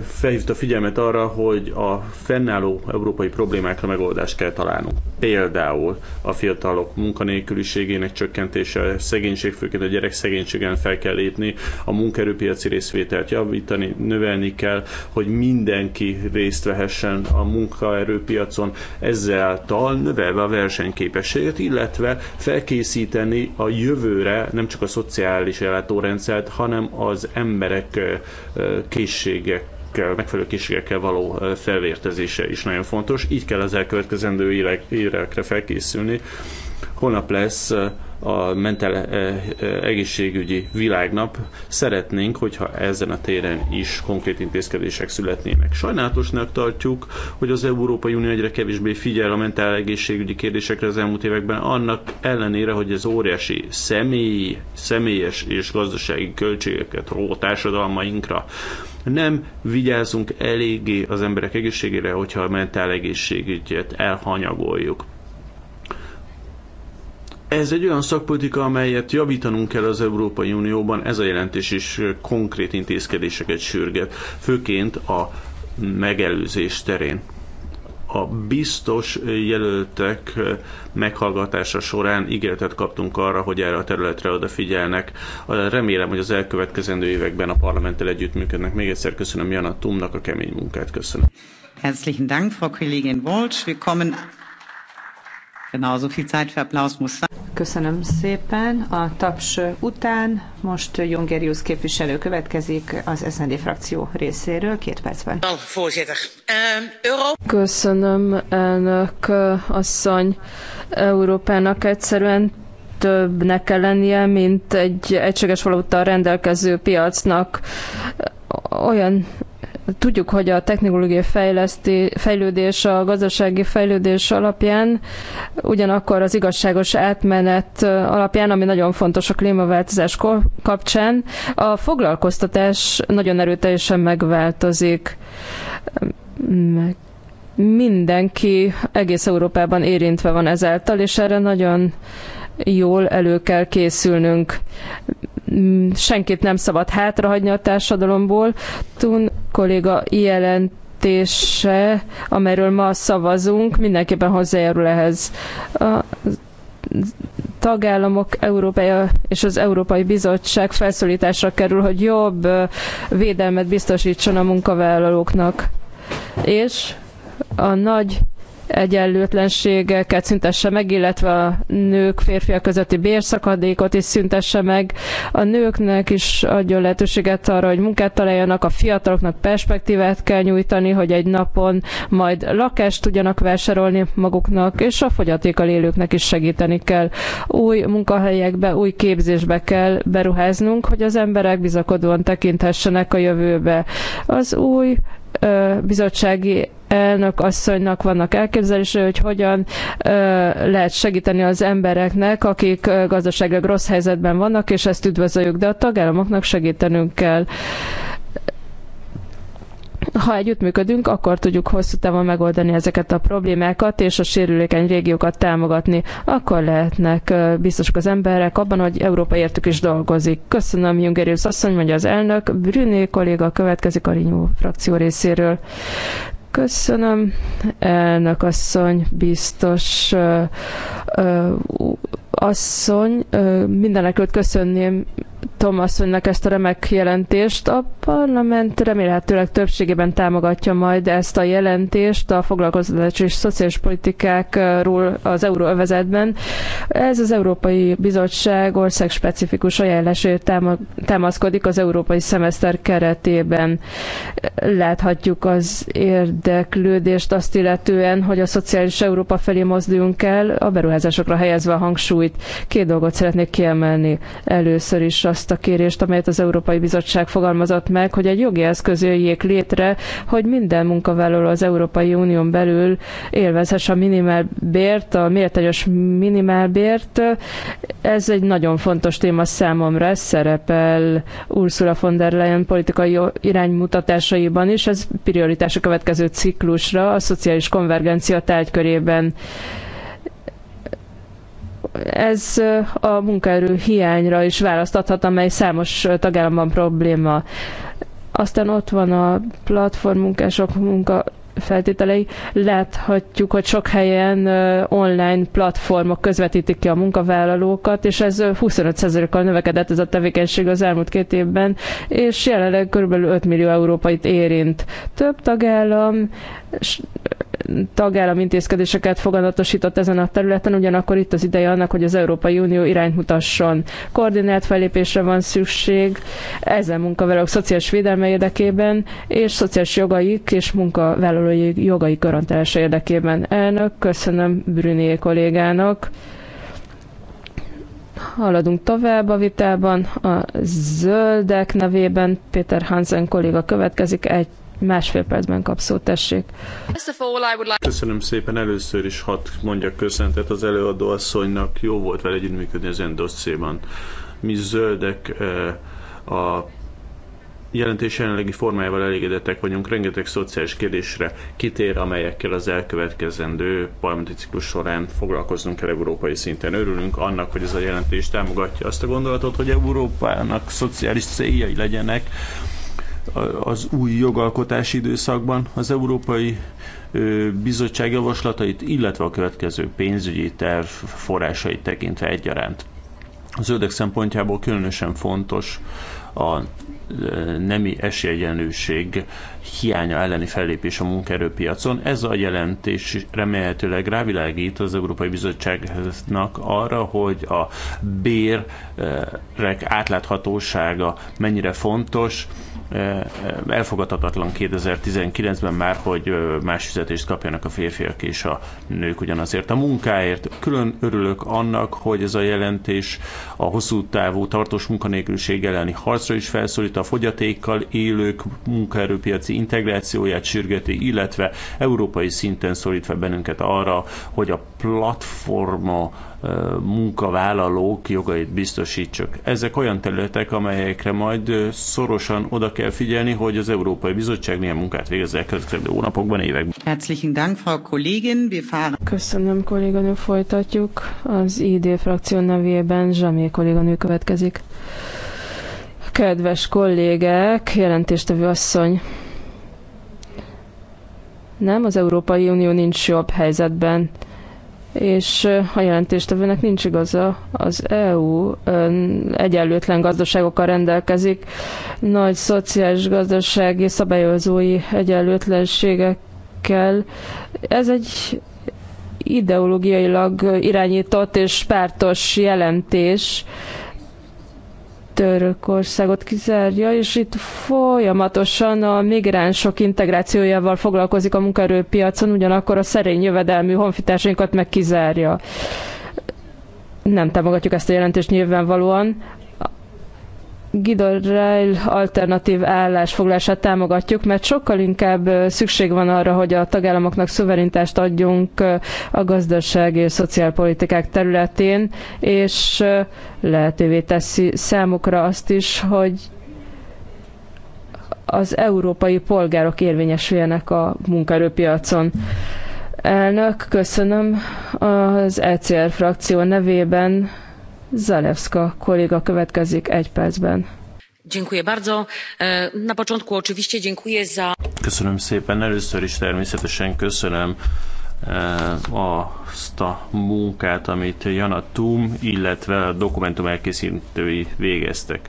S3: felhívta figyelmet arra, hogy a fennálló európai problémákra megoldást kell találnunk például a fiatalok munkanélküliségének csökkentése, szegénység, főként a gyerek szegénységen fel kell lépni, a munkerőpiaci részvételt javítani, növelni kell, hogy mindenki részt vehessen a munkaerőpiacon, ezáltal növelve a versenyképességet, illetve felkészíteni a jövőre nem csak a szociális ellátórendszert, hanem az emberek készségek készségekkel, megfelelő készségekkel való felvértezése is nagyon fontos. Így kell az elkövetkezendő évekre felkészülni. Holnap lesz a mentel egészségügyi világnap. Szeretnénk, hogyha ezen a téren is konkrét intézkedések születnének. Sajnálatosnak tartjuk, hogy az Európai Unió egyre kevésbé figyel a mentál egészségügyi kérdésekre az elmúlt években, annak ellenére, hogy ez óriási személyi, személyes és gazdasági költségeket ró társadalmainkra nem vigyázunk eléggé az emberek egészségére, hogyha a mentál egészségügyet elhanyagoljuk. Ez egy olyan szakpolitika, amelyet javítanunk kell az Európai Unióban, ez a jelentés is konkrét intézkedéseket sürget, főként a megelőzés terén a biztos jelöltek meghallgatása során ígéretet kaptunk arra, hogy erre a területre odafigyelnek. Remélem, hogy az elkövetkezendő években a parlamenttel együttműködnek. Még egyszer köszönöm Jana Tumnak a kemény munkát.
S2: Köszönöm. Herzlichen Dank, Frau Kollegin Walsh. Wir kommen Köszönöm szépen. A taps után most Jongerius képviselő következik az SND frakció részéről két percben.
S6: Ehm,
S2: Köszönöm, elnök asszony.
S4: Európának egyszerűen többnek kell lennie, mint egy egységes valóta rendelkező piacnak olyan Tudjuk, hogy a technológiai fejlődés a gazdasági fejlődés alapján, ugyanakkor az igazságos átmenet alapján, ami nagyon fontos a klímaváltozás kapcsán, a foglalkoztatás nagyon erőteljesen megváltozik. Mindenki egész Európában érintve van ezáltal, és erre nagyon jól elő kell készülnünk. Mm, senkit nem szabad hátrahagyni a társadalomból. Tun kolléga jelentése, amelyről ma szavazunk, mindenképpen hozzájárul ehhez. A tagállamok Európája és az Európai Bizottság felszólításra kerül, hogy jobb védelmet biztosítson a munkavállalóknak. És a nagy egyenlőtlenségeket szüntesse meg, illetve a nők férfiak közötti bérszakadékot is szüntesse meg. A nőknek is adjon lehetőséget arra, hogy munkát találjanak, a fiataloknak perspektívát kell nyújtani, hogy egy napon majd lakást tudjanak vásárolni maguknak, és a fogyatékkal élőknek is segíteni kell. Új munkahelyekbe, új képzésbe kell beruháznunk, hogy az emberek bizakodóan tekinthessenek a jövőbe. Az új bizottsági elnök asszonynak vannak elképzelése, hogy hogyan lehet segíteni az embereknek, akik gazdaságilag rossz helyzetben vannak, és ezt üdvözöljük, de a tagállamoknak segítenünk kell ha együttműködünk, akkor tudjuk hosszú távon megoldani ezeket a problémákat, és a sérülékeny régiókat támogatni. Akkor lehetnek biztosak az emberek abban, hogy Európa értük is dolgozik. Köszönöm, Jungerius asszony, mondja az elnök. Brüné kolléga következik a Rinyó frakció részéről. Köszönöm, elnök asszony, biztos ö, ö, asszony, mindenekről köszönném Tom asszonynak ezt a remek jelentést. A parlament remélhetőleg többségében támogatja majd ezt a jelentést a foglalkoztatási és szociális politikákról az euróövezetben. Ez az Európai Bizottság ország specifikus ajánlásért támaszkodik az európai szemeszter keretében. Láthatjuk az érdeklődést azt illetően, hogy a szociális Európa felé mozduljunk el, a beruházásokra helyezve a hangsúlyt. Két dolgot szeretnék kiemelni. Először is azt azt a kérést, amelyet az Európai Bizottság fogalmazott meg, hogy egy jogi eszköz jöjjék létre, hogy minden munkavállaló az Európai Unión belül élvezhesse a minimálbért, a méltányos minimálbért. Ez egy nagyon fontos téma számomra, ez szerepel Ursula von der Leyen politikai iránymutatásaiban is, ez prioritás a következő ciklusra, a szociális konvergencia tárgykörében. körében ez a munkaerő hiányra is választ adhat, amely számos tagállamban probléma. Aztán ott van a platformmunkások munka feltételei. Láthatjuk, hogy sok helyen online platformok közvetítik ki a munkavállalókat, és ez 25%-kal növekedett ez a tevékenység az elmúlt két évben, és jelenleg kb. 5 millió európait érint. Több tagállam tagállam intézkedéseket fogadatosított ezen a területen, ugyanakkor itt az ideje annak, hogy az Európai Unió irányt mutasson. Koordinált fellépésre van szükség ezen munkavállalók szociális védelme érdekében, és szociális jogaik és munkavállalói jogai garantálása érdekében. Elnök, köszönöm Brüné kollégának. Haladunk tovább a vitában. A zöldek nevében Péter Hansen kolléga következik egy másfél percben kap szót, tessék.
S3: Köszönöm szépen, először is hat mondjak köszöntet az előadó asszonynak, jó volt vele együttműködni az endosszéban. Mi zöldek eh, a jelentés jelenlegi formájával elégedettek vagyunk, rengeteg szociális kérdésre kitér, amelyekkel az elkövetkezendő parlamenti ciklus során foglalkoznunk kell európai szinten. Örülünk annak, hogy ez a jelentés támogatja azt a gondolatot, hogy Európának szociális céljai legyenek, az új jogalkotási időszakban az Európai Bizottság javaslatait, illetve a következő pénzügyi terv forrásait tekintve egyaránt. az zöldek szempontjából különösen fontos a nemi esélyegyenlőség hiánya elleni fellépés a munkaerőpiacon. Ez a jelentés remélhetőleg rávilágít az Európai Bizottságnak arra, hogy a bérek átláthatósága mennyire fontos, Eh, elfogadhatatlan 2019-ben már, hogy eh, más fizetést kapjanak a férfiak és a nők ugyanazért a munkáért. Külön örülök annak, hogy ez a jelentés a hosszú távú tartós munkanélküliség elleni harcra is felszólít, a fogyatékkal élők munkaerőpiaci integrációját sürgeti, illetve európai szinten szólítva bennünket arra, hogy a platforma munkavállalók jogait biztosítsak. Ezek olyan területek, amelyekre majd szorosan oda kell figyelni, hogy az Európai Bizottság milyen munkát végez el következő hónapokban, években.
S4: Herzlichen Dank, Frau Kollegin. Köszönöm, kolléganő, folytatjuk. Az ID frakció nevében Zsamé kolléganő következik. Kedves kollégek, jelentéstevő asszony, nem, az Európai Unió nincs jobb helyzetben és a jelentéstevőnek nincs igaza, az EU egyenlőtlen gazdaságokkal rendelkezik, nagy szociális gazdasági szabályozói egyenlőtlenségekkel. Ez egy ideológiailag irányított és pártos jelentés, Törökországot kizárja, és itt folyamatosan a migránsok integrációjával foglalkozik a munkaerőpiacon, ugyanakkor a szerény jövedelmű honfitársainkat meg kizárja. Nem támogatjuk ezt a jelentést nyilvánvalóan. Guido Rail alternatív állásfoglását támogatjuk, mert sokkal inkább szükség van arra, hogy a tagállamoknak szuverenitást adjunk a gazdaság és szociálpolitikák területén, és lehetővé teszi számukra azt is, hogy az európai polgárok érvényesüljenek a munkaerőpiacon. Elnök, köszönöm az ECR frakció nevében Zalewska kolléga következik egy percben.
S8: E,
S3: köszönöm szépen. Először is természetesen köszönöm e, azt a munkát, amit Jana Tum, illetve a dokumentum elkészítői végeztek.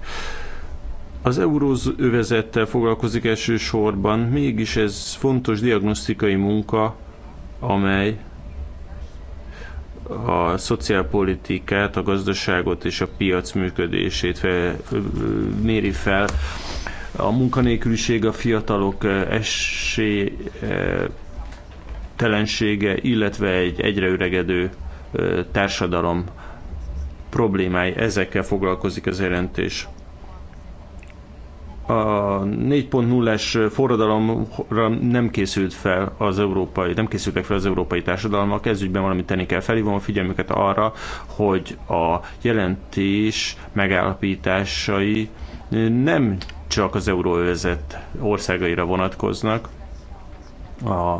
S3: Az euróövezettel foglalkozik elsősorban, mégis ez fontos diagnosztikai munka, amely a szociálpolitikát, a gazdaságot és a piac működését fel, méri fel. A munkanélküliség, a fiatalok esélytelensége, telensége, illetve egy egyre öregedő társadalom problémái, ezekkel foglalkozik az jelentés a 4.0-es forradalomra nem készült fel az európai, nem készültek fel az európai társadalmak, ez ügyben valamit tenni kell. Felhívom a figyelmüket arra, hogy a jelentés megállapításai nem csak az euróövezet országaira vonatkoznak, a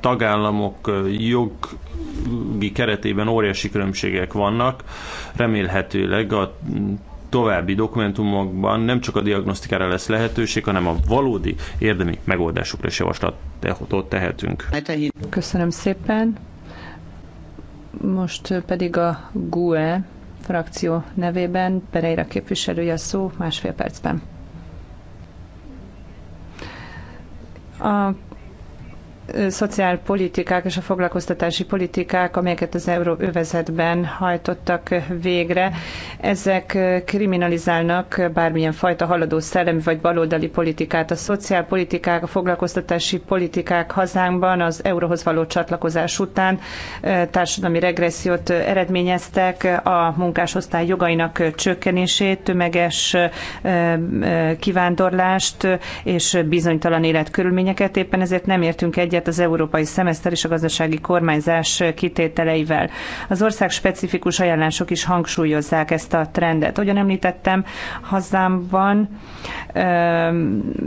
S3: tagállamok jogi keretében óriási különbségek vannak, remélhetőleg a további dokumentumokban nem csak a diagnosztikára lesz lehetőség, hanem a valódi érdemi megoldásokra is javaslatot tehetünk.
S2: Köszönöm szépen. Most pedig a GUE frakció nevében Pereira képviselője szó másfél percben. A szociálpolitikák és a foglalkoztatási politikák, amelyeket az euróövezetben hajtottak végre, ezek kriminalizálnak bármilyen fajta haladó szellemi vagy baloldali politikát. A szociálpolitikák, a foglalkoztatási politikák hazánkban az euróhoz való csatlakozás után társadalmi regressziót eredményeztek, a munkásosztály jogainak csökkenését, tömeges kivándorlást és bizonytalan életkörülményeket. Éppen ezért nem értünk egy egyet az európai szemeszter és a gazdasági kormányzás kitételeivel. Az ország specifikus ajánlások is hangsúlyozzák ezt a trendet. Hogyan említettem, hazámban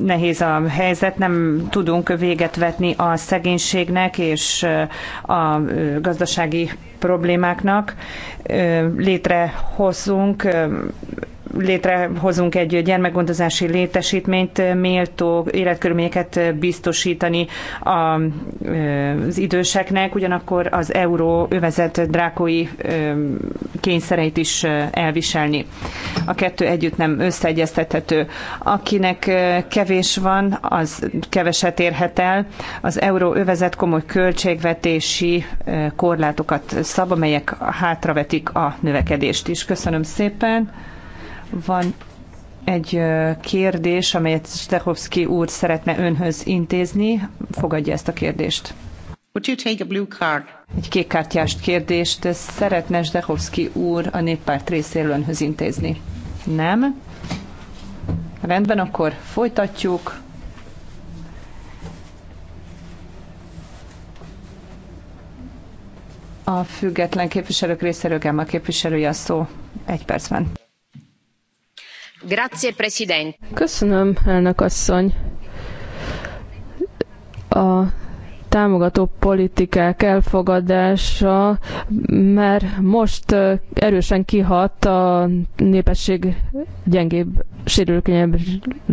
S2: nehéz a helyzet, nem tudunk véget vetni a szegénységnek és a gazdasági problémáknak. Létrehozunk létrehozunk egy gyermekgondozási létesítményt, méltó életkörülményeket biztosítani az időseknek, ugyanakkor az euró övezet drákói kényszereit is elviselni. A kettő együtt nem összeegyeztethető. Akinek kevés van, az keveset érhet el. Az euró övezet komoly költségvetési korlátokat szab, amelyek hátravetik a növekedést is. Köszönöm szépen! Van egy kérdés, amelyet Stehovski úr szeretne önhöz intézni. Fogadja ezt a kérdést. Would you take a blue card? Egy kékkártyást kérdést szeretne Zdehovszki úr a néppárt részéről önhöz intézni. Nem? Rendben, akkor folytatjuk. A független képviselők részéről Gemma képviselője a szó. Egy percben.
S4: Köszönöm, elnök asszony. A támogató politikák elfogadása már most erősen kihat a népesség gyengébb, sérülékenyebb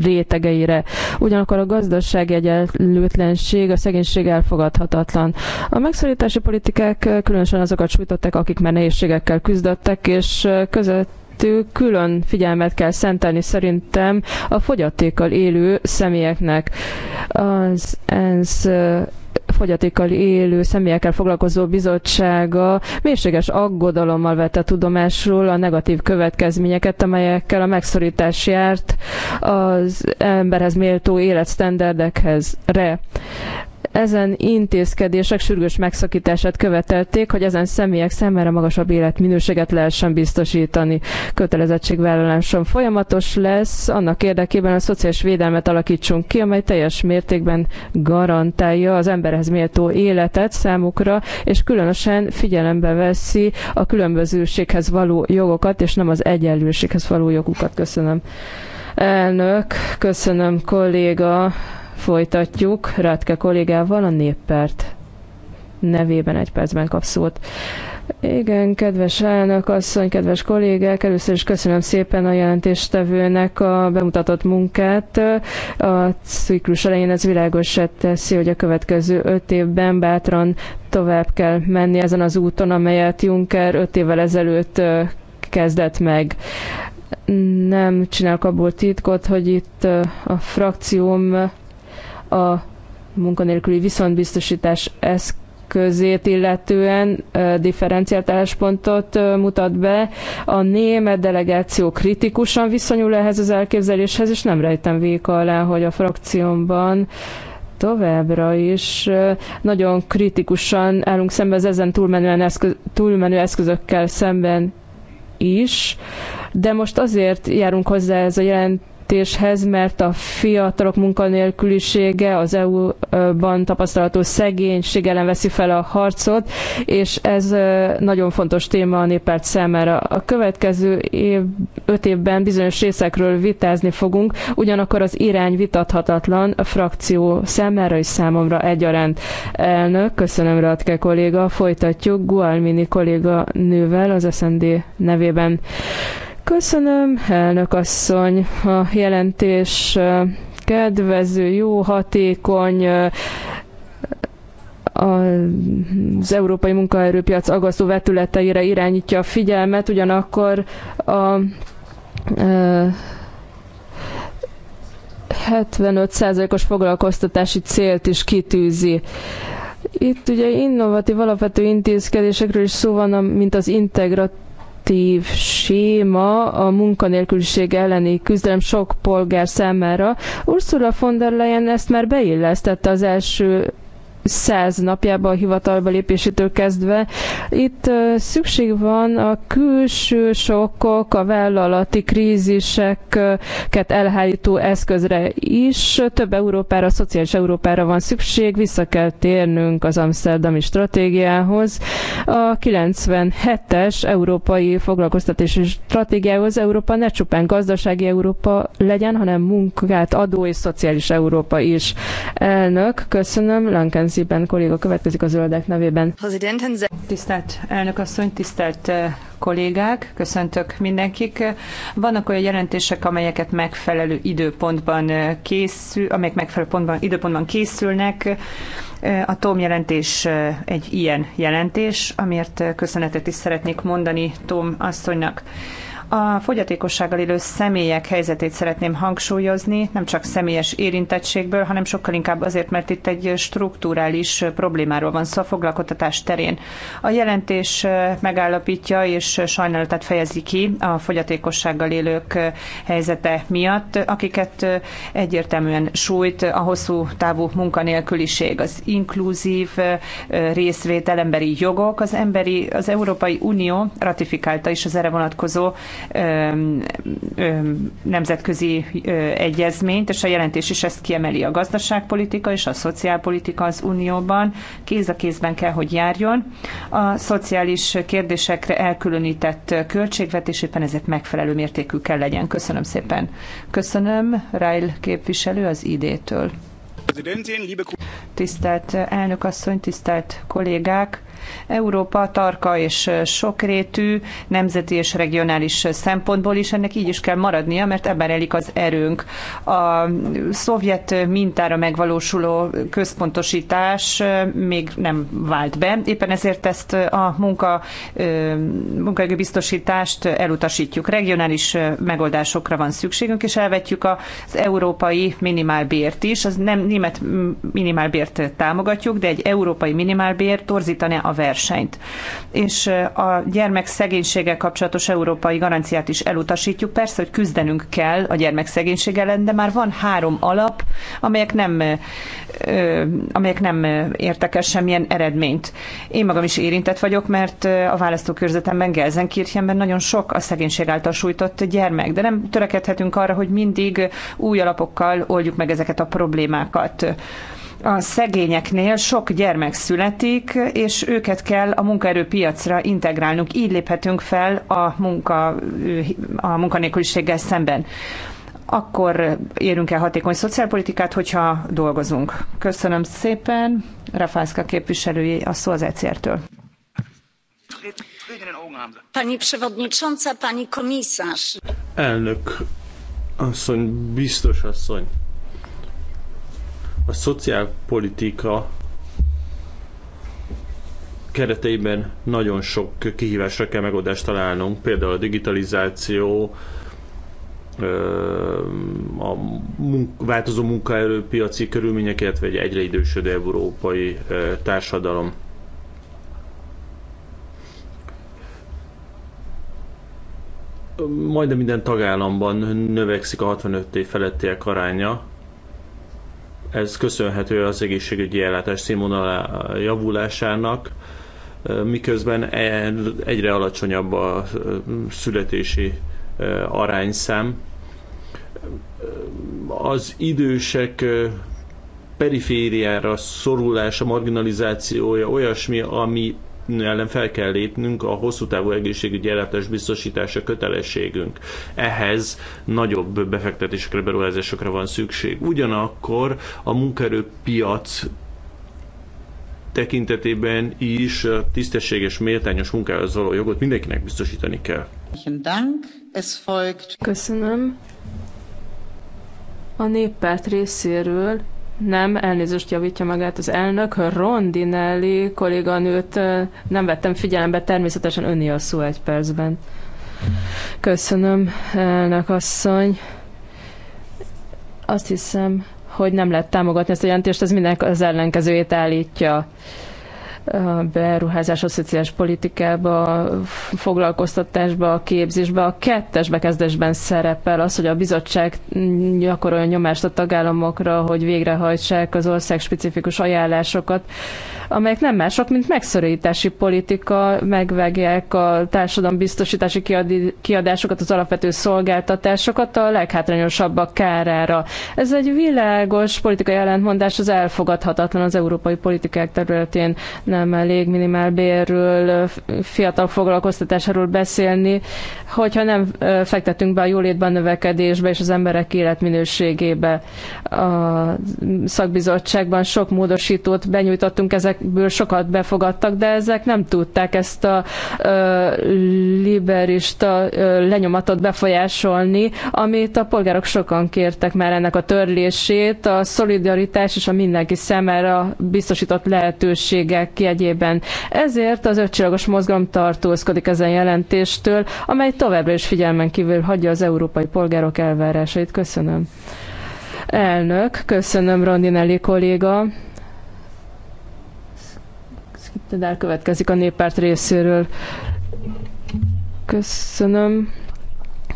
S4: rétegeire. Ugyanakkor a gazdasági egyenlőtlenség, a szegénység elfogadhatatlan. A megszorítási politikák különösen azokat sújtották, akik már nehézségekkel küzdöttek, és között kettő külön figyelmet kell szentelni szerintem a fogyatékkal élő személyeknek. Az ENSZ fogyatékkal élő személyekkel foglalkozó bizottsága mélységes aggodalommal vette tudomásról a negatív következményeket, amelyekkel a megszorítás járt az emberhez méltó életsztenderdekhez. Re ezen intézkedések sürgős megszakítását követelték, hogy ezen személyek számára magasabb életminőséget lehessen biztosítani. Kötelezettségvállalásom folyamatos lesz, annak érdekében a szociális védelmet alakítsunk ki, amely teljes mértékben garantálja az emberhez méltó életet számukra, és különösen figyelembe veszi a különbözőséghez való jogokat, és nem az egyenlőséghez való jogukat. Köszönöm. Elnök, köszönöm kolléga. Folytatjuk Rátke kollégával a néppert nevében egy percben kap szót. Igen, kedves elnök asszony, kedves kollégák, először is köszönöm szépen a jelentéstevőnek a bemutatott munkát. A ciklus elején ez világosat teszi, hogy a következő öt évben bátran tovább kell menni ezen az úton, amelyet Juncker öt évvel ezelőtt kezdett meg nem csinálok abból titkot, hogy itt a frakcióm a munkanélküli viszontbiztosítás eszközét illetően differenciált álláspontot mutat be. A német delegáció kritikusan viszonyul ehhez az elképzeléshez, és nem rejtem véka alá, hogy a frakciómban továbbra is nagyon kritikusan állunk szembe az ezen túlmenően eszköz, túlmenő eszközökkel szemben is, de most azért járunk hozzá ez a jelent megélhetéshez, mert a fiatalok munkanélkülisége az EU-ban tapasztalható szegénység ellen veszi fel a harcot, és ez nagyon fontos téma a néppárt számára. A következő év, öt évben bizonyos részekről vitázni fogunk, ugyanakkor az irány vitathatatlan a frakció számára és számomra egyaránt. Elnök, köszönöm Radke kolléga, folytatjuk Gualmini kolléga nővel az SND nevében. Köszönöm, elnök asszony, a jelentés kedvező, jó, hatékony, az európai munkaerőpiac agasztó vetületeire irányítja a figyelmet, ugyanakkor a 75%-os foglalkoztatási célt is kitűzi. Itt ugye innovatív alapvető intézkedésekről is szó van, mint az integrat aktív séma a munkanélküliség elleni küzdelem sok polgár számára. Ursula von der Leyen ezt már beillesztette az első száz napjába a hivatalba lépésétől kezdve. Itt szükség van a külső sokkok, a vállalati kríziseket elhárító eszközre is. Több Európára, szociális Európára van szükség, vissza kell térnünk az amsterdami stratégiához, a 97-es európai foglalkoztatási stratégiához Európa ne csupán gazdasági Európa legyen, hanem munkát adó és szociális Európa is. Elnök, köszönöm, Lankens Ziben kolléga következik a zöldek nevében.
S2: Tisztelt elnök asszony, tisztelt eh, kollégák, köszöntök mindenkik. Vannak olyan jelentések, amelyeket megfelelő időpontban eh, készül, amelyek megfelelő pontban, időpontban készülnek. Eh, a TOM jelentés egy ilyen jelentés, amért köszönetet is szeretnék mondani Tom asszonynak. A fogyatékossággal élő személyek helyzetét szeretném hangsúlyozni, nem csak személyes érintettségből, hanem sokkal inkább azért, mert itt egy strukturális problémáról van szó a foglalkoztatás terén. A jelentés megállapítja és sajnálatát fejezi ki a fogyatékossággal élők helyzete miatt, akiket egyértelműen sújt a hosszú távú munkanélküliség, az inkluzív részvétel, emberi jogok. Az, emberi, az Európai Unió ratifikálta is az erre vonatkozó nemzetközi egyezményt, és a jelentés is ezt kiemeli a gazdaságpolitika és a szociálpolitika az Unióban. Kéz a kézben kell, hogy járjon. A szociális kérdésekre elkülönített költségvetés éppen ezért megfelelő mértékű kell legyen. Köszönöm szépen. Köszönöm, Rail képviselő az idétől. Tisztelt elnök asszony, tisztelt kollégák! Európa tarka és sokrétű, nemzeti és regionális szempontból is, ennek így is kell maradnia, mert ebben elik az erőnk. A szovjet mintára megvalósuló központosítás még nem vált be, éppen ezért ezt a munka, munkaegő biztosítást elutasítjuk. Regionális megoldásokra van szükségünk, és elvetjük az európai minimálbért is. Az nem német minimálbért támogatjuk, de egy európai minimálbért torzítaná a versenyt. És a gyermekszegénységgel kapcsolatos európai garanciát is elutasítjuk. Persze, hogy küzdenünk kell a szegénység ellen, de már van három alap, amelyek nem, amelyek nem értek el semmilyen eredményt. Én magam is érintett vagyok, mert a választókörzetemben, Gelsenkirchenben nagyon sok a szegénység által sújtott gyermek, de nem törekedhetünk arra, hogy mindig új alapokkal oldjuk meg ezeket a problémákat a szegényeknél sok gyermek születik, és őket kell a munkaerőpiacra integrálnunk. Így léphetünk fel a, munka, a munkanélküliséggel szemben. Akkor érünk el hatékony szociálpolitikát, hogyha dolgozunk. Köszönöm szépen. Rafászka képviselői a szó az ECR-től. Pani pani Elnök asszony,
S3: biztos asszony a szociálpolitika kereteiben nagyon sok kihívásra kell megoldást találnunk, például a digitalizáció, a változó munkaerőpiaci körülmények, illetve egy egyre idősödő európai társadalom. Majdnem minden tagállamban növekszik a 65 év felettiek aránya, ez köszönhető az egészségügyi ellátás színvonal javulásának, miközben e- egyre alacsonyabb a e, születési e, arányszám. Az idősek perifériára szorulása, marginalizációja olyasmi, ami ellen fel kell lépnünk, a hosszú távú egészségügyi ellátás biztosítása kötelességünk. Ehhez nagyobb befektetésekre, beruházásokra van szükség. Ugyanakkor a munkaerőpiac tekintetében is tisztességes, méltányos munkához való jogot mindenkinek biztosítani kell.
S4: Köszönöm. A néppárt részéről nem, elnézést javítja magát az elnök. Rondinelli kolléganőt nem vettem figyelembe, természetesen önni a szó egy percben. Köszönöm, elnök asszony. Azt hiszem, hogy nem lehet támogatni ezt a jelentést, ez mindenek az ellenkezőjét állítja beruházás a szociális politikába, foglalkoztatásba, a képzésbe. A kettes bekezdésben szerepel az, hogy a bizottság gyakorolja nyomást a tagállamokra, hogy végrehajtsák az ország specifikus ajánlásokat, amelyek nem mások, mint megszorítási politika, megvágják a társadalombiztosítási kiadásokat, az alapvető szolgáltatásokat a leghátrányosabbak kárára. Ez egy világos politikai ellentmondás, az elfogadhatatlan az európai politikák területén nem elég minimálbérről, fiatal foglalkoztatásáról beszélni, hogyha nem fektetünk be a jólétben növekedésbe és az emberek életminőségébe. A szakbizottságban sok módosítót benyújtottunk, ezekből sokat befogadtak, de ezek nem tudták ezt a liberista lenyomatot befolyásolni, amit a polgárok sokan kértek már ennek a törlését, a szolidaritás és a mindenki szemére biztosított lehetőségek jegyében. Ezért az ötcsillagos mozgalom tartózkodik ezen jelentéstől, amely továbbra is figyelmen kívül hagyja az európai polgárok elvárásait. Köszönöm. Elnök, köszönöm Rondinelli kolléga. Elkövetkezik a néppárt részéről. Köszönöm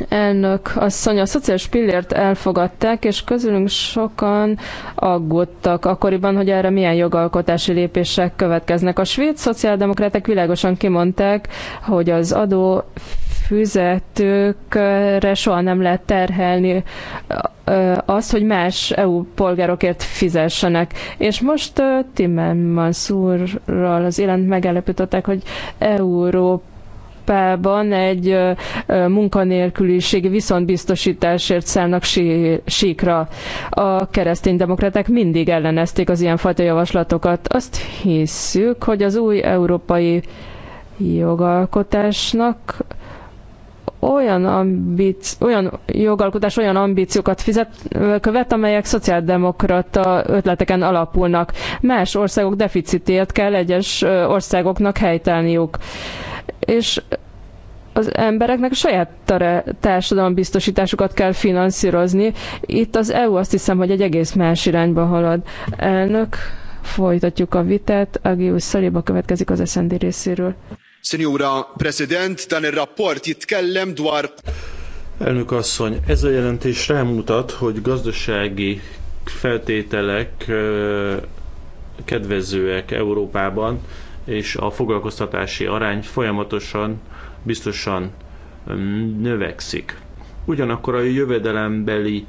S4: elnök asszony, a szociális pillért elfogadták, és közülünk sokan aggódtak akkoriban, hogy erre milyen jogalkotási lépések következnek. A svéd szociáldemokraták világosan kimondták, hogy az adó fizetőkre soha nem lehet terhelni azt, hogy más EU polgárokért fizessenek. És most Timmermans úrral az élent megállapították, hogy Európa Európában egy munkanélküliségi viszontbiztosításért szállnak síkra. A kereszténydemokraták mindig ellenezték az ilyenfajta javaslatokat. Azt hiszük, hogy az új európai jogalkotásnak olyan, ambic, olyan jogalkotás olyan ambíciókat fizet, követ, amelyek szociáldemokrata ötleteken alapulnak. Más országok deficitért kell egyes országoknak helytelniuk. És az embereknek a saját biztosításukat kell finanszírozni. Itt az EU azt hiszem, hogy egy egész más irányba halad. Elnök, folytatjuk a vitát. Agius Szaléba következik az SZND részéről.
S5: Sinjura President, dan rapport jitkellem dwar.
S4: Elnök asszony, ez a jelentés rámutat,
S3: hogy gazdasági feltételek kedvezőek Európában, és a foglalkoztatási arány folyamatosan, biztosan növekszik. Ugyanakkor a jövedelembeli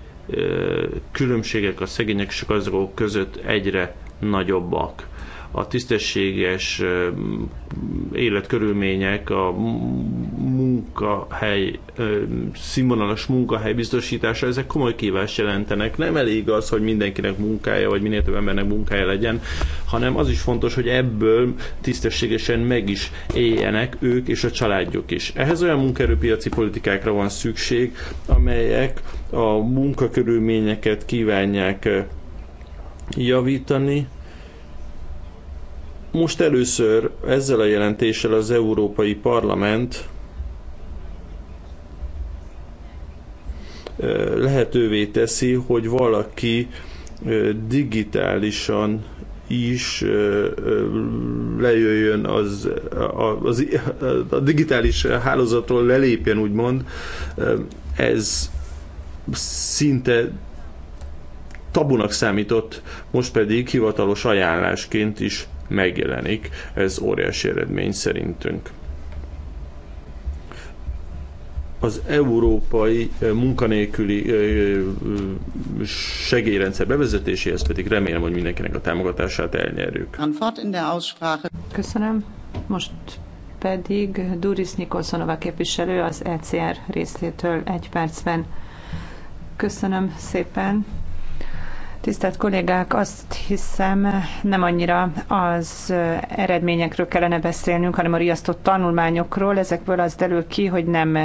S3: különbségek a szegények és a gazdagok között egyre nagyobbak a tisztességes életkörülmények, a munkahely, színvonalas munkahely biztosítása, ezek komoly kívást jelentenek. Nem elég az, hogy mindenkinek munkája, vagy minél több embernek munkája legyen, hanem az is fontos, hogy ebből tisztességesen meg is éljenek ők és a családjuk is. Ehhez olyan munkaerőpiaci politikákra van szükség, amelyek a munkakörülményeket kívánják javítani, most először ezzel a jelentéssel az Európai Parlament lehetővé teszi, hogy valaki digitálisan is lejöjjön az, az, a digitális hálózatról lelépjen, úgymond, ez szinte tabunak számított, most pedig hivatalos ajánlásként is megjelenik. Ez óriási eredmény szerintünk az európai eh, munkanélküli eh, eh, segélyrendszer bevezetéséhez pedig remélem, hogy mindenkinek a támogatását elnyerjük.
S2: Köszönöm. Most pedig Duris Nikolszonova képviselő az ECR részétől egy percben. Köszönöm szépen. Tisztelt kollégák, azt hiszem nem annyira az eredményekről kellene beszélnünk, hanem a riasztott tanulmányokról. Ezekből az derül ki, hogy nem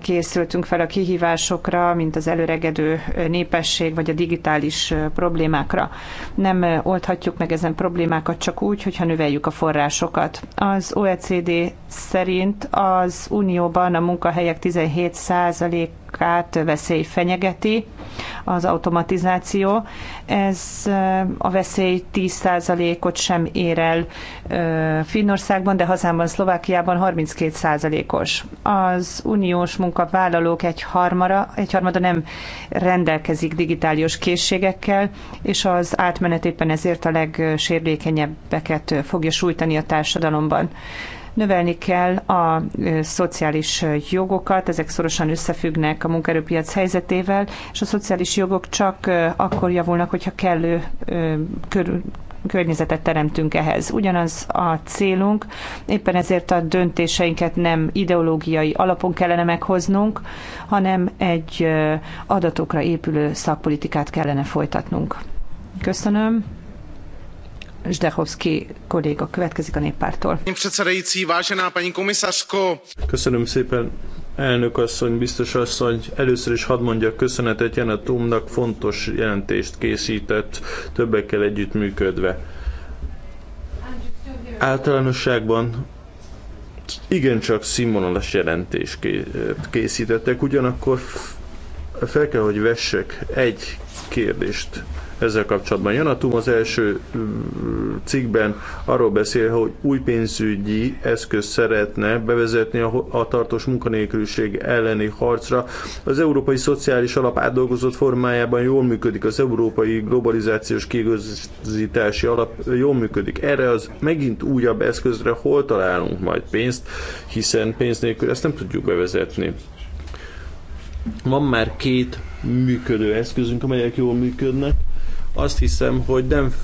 S2: készültünk fel a kihívásokra, mint az előregedő népesség vagy a digitális problémákra. Nem oldhatjuk meg ezen problémákat csak úgy, hogyha növeljük a forrásokat. Az OECD szerint az Unióban a munkahelyek 17 munkát veszély fenyegeti, az automatizáció. Ez eh, a veszély 10%-ot sem ér el eh, Finnországban, de hazámban, Szlovákiában 32%-os. Az uniós munkavállalók egy harmada, egy harmada nem rendelkezik digitális készségekkel, és az átmenet éppen ezért a legsérülékenyebbeket fogja sújtani a társadalomban. Növelni kell a szociális jogokat, ezek szorosan összefüggnek a munkaerőpiac helyzetével, és a szociális jogok csak akkor javulnak, hogyha kellő körül, környezetet teremtünk ehhez. Ugyanaz a célunk, éppen ezért a döntéseinket nem ideológiai alapon kellene meghoznunk, hanem egy adatokra épülő szakpolitikát kellene folytatnunk. Köszönöm. Zdechovszki kolléga következik a néppártól.
S3: Köszönöm szépen, elnök asszony, biztos asszony. Először is hadd mondjak köszönetet Janet Umnak, fontos jelentést készített, többekkel együttműködve. Általánosságban igencsak színvonalas jelentést készítettek, ugyanakkor fel kell, hogy vessek egy kérdést ezzel kapcsolatban. Janatum az első mm, cikkben arról beszél, hogy új pénzügyi eszköz szeretne bevezetni a, tartós munkanélküliség elleni harcra. Az Európai Szociális Alap átdolgozott formájában jól működik, az Európai Globalizációs Kigazítási Alap jól működik. Erre az megint újabb eszközre hol találunk majd pénzt, hiszen pénz nélkül ezt nem tudjuk bevezetni van már két működő eszközünk, amelyek jól működnek azt hiszem, hogy nem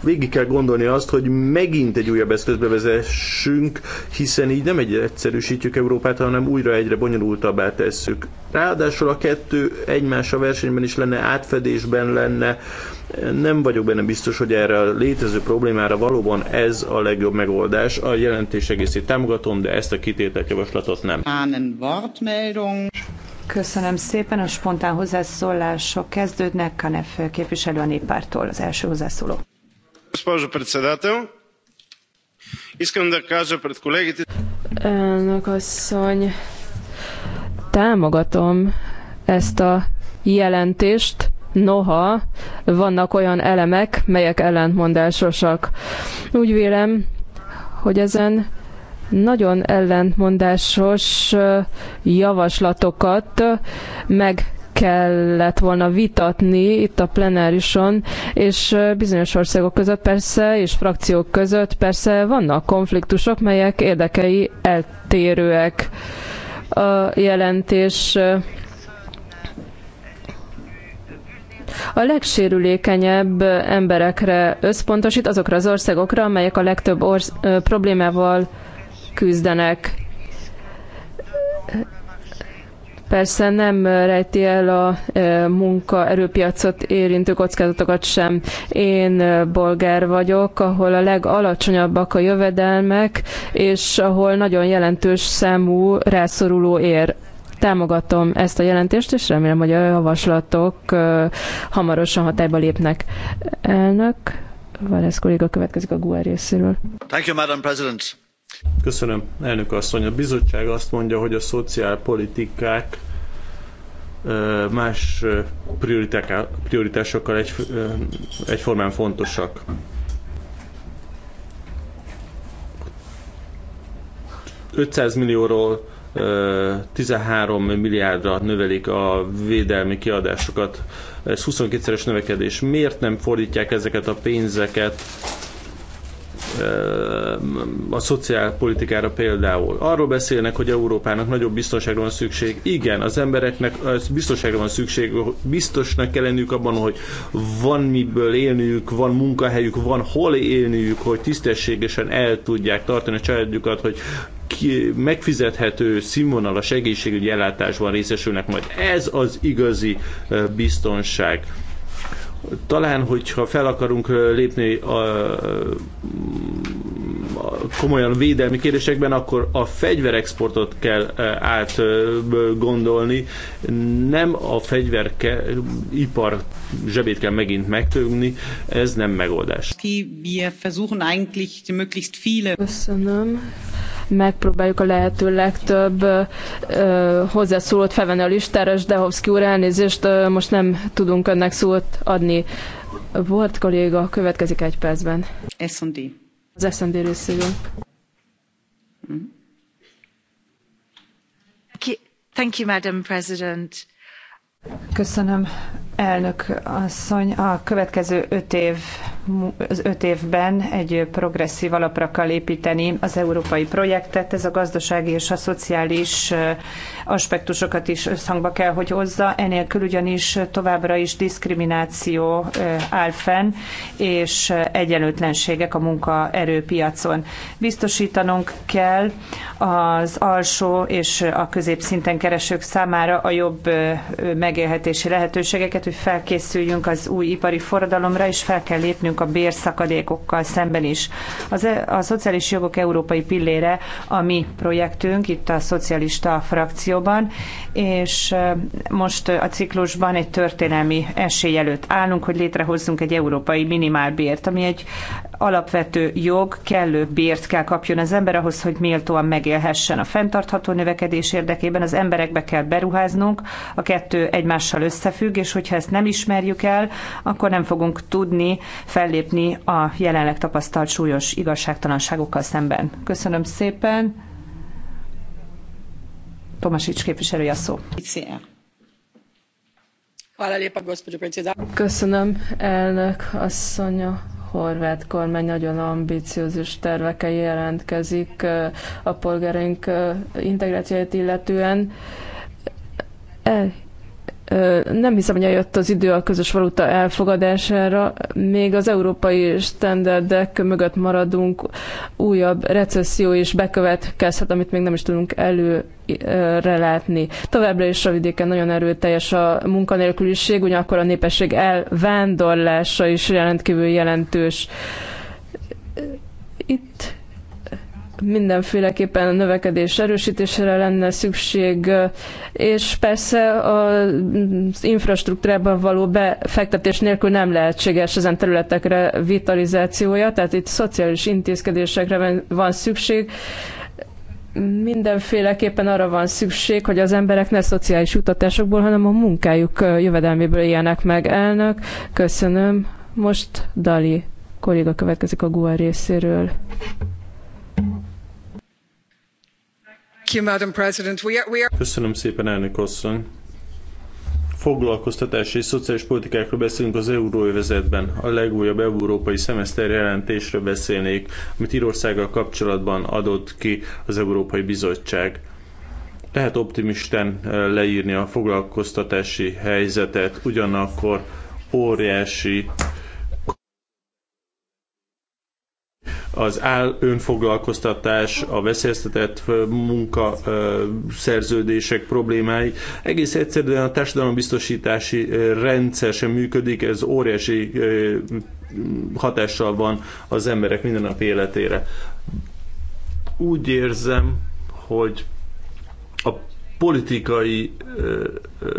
S3: végig kell gondolni azt, hogy megint egy újabb eszközt bevezessünk, hiszen így nem egy egyszerűsítjük Európát, hanem újra egyre bonyolultabbá tesszük. Ráadásul a kettő egymás a versenyben is lenne, átfedésben lenne. Nem vagyok benne biztos, hogy erre a létező problémára valóban ez a legjobb megoldás. A jelentés egészét támogatom, de ezt a kitételt javaslatot nem.
S2: Köszönöm szépen. A spontán hozzászólások kezdődnek. Kanef képviselő a néppártól az első hozzászóló.
S4: Elnök asszony, támogatom ezt a jelentést, noha vannak olyan elemek, melyek ellentmondásosak. Úgy vélem, hogy ezen nagyon ellentmondásos javaslatokat meg kellett volna vitatni itt a plenárison, és bizonyos országok között persze, és frakciók között persze vannak konfliktusok, melyek érdekei eltérőek. A jelentés a legsérülékenyebb emberekre összpontosít, azokra az országokra, amelyek a legtöbb orsz- problémával küzdenek. Persze nem rejti el a e, erőpiacot érintő kockázatokat sem. Én e, bolgár vagyok, ahol a legalacsonyabbak a jövedelmek, és ahol nagyon jelentős számú rászoruló ér támogatom ezt a jelentést, és remélem, hogy a javaslatok e, hamarosan hatályba lépnek. Elnök, Valesz kolléga következik a GUE részéről.
S3: Thank you, Madam President. Köszönöm, elnök asszony. A bizottság azt mondja, hogy a szociálpolitikák más prioritásokkal egy, egyformán fontosak. ...500 millióról 13 milliárdra növelik a védelmi kiadásokat. Ez 22-szeres növekedés. Miért nem fordítják ezeket a pénzeket a szociálpolitikára például. Arról beszélnek, hogy Európának nagyobb biztonságra van szükség. Igen, az embereknek biztonságra van szükség, biztosnak kell lenniük abban, hogy van miből élniük, van munkahelyük, van hol élniük, hogy tisztességesen el tudják tartani a családjukat, hogy ki, megfizethető színvonalas egészségügyi ellátásban részesülnek majd. Ez az igazi biztonság. Talán, hogyha fel akarunk lépni a, a komolyan védelmi kérdésekben, akkor a fegyverexportot kell átgondolni. Nem a fegyveripar zsebét kell megint megtögni, ez nem megoldás.
S8: Köszönöm megpróbáljuk
S4: a lehető legtöbb ö, hozzászólót felvenni a listára, Zdehovszki úr elnézést, ö, most nem tudunk önnek szót adni. Volt kolléga, következik egy percben. S&D. Az S&D részéről.
S8: Thank you, Madam President.
S2: Köszönöm, elnök asszony. A következő öt év az öt évben egy progresszív alapra kell építeni az európai projektet. Ez a gazdasági és a szociális aspektusokat is összhangba kell, hogy hozza. Enélkül ugyanis továbbra is diszkrimináció áll fenn, és egyenlőtlenségek a munkaerőpiacon. Biztosítanunk kell az alsó és a középszinten keresők számára a jobb megélhetési lehetőségeket, hogy felkészüljünk az új ipari forradalomra, és fel kell lépnünk küzdenünk a bérszakadékokkal szemben is. Az, e- a Szociális Jogok Európai Pillére a mi projektünk itt a szocialista frakcióban, és e, most a ciklusban egy történelmi esély előtt állunk, hogy létrehozzunk egy európai minimálbért, ami egy alapvető jog, kellő bért kell kapjon az ember ahhoz, hogy méltóan megélhessen a fenntartható növekedés érdekében, az emberekbe kell beruháznunk, a kettő egymással összefügg, és hogyha ezt nem ismerjük el, akkor nem fogunk tudni fellépni a jelenleg tapasztalt súlyos igazságtalanságokkal szemben. Köszönöm szépen. Tomasics képviselője a szó.
S4: Köszönöm, elnök asszonya horvát kormány nagyon ambiciózus tervekkel jelentkezik a polgáraink integrációját illetően. E, nem hiszem, hogy eljött az idő a közös valuta elfogadására. Még az európai standardek mögött maradunk, újabb recesszió is bekövetkezhet, amit még nem is tudunk előre látni. Továbbra is a vidéken nagyon erőteljes a munkanélküliség, ugyanakkor a népesség elvándorlása is rendkívül jelentős. Itt mindenféleképpen a növekedés erősítésére lenne szükség, és persze az infrastruktúrában való befektetés nélkül nem lehetséges ezen területekre vitalizációja, tehát itt szociális intézkedésekre van szükség, mindenféleképpen arra van szükség, hogy az emberek ne szociális utatásokból, hanem a munkájuk jövedelméből éljenek meg. Elnök, köszönöm. Most Dali kolléga következik a GUA részéről.
S3: Köszönöm szépen, elnök asszony. Foglalkoztatási és szociális politikákról beszélünk az euróövezetben. A legújabb európai szemeszter jelentésről beszélnék, amit Írországgal kapcsolatban adott ki az Európai Bizottság. Lehet optimisten eh, leírni a foglalkoztatási helyzetet, ugyanakkor óriási az áll önfoglalkoztatás, a veszélyeztetett szerződések problémái. Egész egyszerűen a társadalombiztosítási rendszer sem működik, ez óriási hatással van az emberek minden nap életére. Úgy érzem, hogy a politikai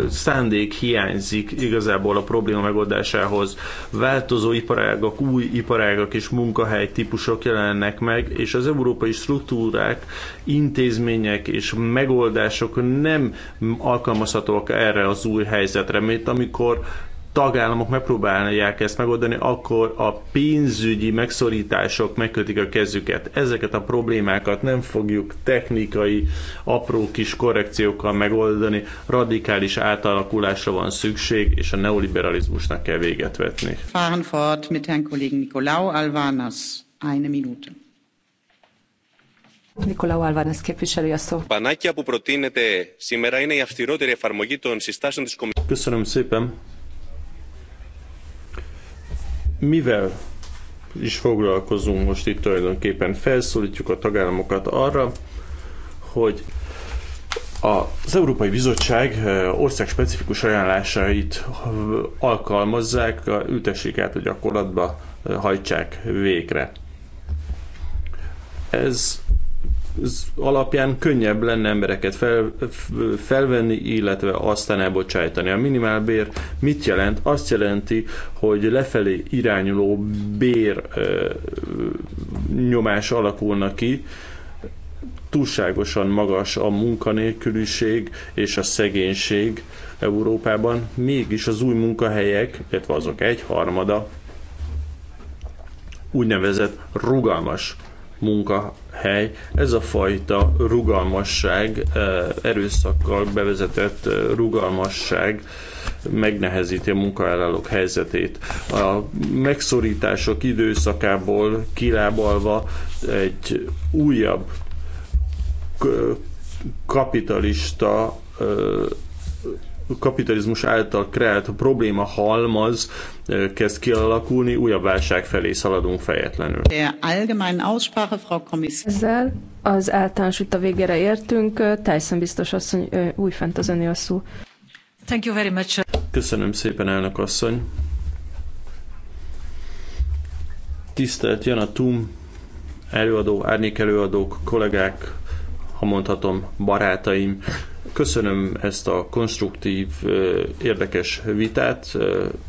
S3: szándék hiányzik igazából a probléma megoldásához. Változó iparágak, új iparágak és munkahely típusok jelennek meg, és az európai struktúrák, intézmények és megoldások nem alkalmazhatóak erre az új helyzetre, mint amikor tagállamok megpróbálják ezt megoldani, akkor a pénzügyi megszorítások megkötik a kezüket. Ezeket a problémákat nem fogjuk technikai, apró kis korrekciókkal megoldani, radikális átalakulásra van szükség, és a neoliberalizmusnak kell véget vetni.
S2: Fahren fort mit Herrn Kollegen Nicolau Alvanas. Eine Minute. Νικολάου Αλβάνας, képviselő a szó.
S3: Πανάκια που προτείνεται σήμερα είναι η αυστηρότερη εφαρμογή των συστάσεων της Κομισιόν. Köszönöm szépen mivel is foglalkozunk most itt tulajdonképpen. Felszólítjuk a tagállamokat arra, hogy az Európai Bizottság eh, országspecifikus ajánlásait eh, alkalmazzák, ültessék át a gyakorlatba, eh, hajtsák végre. Ez alapján könnyebb lenne embereket fel, felvenni, illetve aztán elbocsájtani. A minimálbér mit jelent? Azt jelenti, hogy lefelé irányuló bér ö, nyomás alakulna ki, túlságosan magas a munkanélküliség és a szegénység Európában, mégis az új munkahelyek, illetve azok egyharmada úgynevezett rugalmas munkahely. Ez a fajta rugalmasság, erőszakkal bevezetett rugalmasság megnehezíti a munkavállalók helyzetét. A megszorítások időszakából kilábalva egy újabb kapitalista kapitalizmus által kreált probléma halmaz kezd kialakulni, újabb válság felé szaladunk
S5: fejetlenül.
S7: Ezzel az általános a végére
S4: értünk. Tyson biztos asszony, újfent az öné a szó. Thank you very much.
S3: Köszönöm szépen, elnök asszony. Tisztelt Jana Tum, előadó, árnyék előadók, kollégák, ha mondhatom, barátaim, Köszönöm ezt a konstruktív, érdekes vitát.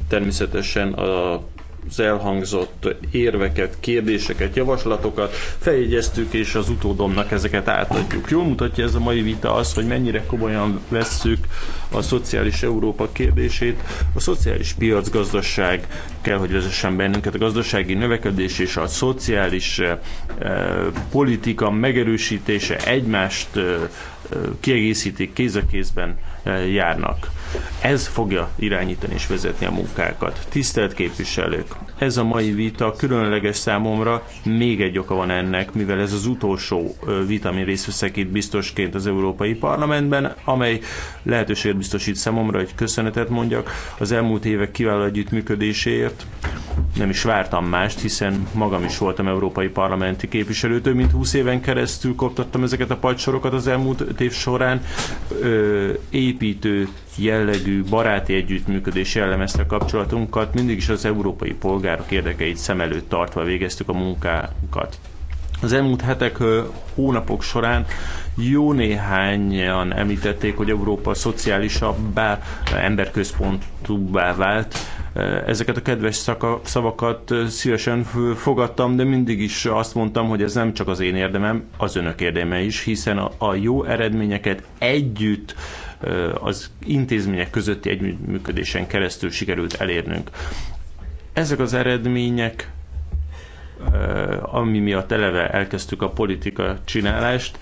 S3: Természetesen a az elhangzott érveket, kérdéseket, javaslatokat feljegyeztük, és az utódomnak ezeket átadjuk. Jól mutatja ez a mai vita az, hogy mennyire komolyan vesszük a szociális Európa kérdését. A szociális piacgazdaság kell, hogy vezessen bennünket. A gazdasági növekedés és a szociális eh, politika megerősítése egymást eh, kiegészítik, kéz a kézben járnak. Ez fogja irányítani és vezetni a munkákat. Tisztelt képviselők, ez a mai vita különleges számomra, még egy oka van ennek, mivel ez az utolsó vita, ami részt veszek itt biztosként az Európai Parlamentben, amely lehetőséget biztosít számomra, hogy köszönetet mondjak az elmúlt évek kiváló együttműködéséért. Nem is vártam mást, hiszen magam is voltam Európai Parlamenti képviselő. Több mint 20 éven keresztül koptattam ezeket a pacsorokat az elmúlt év során. Ö, építő jellegű baráti együttműködés jellemezte a kapcsolatunkat, mindig is az európai polgárok érdekeit szem előtt tartva végeztük a munkánkat. Az elmúlt hetek, hónapok során jó néhányan említették, hogy Európa szociálisabbá, emberközpontúbbá vált. Ezeket a kedves szaka, szavakat szívesen fogadtam, de mindig is azt mondtam, hogy ez nem csak az én érdemem, az önök érdeme is, hiszen a, a jó eredményeket együtt az intézmények közötti együttműködésen keresztül sikerült elérnünk. Ezek az eredmények ami miatt eleve elkezdtük a politika csinálást,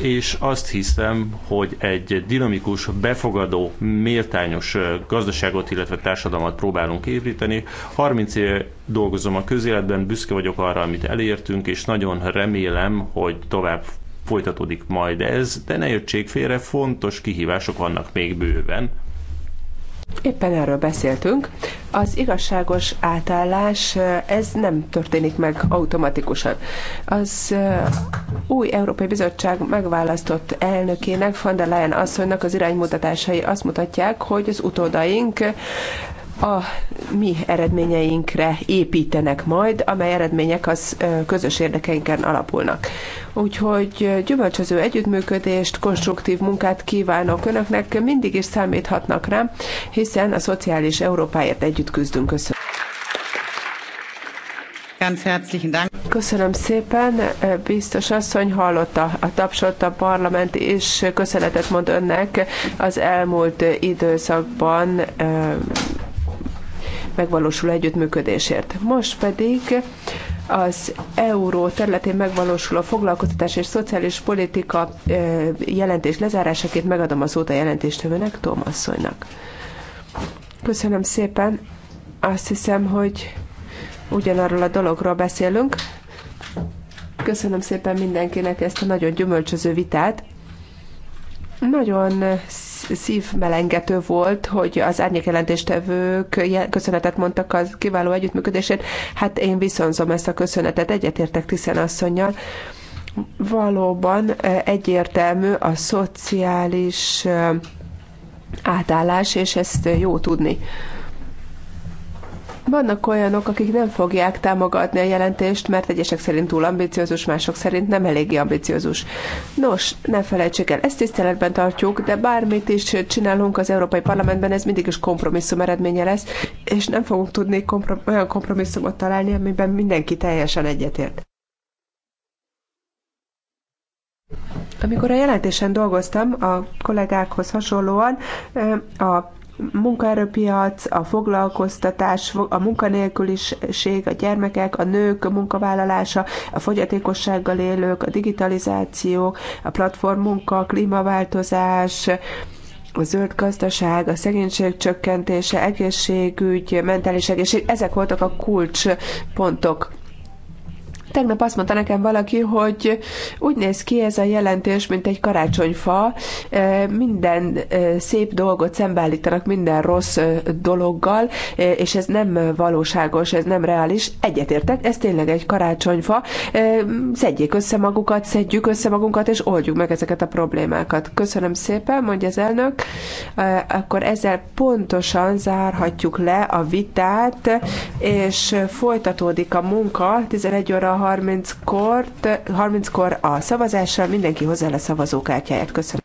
S3: és azt hiszem, hogy egy dinamikus, befogadó, méltányos gazdaságot, illetve társadalmat próbálunk építeni. 30 éve dolgozom a közéletben, büszke vagyok arra, amit elértünk, és nagyon remélem, hogy tovább folytatódik majd ez, de ne jöttség félre, fontos kihívások vannak még bőven.
S7: Éppen erről beszéltünk. Az igazságos átállás, ez nem történik meg automatikusan. Az új Európai Bizottság megválasztott elnökének, von der Leyen asszonynak az iránymutatásai azt mutatják, hogy az utódaink a mi eredményeinkre építenek majd, amely eredmények az közös érdekeinken alapulnak. Úgyhogy gyümölcsöző együttműködést, konstruktív munkát kívánok önöknek, mindig is számíthatnak rám, hiszen a szociális Európáért együtt küzdünk. Köszönöm. Köszönöm szépen, biztos asszony hallotta a tapsot, a parlament és köszönetet mond önnek az elmúlt időszakban megvalósuló együttműködésért. Most pedig az euró területén megvalósuló foglalkoztatás és szociális politika jelentés lezárásaként megadom az óta jelentéstevőnek, Tomasszonynak. Köszönöm szépen. Azt hiszem, hogy ugyanarról a dologról beszélünk. Köszönöm szépen mindenkinek ezt a nagyon gyümölcsöző vitát. Nagyon szívmelengető volt, hogy az árnyékjelentéstevők köszönetet mondtak az kiváló együttműködésért. Hát én viszonzom ezt a köszönetet, egyetértek Tiszen asszonynal. Valóban e, egyértelmű a szociális e, átállás, és ezt jó tudni. Vannak olyanok, akik nem fogják támogatni a jelentést, mert egyesek szerint túl ambiciózus, mások szerint nem eléggé ambiciózus. Nos, ne felejtsék el, ezt tiszteletben tartjuk, de bármit is csinálunk az Európai Parlamentben, ez mindig is kompromisszum eredménye lesz, és nem fogunk tudni komprom- olyan kompromisszumot találni, amiben mindenki teljesen egyetért. Amikor a jelentésen dolgoztam, a kollégákhoz hasonlóan a munkaerőpiac, a foglalkoztatás, a munkanélküliség, a gyermekek, a nők a munkavállalása, a fogyatékossággal élők, a digitalizáció, a platformmunka, a klímaváltozás, a zöld gazdaság, a szegénység csökkentése, egészségügy, mentális egészség, ezek voltak a kulcspontok. Tegnap azt mondta nekem valaki, hogy úgy néz ki ez a jelentés, mint egy karácsonyfa. Minden szép dolgot szembeállítanak minden rossz dologgal, és ez nem valóságos, ez nem reális. Egyetértek, ez tényleg egy karácsonyfa. Szedjék össze magukat, szedjük össze magunkat, és oldjuk meg ezeket a problémákat. Köszönöm szépen, mondja az elnök. Akkor ezzel pontosan zárhatjuk le a vitát, és folytatódik a munka 11 óra 30-kor 30 a szavazásra, mindenki hozzá le szavazókártyáját. Köszönöm.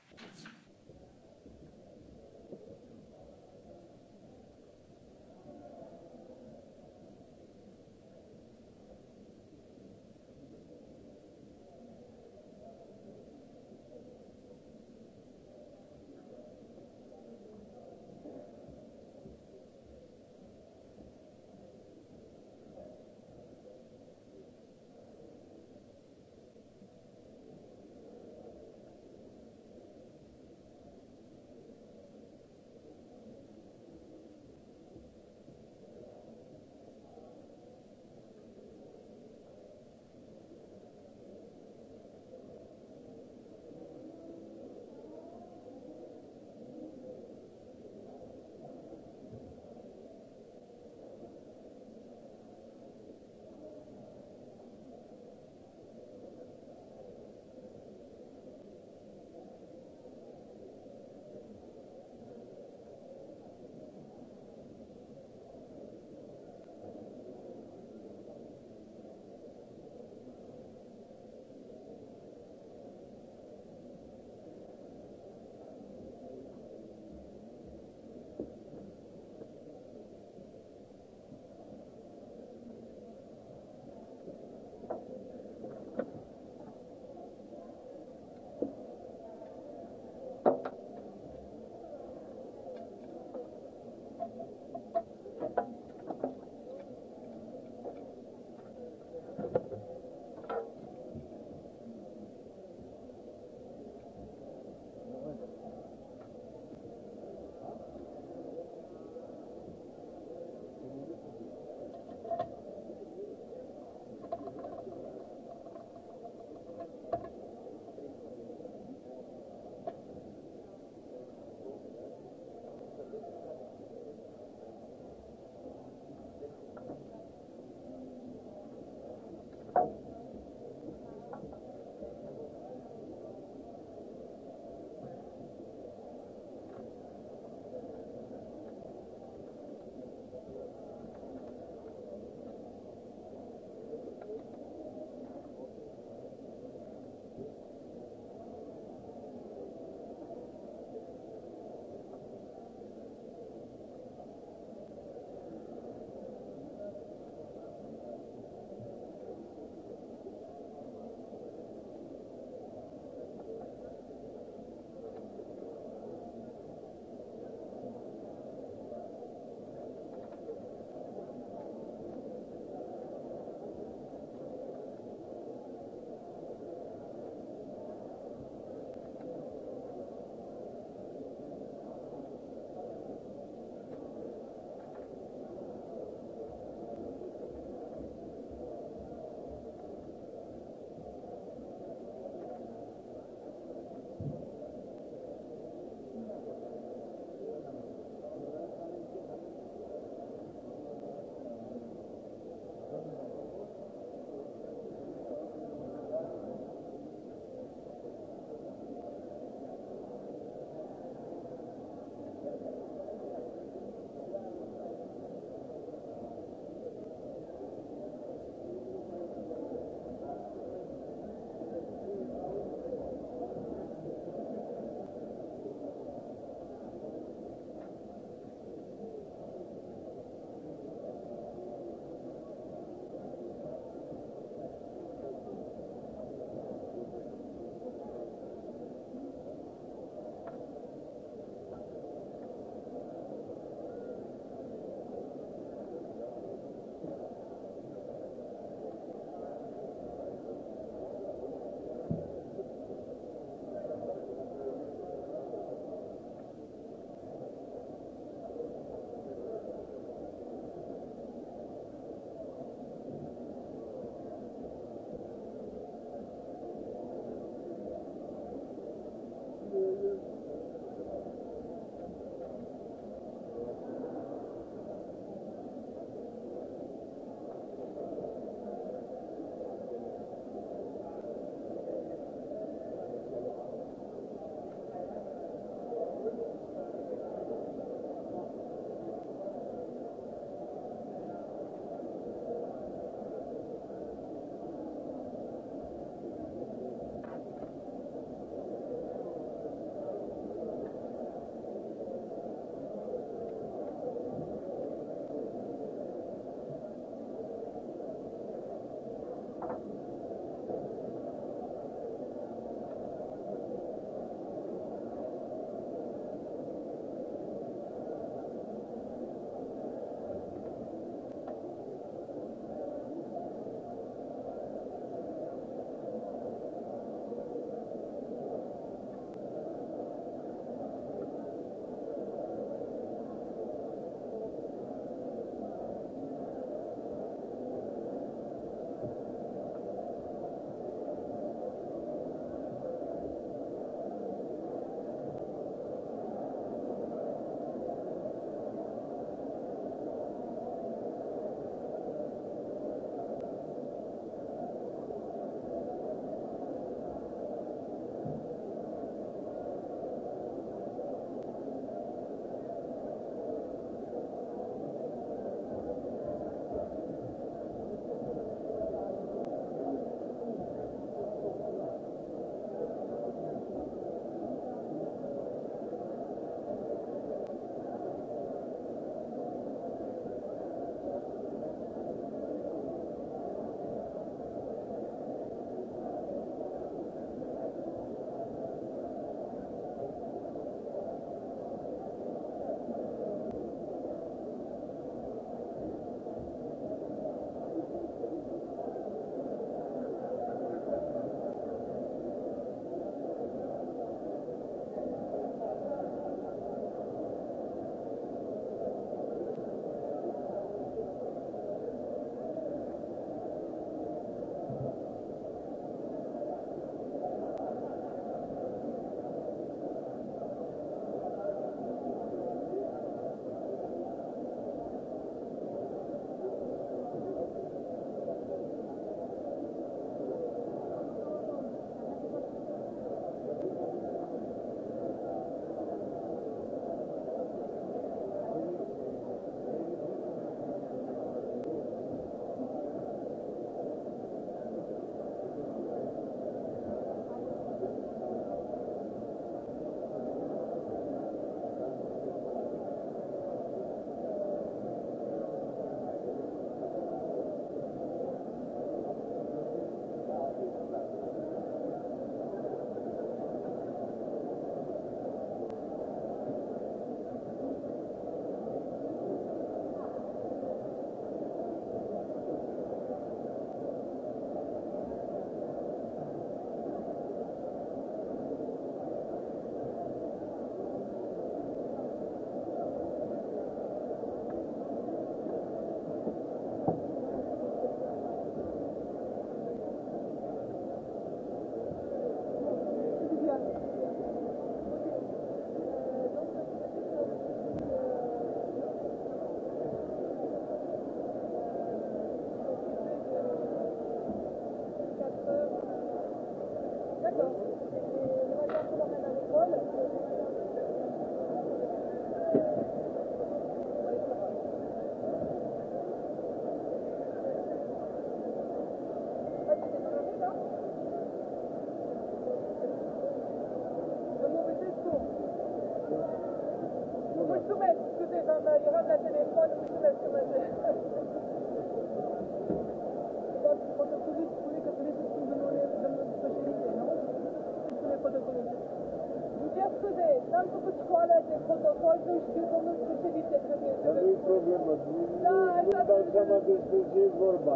S6: vorba.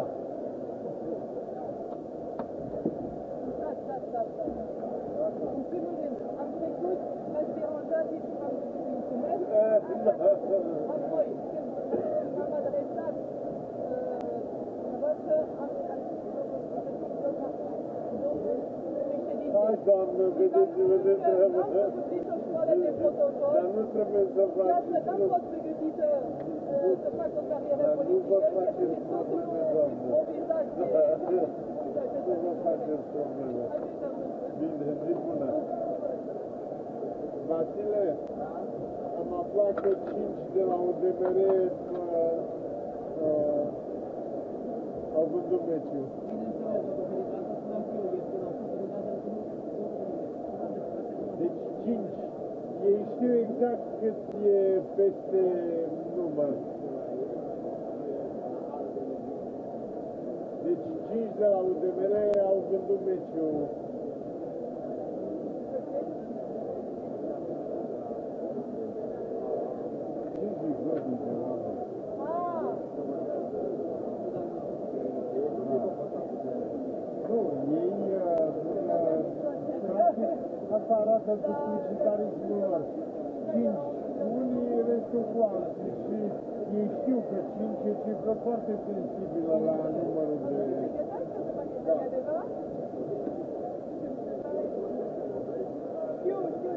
S6: În primul rând, am trecut peste o dată și am mulțumesc. Apoi, când m-am adresat dumneavoastră, am Hai, doamnă, vedeți, vedeți, vedeți. Am făcut o școală de protocol. Dar nu trebuie să faci. Dar să dăm pot Vasile, am aflat că 5 de la UDMR uh, uh, au vândut meciul. Deci 5. Ei știu exact cât e peste număr. Deci 5 de la UDMR good to meet you. aparată de publicitare junior. 5. Unii eventual și ei știu că 5 e cifră foarte sensibilă la numărul de... Da.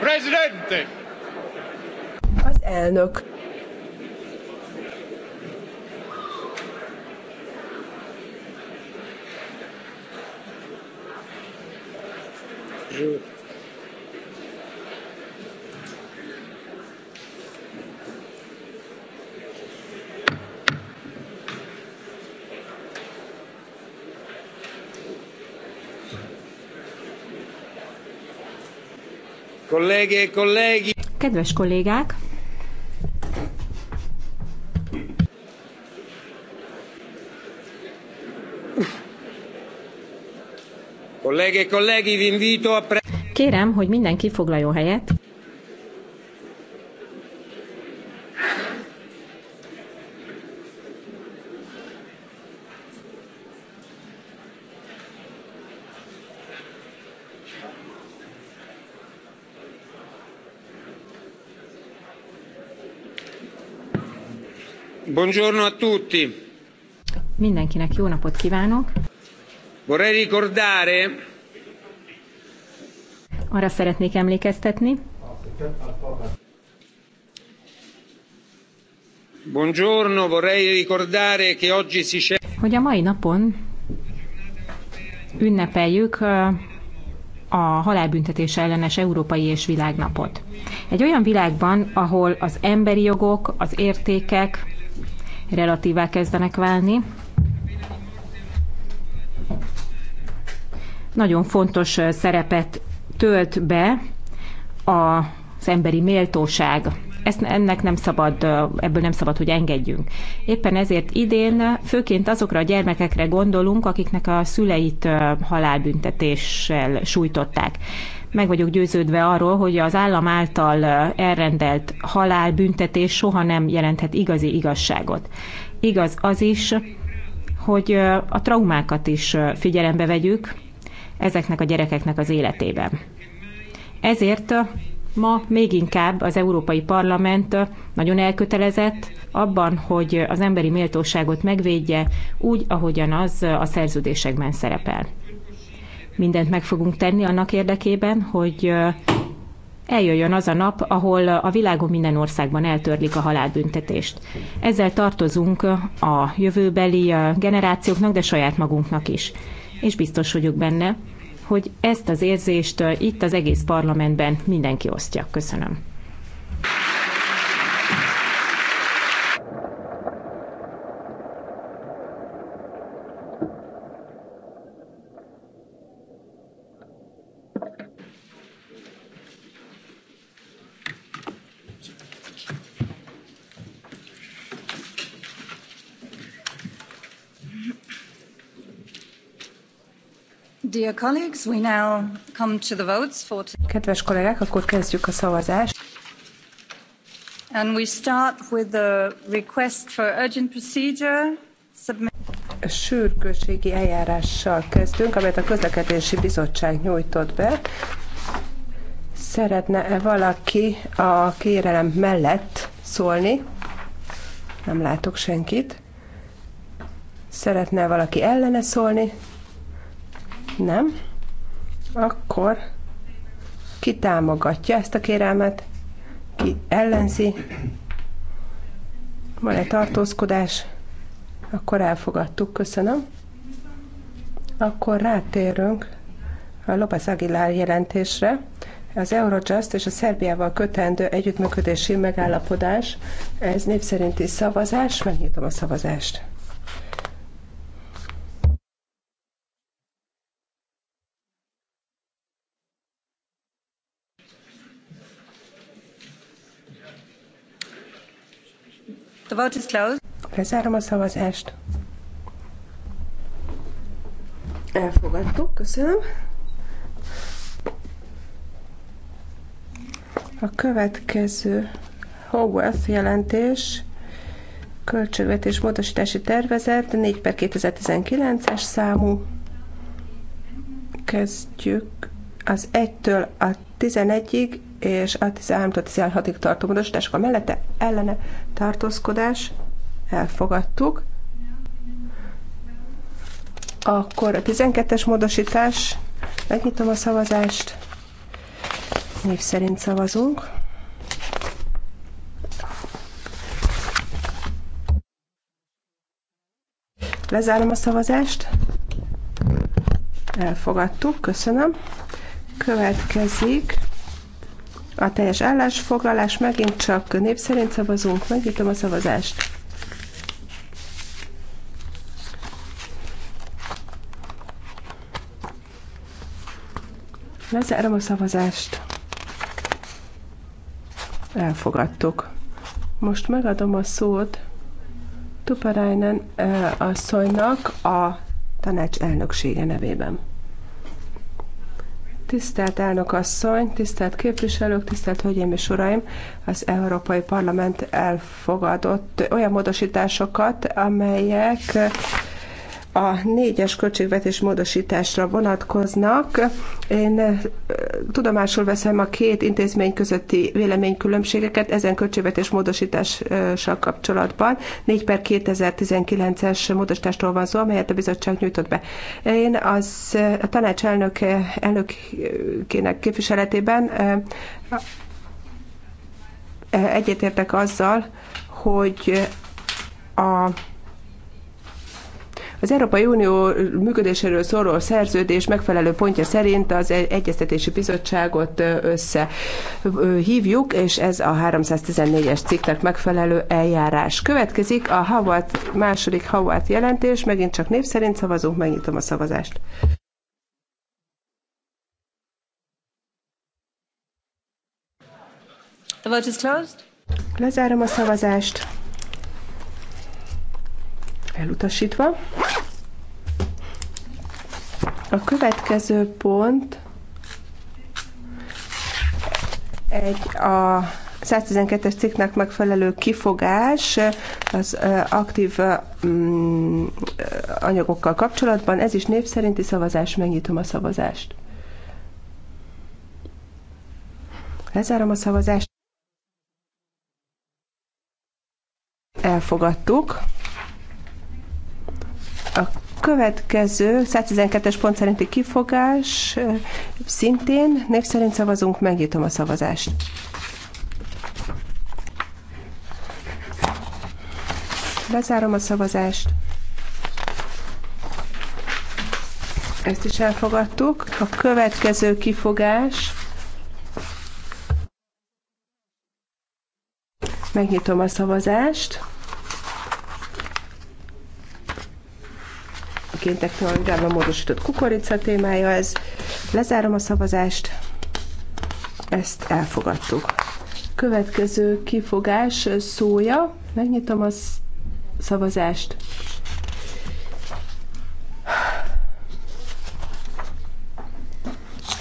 S2: Presidente!
S7: Az elnök.
S8: E Kedves kollégák!
S1: E a
S8: Kérem, hogy mindenki foglaljon helyet.
S5: Buongiorno a tutti.
S8: Mindenkinek jó napot kívánok.
S5: Vorrei ricordare
S8: arra szeretnék emlékeztetni.
S5: Buongiorno, vorrei ricordare che oggi si
S8: hogy a mai napon ünnepeljük a halálbüntetés ellenes európai és világnapot. Egy olyan világban, ahol az emberi jogok, az értékek, relatívá kezdenek válni. Nagyon fontos szerepet tölt be az emberi méltóság. Ezt, ennek nem szabad, ebből nem szabad, hogy engedjünk. Éppen ezért idén főként azokra a gyermekekre gondolunk, akiknek a szüleit halálbüntetéssel sújtották. Meg vagyok győződve arról, hogy az állam által elrendelt halálbüntetés soha nem jelenthet igazi igazságot. Igaz az is, hogy a traumákat is figyelembe vegyük ezeknek a gyerekeknek az életében. Ezért ma még inkább az Európai Parlament nagyon elkötelezett abban, hogy az emberi méltóságot megvédje úgy, ahogyan az a szerződésekben szerepel mindent meg fogunk tenni annak érdekében, hogy eljöjjön az a nap, ahol a világon minden országban eltörlik a halálbüntetést. Ezzel tartozunk a jövőbeli generációknak, de saját magunknak is. És biztos vagyok benne, hogy ezt az érzést itt az egész parlamentben mindenki osztja. Köszönöm.
S2: Dear colleagues, we now come to the votes for...
S7: Kedves kollégák, akkor kezdjük a szavazást.
S2: And we start with the request for urgent procedure. Submit
S7: sürgősségi eljárással kezdünk, amelyet a közlekedési bizottság nyújtott be. Szeretne -e valaki a kérelem mellett szólni? Nem látok senkit. Szeretne -e valaki ellene szólni? Nem? Akkor ki támogatja ezt a kérelmet? Ki ellenzi? van egy tartózkodás? Akkor elfogadtuk, köszönöm. Akkor rátérünk a López Aguilar jelentésre. Az Eurojust és a Szerbiával kötendő együttműködési megállapodás, ez népszerinti szavazás, megnyitom a szavazást.
S6: vote is closed.
S7: Lezárom a szavazást. Elfogadtuk, köszönöm. A következő Howarth jelentés, költségvetés módosítási tervezet, 4 per 2019-es számú. Kezdjük az 1-től a 11-ig és a 13 16-ig tartó módosítások a mellette ellene tartózkodás elfogadtuk. Akkor a 12-es módosítás, megnyitom a szavazást, név szerint szavazunk. Lezárom a szavazást. Elfogadtuk, köszönöm. Következik a teljes állásfoglalás megint csak név szerint szavazunk. Megnyitom a szavazást. Lezárom a szavazást. Elfogadtuk. Most megadom a szót Tuparájnen eh, asszonynak a tanács elnöksége nevében. Tisztelt elnök asszony, tisztelt képviselők, tisztelt hölgyeim és uraim! Az Európai Parlament elfogadott olyan módosításokat, amelyek a négyes költségvetés módosításra vonatkoznak. Én tudomásul veszem a két intézmény közötti véleménykülönbségeket ezen költségvetés módosítással kapcsolatban. 4 per 2019-es módosítástól van szó, amelyet a bizottság nyújtott be. Én az a tanács elnök, elnökének képviseletében egyetértek azzal, hogy a az Európai Unió működéséről szóló szerződés megfelelő pontja szerint az Egyeztetési Bizottságot összehívjuk, és ez a 314-es cikknek megfelelő eljárás. Következik a Howard, második Howard jelentés, megint csak név szerint szavazunk, megnyitom a szavazást. The vote is closed. Lezárom a szavazást elutasítva. A következő pont egy a 112-es cikknek megfelelő kifogás az aktív mm, anyagokkal kapcsolatban. Ez is név szerinti szavazás, megnyitom a szavazást. Lezárom a szavazást. Elfogadtuk. Következő 112-es pont szerinti kifogás, szintén név szerint szavazunk, megnyitom a szavazást. Bezárom a szavazást. Ezt is elfogadtuk. A következő kifogás. Megnyitom a szavazást. géntechnikában módosított kukorica témája ez. Lezárom a szavazást. Ezt elfogadtuk. Következő kifogás szója. Megnyitom a szavazást.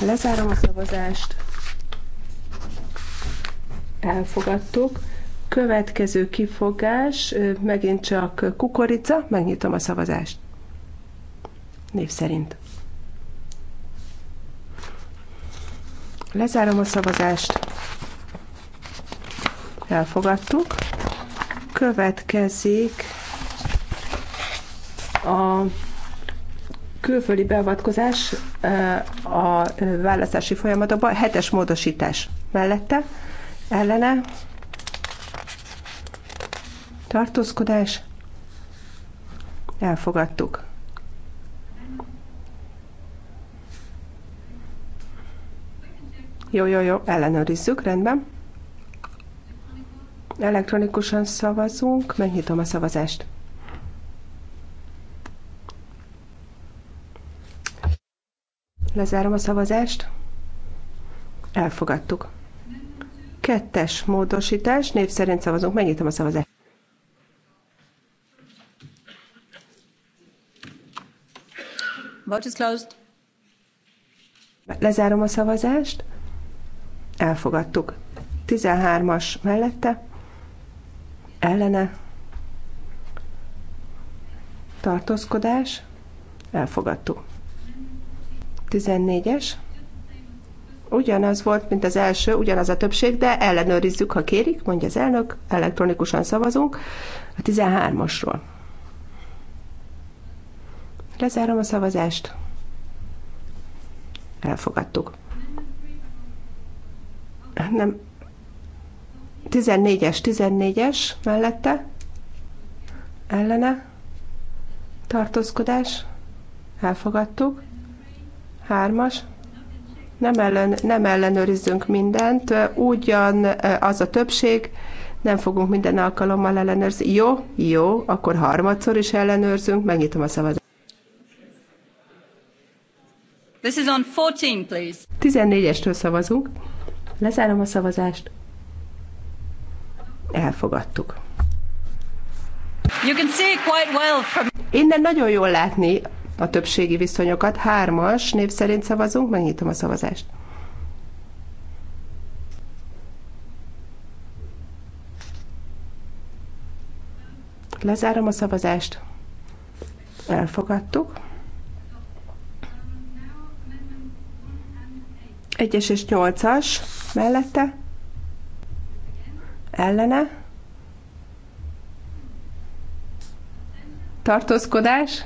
S7: Lezárom a szavazást. Elfogadtuk. Következő kifogás, megint csak kukorica, megnyitom a szavazást név szerint. Lezárom a szavazást. Elfogadtuk. Következik a külföldi beavatkozás eh, a választási folyamatokban, hetes módosítás mellette, ellene, tartózkodás, elfogadtuk. Jó, jó, jó, ellenőrizzük, rendben. Elektronikusan szavazunk, megnyitom a szavazást. Lezárom a szavazást. Elfogadtuk. Kettes módosítás, név szerint szavazunk, megnyitom a szavazást.
S1: Vote is closed.
S7: Lezárom a szavazást elfogadtuk. 13-as mellette, ellene, tartózkodás, elfogadtuk. 14-es, ugyanaz volt, mint az első, ugyanaz a többség, de ellenőrizzük, ha kérik, mondja az elnök, elektronikusan szavazunk a 13-asról. Lezárom a szavazást. Elfogadtuk nem, 14-es, 14-es mellette, ellene, tartózkodás, elfogadtuk, 3-as, nem, ellen, nem ellenőrizzünk mindent, ugyan az a többség, nem fogunk minden alkalommal ellenőrzni. Jó, jó, akkor harmadszor is ellenőrzünk, megnyitom a szavazást. 14-estől szavazunk. Lezárom a szavazást.
S2: Elfogadtuk. You can see quite well
S5: from...
S7: Innen nagyon jól látni a többségi viszonyokat. Hármas név szerint szavazunk, megnyitom a szavazást. Lezárom a szavazást. Elfogadtuk. Egyes és nyolcas mellette, ellene, tartózkodás.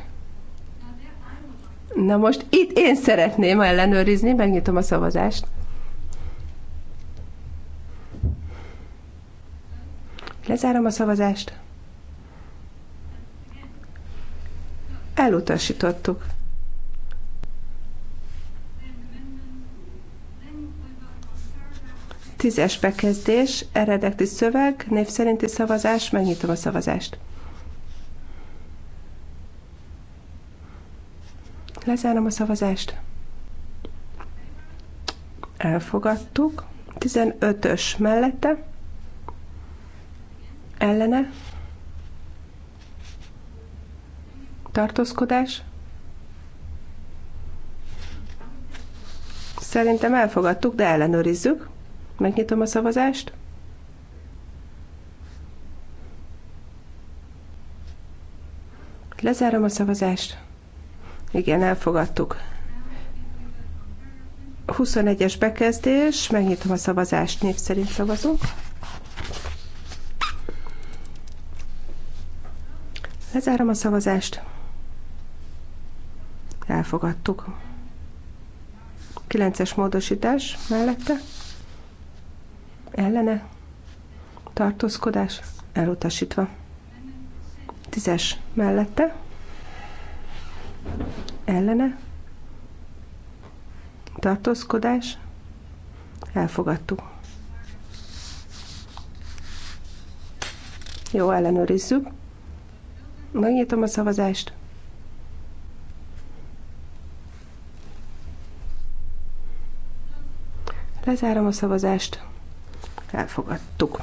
S7: Na most itt én szeretném ellenőrizni, megnyitom a szavazást. Lezárom a szavazást. Elutasítottuk. Tízes bekezdés, eredeti szöveg, név szerinti szavazás, megnyitom a szavazást. Lezárom a szavazást. Elfogadtuk. 15-ös mellette. Ellene. Tartózkodás. Szerintem elfogadtuk, de ellenőrizzük megnyitom a szavazást. Lezárom a szavazást. Igen, elfogadtuk. 21-es bekezdés, megnyitom a szavazást, név szerint szavazunk. Lezárom a szavazást. Elfogadtuk. 9-es módosítás mellette ellene tartózkodás elutasítva. Tízes mellette ellene tartózkodás elfogadtuk. Jó, ellenőrizzük. Megnyitom a szavazást. Lezárom a szavazást elfogadtuk.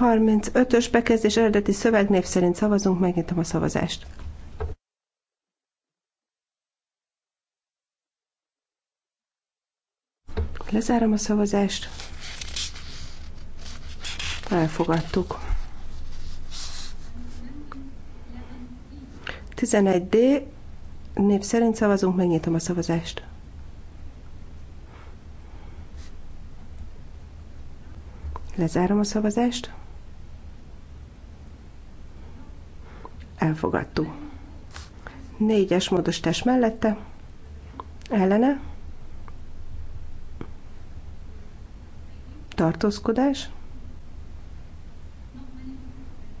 S7: 35-ös bekezdés eredeti szövegnév szerint szavazunk, megnyitom a szavazást. Lezárom a szavazást. Elfogadtuk. 11D név szerint szavazunk, megnyitom a szavazást. Lezárom a szavazást. Elfogadtuk. Négyes módosítás mellette. Ellene. Tartózkodás.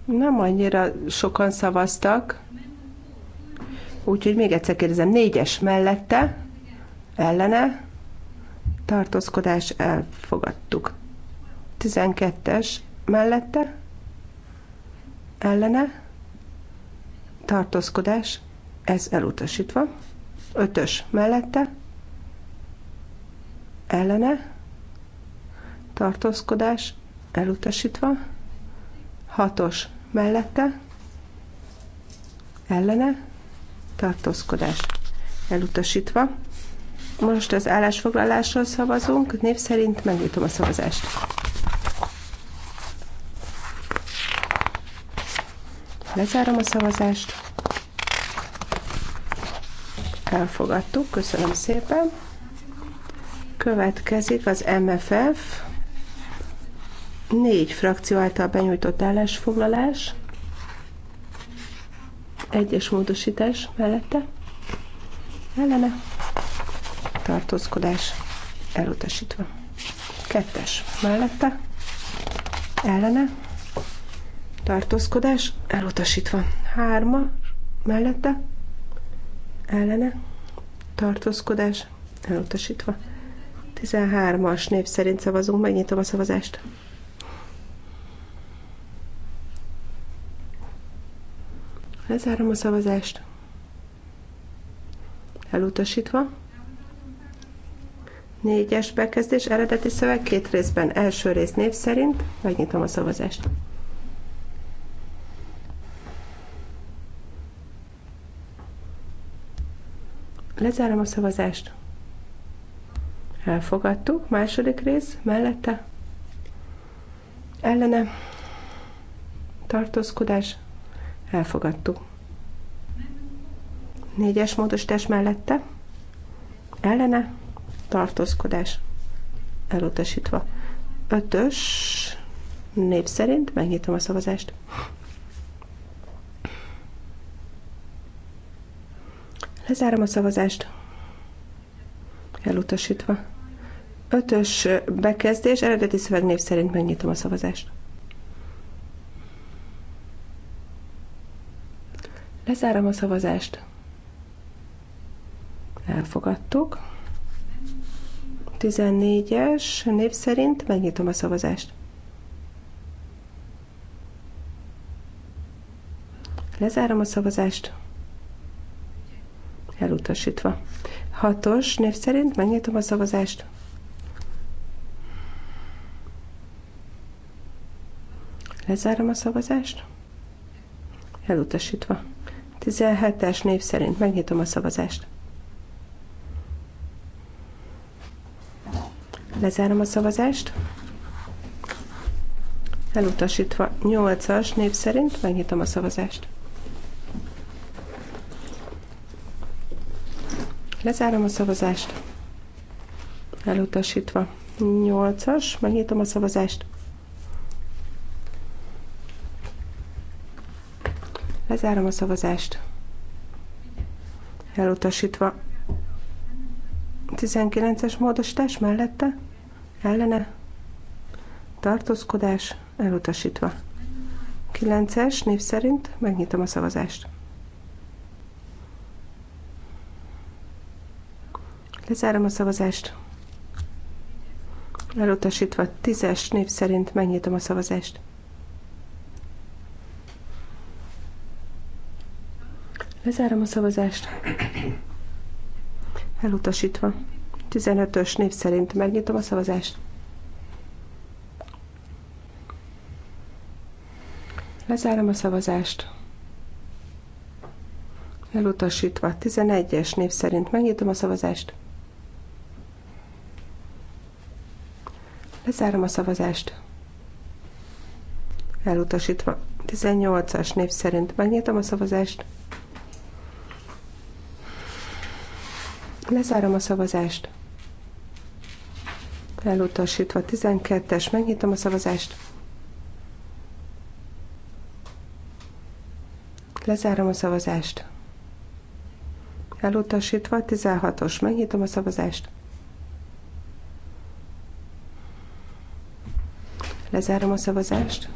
S7: Nem annyira sokan szavaztak. Úgyhogy még egyszer kérdezem, négyes mellette, ellene, tartózkodás, elfogadtuk. 12-es mellette, ellene, tartózkodás, ez elutasítva. 5-ös mellette, ellene, tartózkodás, elutasítva. 6-os mellette, ellene, tartózkodás, elutasítva. Most az állásfoglaláshoz szavazunk, név szerint megnyitom a szavazást. Lezárom a szavazást. Elfogadtuk, köszönöm szépen. Következik az MFF. Négy frakció által benyújtott állásfoglalás. Egyes módosítás mellette. Ellene. Tartózkodás elutasítva. Kettes mellette. Ellene tartózkodás elutasítva. Hárma mellette ellene tartózkodás elutasítva. 13-as név szerint szavazunk, megnyitom a szavazást. Lezárom a szavazást. Elutasítva. Négyes bekezdés, eredeti szöveg két részben. Első rész név szerint megnyitom a szavazást. Lezárom a szavazást. Elfogadtuk. Második rész mellette. Ellene. Tartózkodás. Elfogadtuk. Négyes módosítás mellette. Ellene. Tartózkodás. Elutasítva. Ötös. Név szerint megnyitom a szavazást. Lezárom a szavazást. Elutasítva. Ötös bekezdés, eredeti szövegnév szerint megnyitom a szavazást. Lezárom a szavazást. Elfogadtuk. 14-es név szerint megnyitom a szavazást. Lezárom a szavazást elutasítva. Hatos név szerint megnyitom a szavazást. Lezárom a szavazást. Elutasítva. 17-es név szerint megnyitom a szavazást. Lezárom a szavazást. Elutasítva 8-as név szerint megnyitom a szavazást. Lezárom a szavazást. Elutasítva. 8-as. Megnyitom a szavazást. Lezárom a szavazást. Elutasítva. 19-es módosítás mellette. Ellene. Tartózkodás. Elutasítva. 9-es név szerint megnyitom a szavazást. Lezárom a szavazást. Elutasítva tízes név szerint megnyitom a szavazást. Lezárom a szavazást. Elutasítva. 15-ös név szerint megnyitom a szavazást. Lezárom a szavazást. Elutasítva. 11-es név szerint megnyitom a szavazást. Lezárom a szavazást. Elutasítva. 18-as név szerint megnyitom a szavazást. Lezárom a szavazást. Elutasítva 12-es, megnyitom a szavazást. Lezárom a szavazást. Elutasítva 16-os, megnyitom a szavazást. Lezárom a szavazást.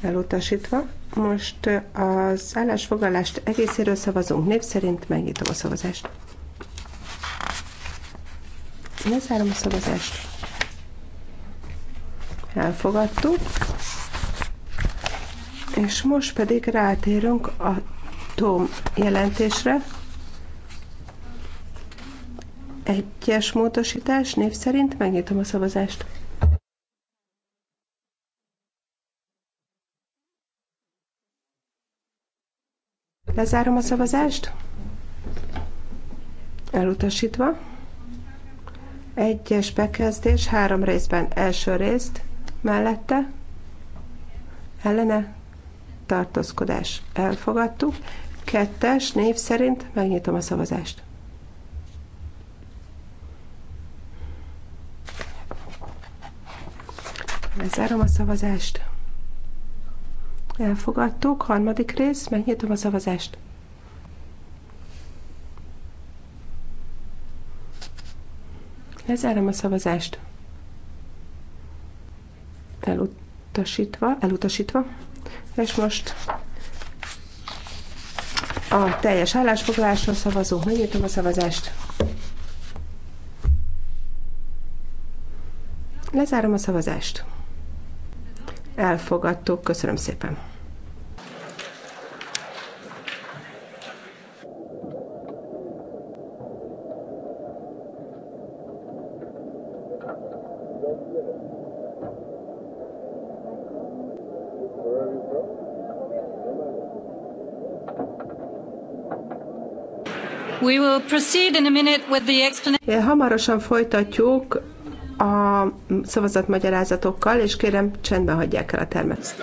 S7: Elutasítva. Most az állásfoglalást egészéről szavazunk. Név szerint megnyitom a szavazást. Lezárom a szavazást. Elfogadtuk. És most pedig rátérünk a TOM jelentésre. Egyes módosítás név szerint megnyitom a szavazást. Lezárom a szavazást. Elutasítva. Egyes bekezdés, három részben első részt, mellette, ellene, tartózkodás. Elfogadtuk. Kettes, név szerint megnyitom a szavazást. Lezárom a szavazást. Elfogadtuk. Harmadik rész. Megnyitom a szavazást. Lezárom a szavazást. Elutasítva, elutasítva. És most a teljes állásfoglalásról szavazunk. Megnyitom a szavazást. Lezárom a szavazást elfogadtuk. Köszönöm szépen!
S6: We will proceed in a minute with the explanation.
S7: Hamarosan folytatjuk a szavazatmagyarázatokkal, és kérem csendben hagyják el a termet.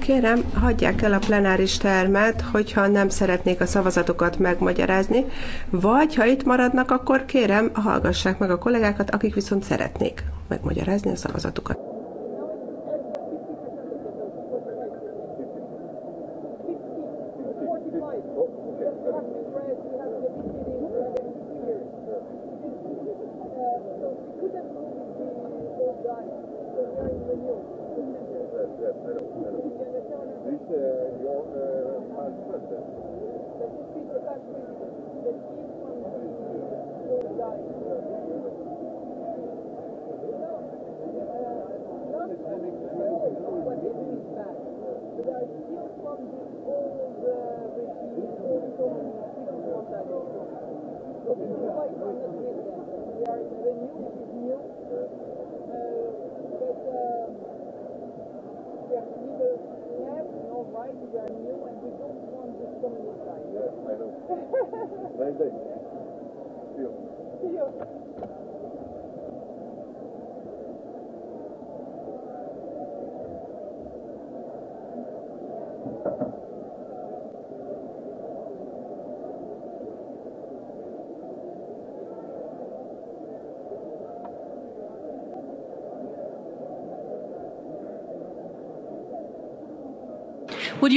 S7: Kérem, hagyják el a plenáris termet, hogyha nem szeretnék a szavazatokat megmagyarázni, vagy ha itt maradnak, akkor kérem, hallgassák meg a kollégákat, akik viszont szeretnék megmagyarázni a szavazatukat.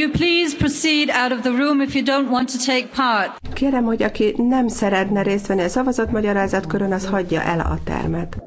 S7: you please proceed out of the room if you don't want to take part? Kérem, hogy aki nem szeretne részt venni a szavazatmagyarázatkörön, az hagyja el a termet.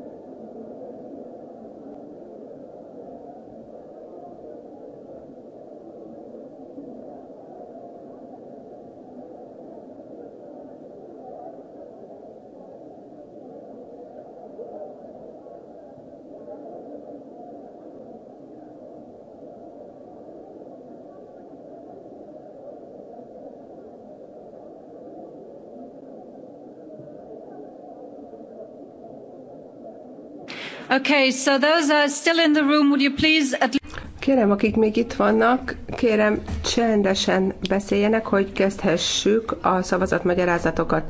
S6: Okay, so
S7: those are still in the room, would you please at Kérem, akik még itt vannak, kérem csendesen beszéljenek, hogy kezdhessük a szavazatmagyarázatokat.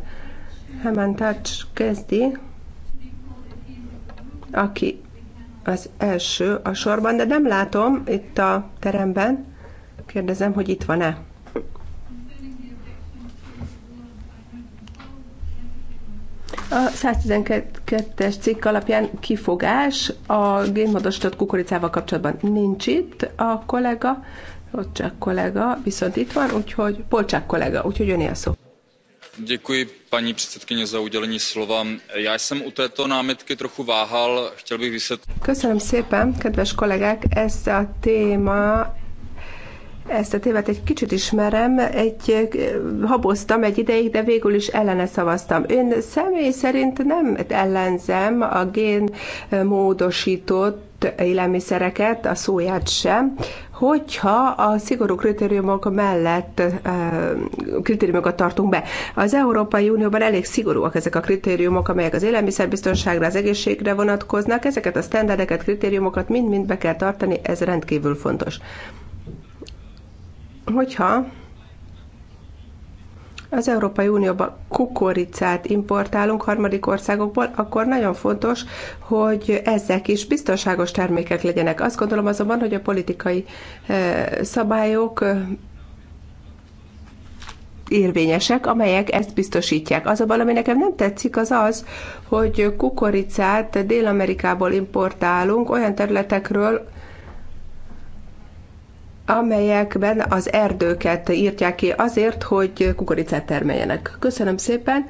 S7: Hemen Tarts kezdi, aki az első a sorban, de nem látom itt a teremben. Kérdezem, hogy itt van-e. A 112 kettes cikk alapján kifogás a génmodosított kukoricával kapcsolatban nincs itt a kollega, ott csak kollega, viszont itt van, úgyhogy Polcsák kollega, úgyhogy jön a szó.
S5: Děkuji paní předsedkyně za udělení slova. Já jsem u této námitky trochu váhal, chtěl bych vysvětlit.
S7: Köszönöm szépen, kedves kollégák, ez a téma ezt a témát egy kicsit ismerem, egy, eh, haboztam egy ideig, de végül is ellene szavaztam. Én személy szerint nem ellenzem a gén eh, módosított élelmiszereket, a szóját sem, hogyha a szigorú kritériumok mellett eh, kritériumokat tartunk be. Az Európai Unióban elég szigorúak ezek a kritériumok, amelyek az élelmiszerbiztonságra, az egészségre vonatkoznak. Ezeket a standardeket, kritériumokat mind-mind be kell tartani, ez rendkívül fontos. Hogyha az Európai Unióban kukoricát importálunk harmadik országokból, akkor nagyon fontos, hogy ezek is biztonságos termékek legyenek. Azt gondolom azonban, hogy a politikai eh, szabályok eh, érvényesek, amelyek ezt biztosítják. Az a ami nekem nem tetszik, az az, hogy kukoricát Dél-Amerikából importálunk olyan területekről, amelyekben az erdőket írtják ki azért, hogy kukoricát termeljenek. Köszönöm szépen!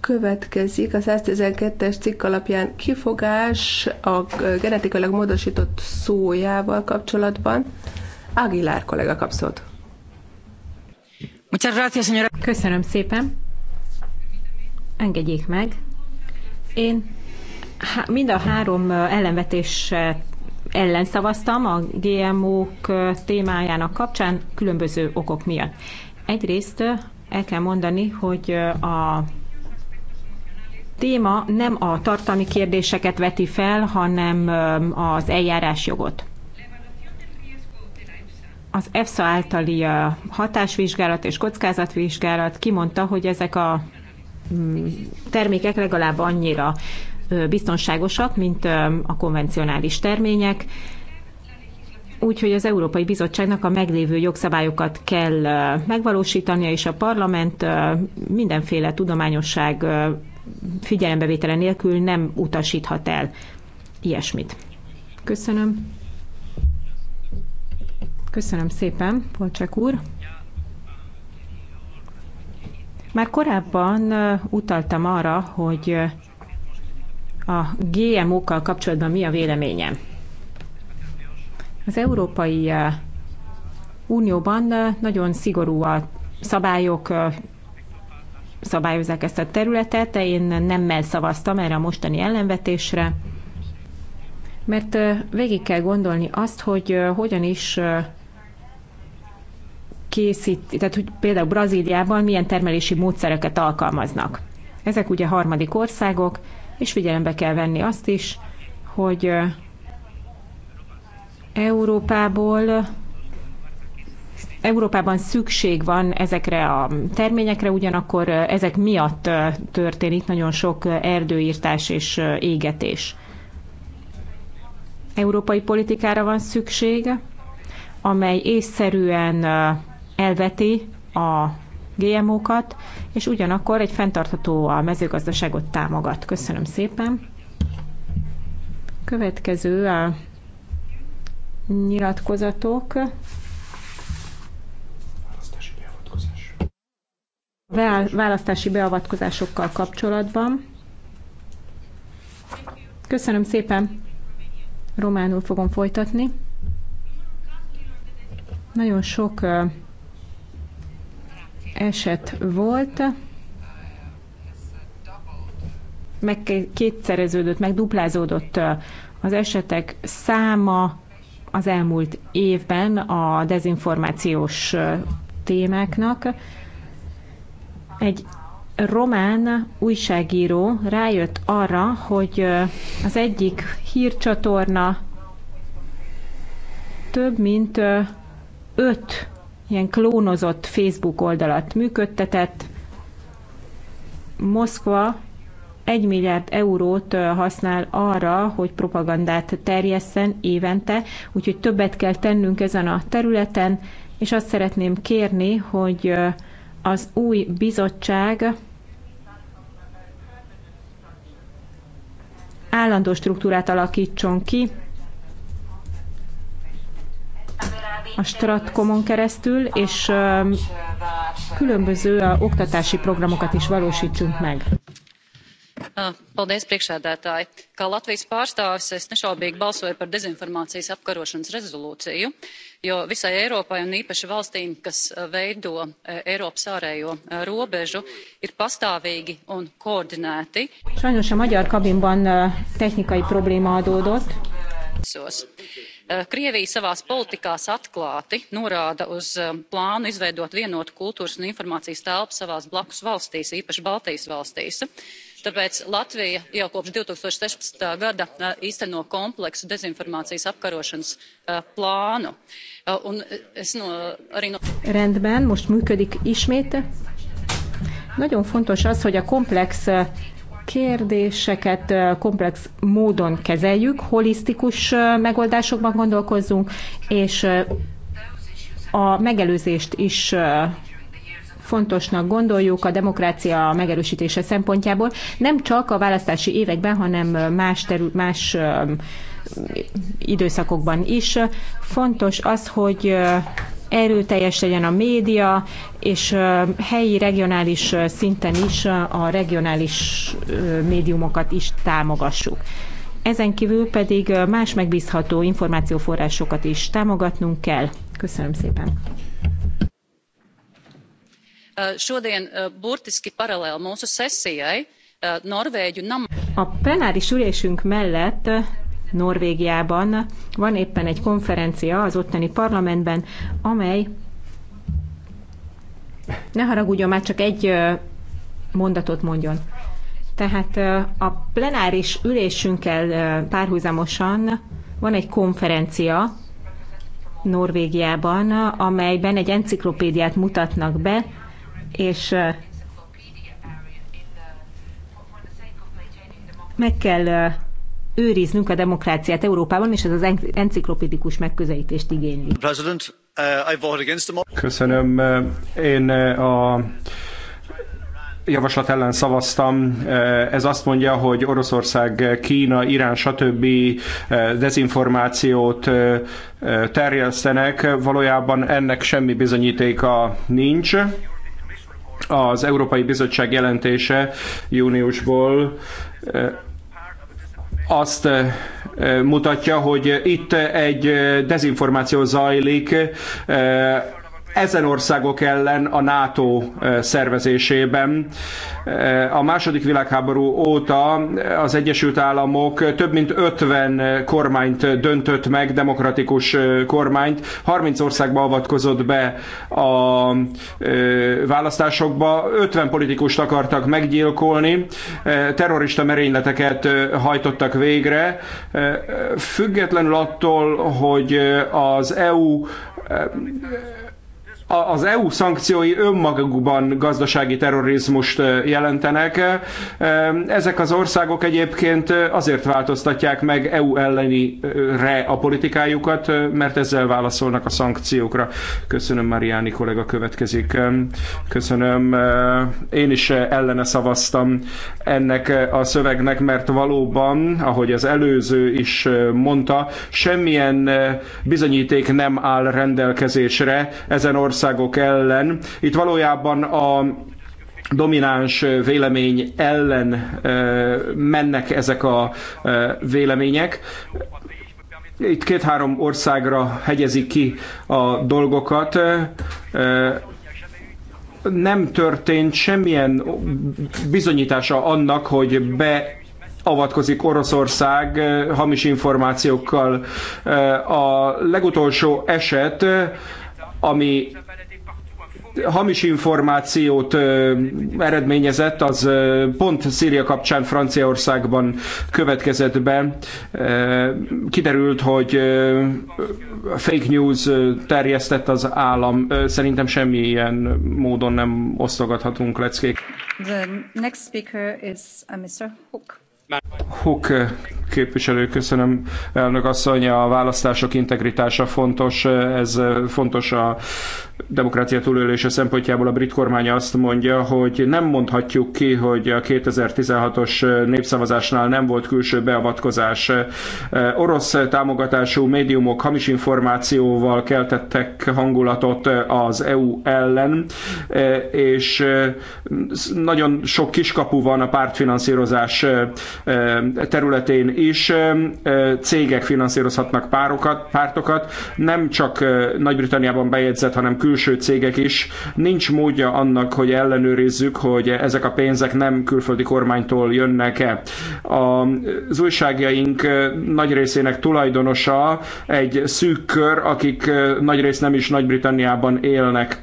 S7: Következik a 112-es cikk alapján kifogás a genetikailag módosított szójával kapcsolatban. Aguilar kollega kap
S8: Köszönöm szépen. Engedjék meg. Én mind a három ellenvetéssel ellen szavaztam a GMO-k témájának kapcsán különböző okok miatt. Egyrészt el kell mondani, hogy a téma nem a tartalmi kérdéseket veti fel, hanem az eljárásjogot. Az EFSA általi hatásvizsgálat és kockázatvizsgálat kimondta, hogy ezek a mm, termékek legalább annyira biztonságosak, mint a konvencionális termények, úgyhogy az Európai Bizottságnak a meglévő jogszabályokat kell megvalósítania, és a parlament mindenféle tudományosság figyelembevétele nélkül nem utasíthat el ilyesmit. Köszönöm. Köszönöm szépen, Polcsek úr. Már korábban utaltam arra, hogy a GMO-kkal kapcsolatban mi a véleménye? Az Európai Unióban nagyon szigorú a szabályok, szabályozzák ezt a területet, én nemmel szavaztam erre a mostani ellenvetésre, mert végig kell gondolni azt, hogy hogyan is készít, tehát hogy például Brazíliában milyen termelési módszereket alkalmaznak. Ezek ugye harmadik országok, és figyelembe kell venni azt is, hogy Európából Európában szükség van ezekre a terményekre, ugyanakkor ezek miatt történik nagyon sok erdőírtás és égetés. Európai politikára van szükség, amely észszerűen elveti a GMO-kat, és ugyanakkor egy fenntartható a mezőgazdaságot támogat. Köszönöm szépen. Következő a nyilatkozatok. Választási Választási beavatkozásokkal kapcsolatban. Köszönöm szépen. Románul fogom folytatni. Nagyon sok eset volt, meg kétszereződött, meg duplázódott az esetek száma az elmúlt évben a dezinformációs témáknak. Egy román újságíró rájött arra, hogy az egyik hírcsatorna több mint öt ilyen klónozott Facebook oldalat működtetett. Moszkva egy milliárd eurót használ arra, hogy propagandát terjesszen évente, úgyhogy többet kell tennünk ezen a területen, és azt szeretném kérni, hogy az új bizottság állandó struktúrát alakítson ki, a Stratcomon keresztül, és különböző oktatási programokat is valósítsunk meg.
S2: Paldies, priekšsēdētāji. Kā Latvijas pārstāvis, es nešaubīgi balsoju par dezinformācijas apkarošanas rezolūciju, jo visai Eiropai un īpaši valstīm, kas veido e, Eiropas ārējo e, robežu, ir pastāvīgi un
S4: koordinēti.
S8: Sajnos a magyar kabinban technikai probléma adódott.
S4: Eh, krievija savā politikā atklāti norāda uz eh, plānu izveidot vienotu kultūras un informācijas telpu savās blakusvalstīs īpaši baltijas valstīs tāpēc latvija jau kopš two thousand and sixteen gada eh, īsteno kompleksu dezinformācijas apkarošanas plānu. Un es no, arī no...
S8: Rendben, most működik ismét. Nagyon fontos az, hogy a komplex kérdéseket komplex módon kezeljük, holisztikus megoldásokban gondolkozzunk, és a megelőzést is fontosnak gondoljuk a demokrácia megerősítése szempontjából, nem csak a választási években, hanem más, terü- más időszakokban is. Fontos az, hogy erőteljes legyen a média, és helyi, regionális szinten is a regionális médiumokat is támogassuk. Ezen kívül pedig más megbízható információforrásokat is támogatnunk kell. Köszönöm szépen!
S2: Šodien burtiski paralēli mūsu sesijai
S8: Norvēģu A plenáris ülésünk mellett Norvégiában van éppen egy konferencia az ottani parlamentben, amely ne haragudjon, már csak egy mondatot mondjon. Tehát a plenáris ülésünkkel párhuzamosan van egy konferencia Norvégiában, amelyben egy enciklopédiát mutatnak be, és meg kell őriznünk a demokráciát Európában, és ez az enciklopédikus megközelítést igényli. Uh,
S5: Köszönöm. Uh, én uh, a javaslat ellen szavaztam. Ez azt mondja, hogy Oroszország, Kína, Irán, stb. dezinformációt terjesztenek. Valójában ennek semmi bizonyítéka nincs. Az Európai Bizottság jelentése júniusból azt eh, eh, mutatja, hogy itt egy eh, dezinformáció zajlik, ezen országok ellen a NATO eh, szervezésében. Eh, a második világháború óta eh, az Egyesült Államok több mint 50 kormányt döntött meg, demokratikus kormányt. 30 országba avatkozott be a választásokba. 50 politikust akartak meggyilkolni, terrorista merényleteket hajtottak végre. Függetlenül attól, hogy az EU az EU szankciói önmagukban gazdasági terrorizmust jelentenek. Ezek az országok egyébként azért változtatják meg EU ellenire a politikájukat, mert ezzel válaszolnak a szankciókra. Köszönöm, Mariáni kollega következik. Köszönöm. Én is ellene szavaztam ennek a szövegnek, mert valóban, ahogy az előző is mondta, semmilyen bizonyíték nem áll rendelkezésre ezen ország országok ellen. Itt valójában a domináns vélemény ellen mennek ezek a vélemények. Itt két-három országra hegyezik ki a dolgokat nem történt semmilyen bizonyítása annak, hogy be avatkozik Oroszország hamis információkkal. A legutolsó eset, ami hamis információt eredményezett, az pont Szíria kapcsán Franciaországban következett be. Kiderült, hogy fake news terjesztett az állam. Szerintem semmilyen módon nem osztogathatunk leckék.
S1: The next speaker is uh, Mr. Hook.
S5: Huk eh, képviselő, köszönöm elnök asszony, a választások integritása fontos, eh, ez eh, fontos a demokrácia túlélése szempontjából a brit kormány azt mondja, hogy nem mondhatjuk ki, hogy a 2016-os népszavazásnál nem volt külső beavatkozás. Orosz támogatású médiumok hamis információval keltettek hangulatot az EU ellen, és nagyon sok kiskapu van a pártfinanszírozás területén is cégek finanszírozhatnak párokat, pártokat, nem csak Nagy-Britanniában bejegyzett, hanem külső cégek is. Nincs módja annak, hogy ellenőrizzük, hogy ezek a pénzek nem külföldi kormánytól jönnek-e. Az újságjaink nagy részének tulajdonosa egy szűk kör, akik nagy rész nem is Nagy-Britanniában élnek.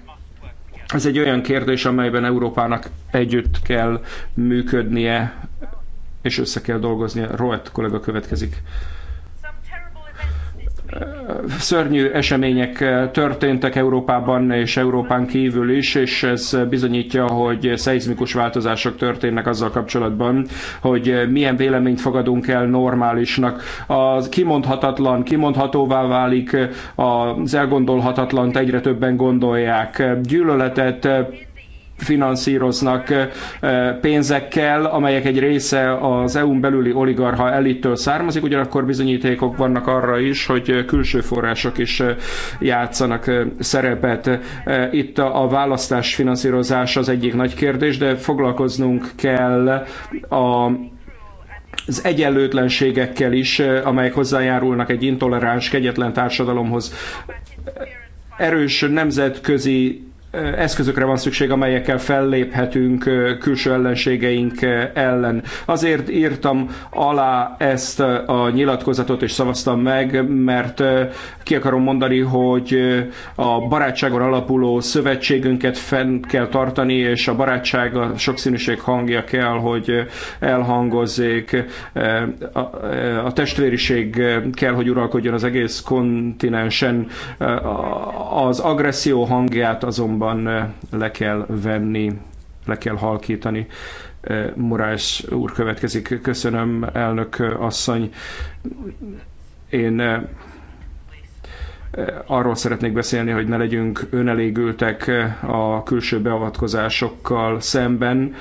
S5: Ez egy olyan kérdés, amelyben Európának együtt kell működnie és össze kell dolgozni. Roet kollega következik szörnyű események történtek Európában és Európán kívül is, és ez bizonyítja, hogy szeizmikus változások történnek azzal kapcsolatban, hogy milyen véleményt fogadunk el normálisnak. a kimondhatatlan, kimondhatóvá válik, az elgondolhatatlant egyre többen gondolják. Gyűlöletet finanszíroznak eh, eh, pénzekkel, amelyek egy része az EU-n belüli oligarha elittől származik, ugyanakkor bizonyítékok vannak arra is, hogy külső források is eh, játszanak szerepet. Itt a választás finanszírozás az egyik nagy kérdés, de foglalkoznunk kell a az egyenlőtlenségekkel is, amelyek hozzájárulnak egy intoleráns, kegyetlen társadalomhoz. Erős nemzetközi eszközökre van szükség, amelyekkel felléphetünk külső ellenségeink ellen. Azért írtam alá ezt a nyilatkozatot és szavaztam meg, mert ki akarom mondani, hogy a barátságon alapuló szövetségünket fenn kell tartani, és a barátság, a sokszínűség hangja kell, hogy elhangozzék. A testvériség kell, hogy uralkodjon az egész kontinensen. Az agresszió hangját azonban azonban le kell venni, le kell halkítani. Morás úr következik. Köszönöm, elnök asszony. Én arról szeretnék beszélni, hogy ne legyünk önelégültek a külső beavatkozásokkal szemben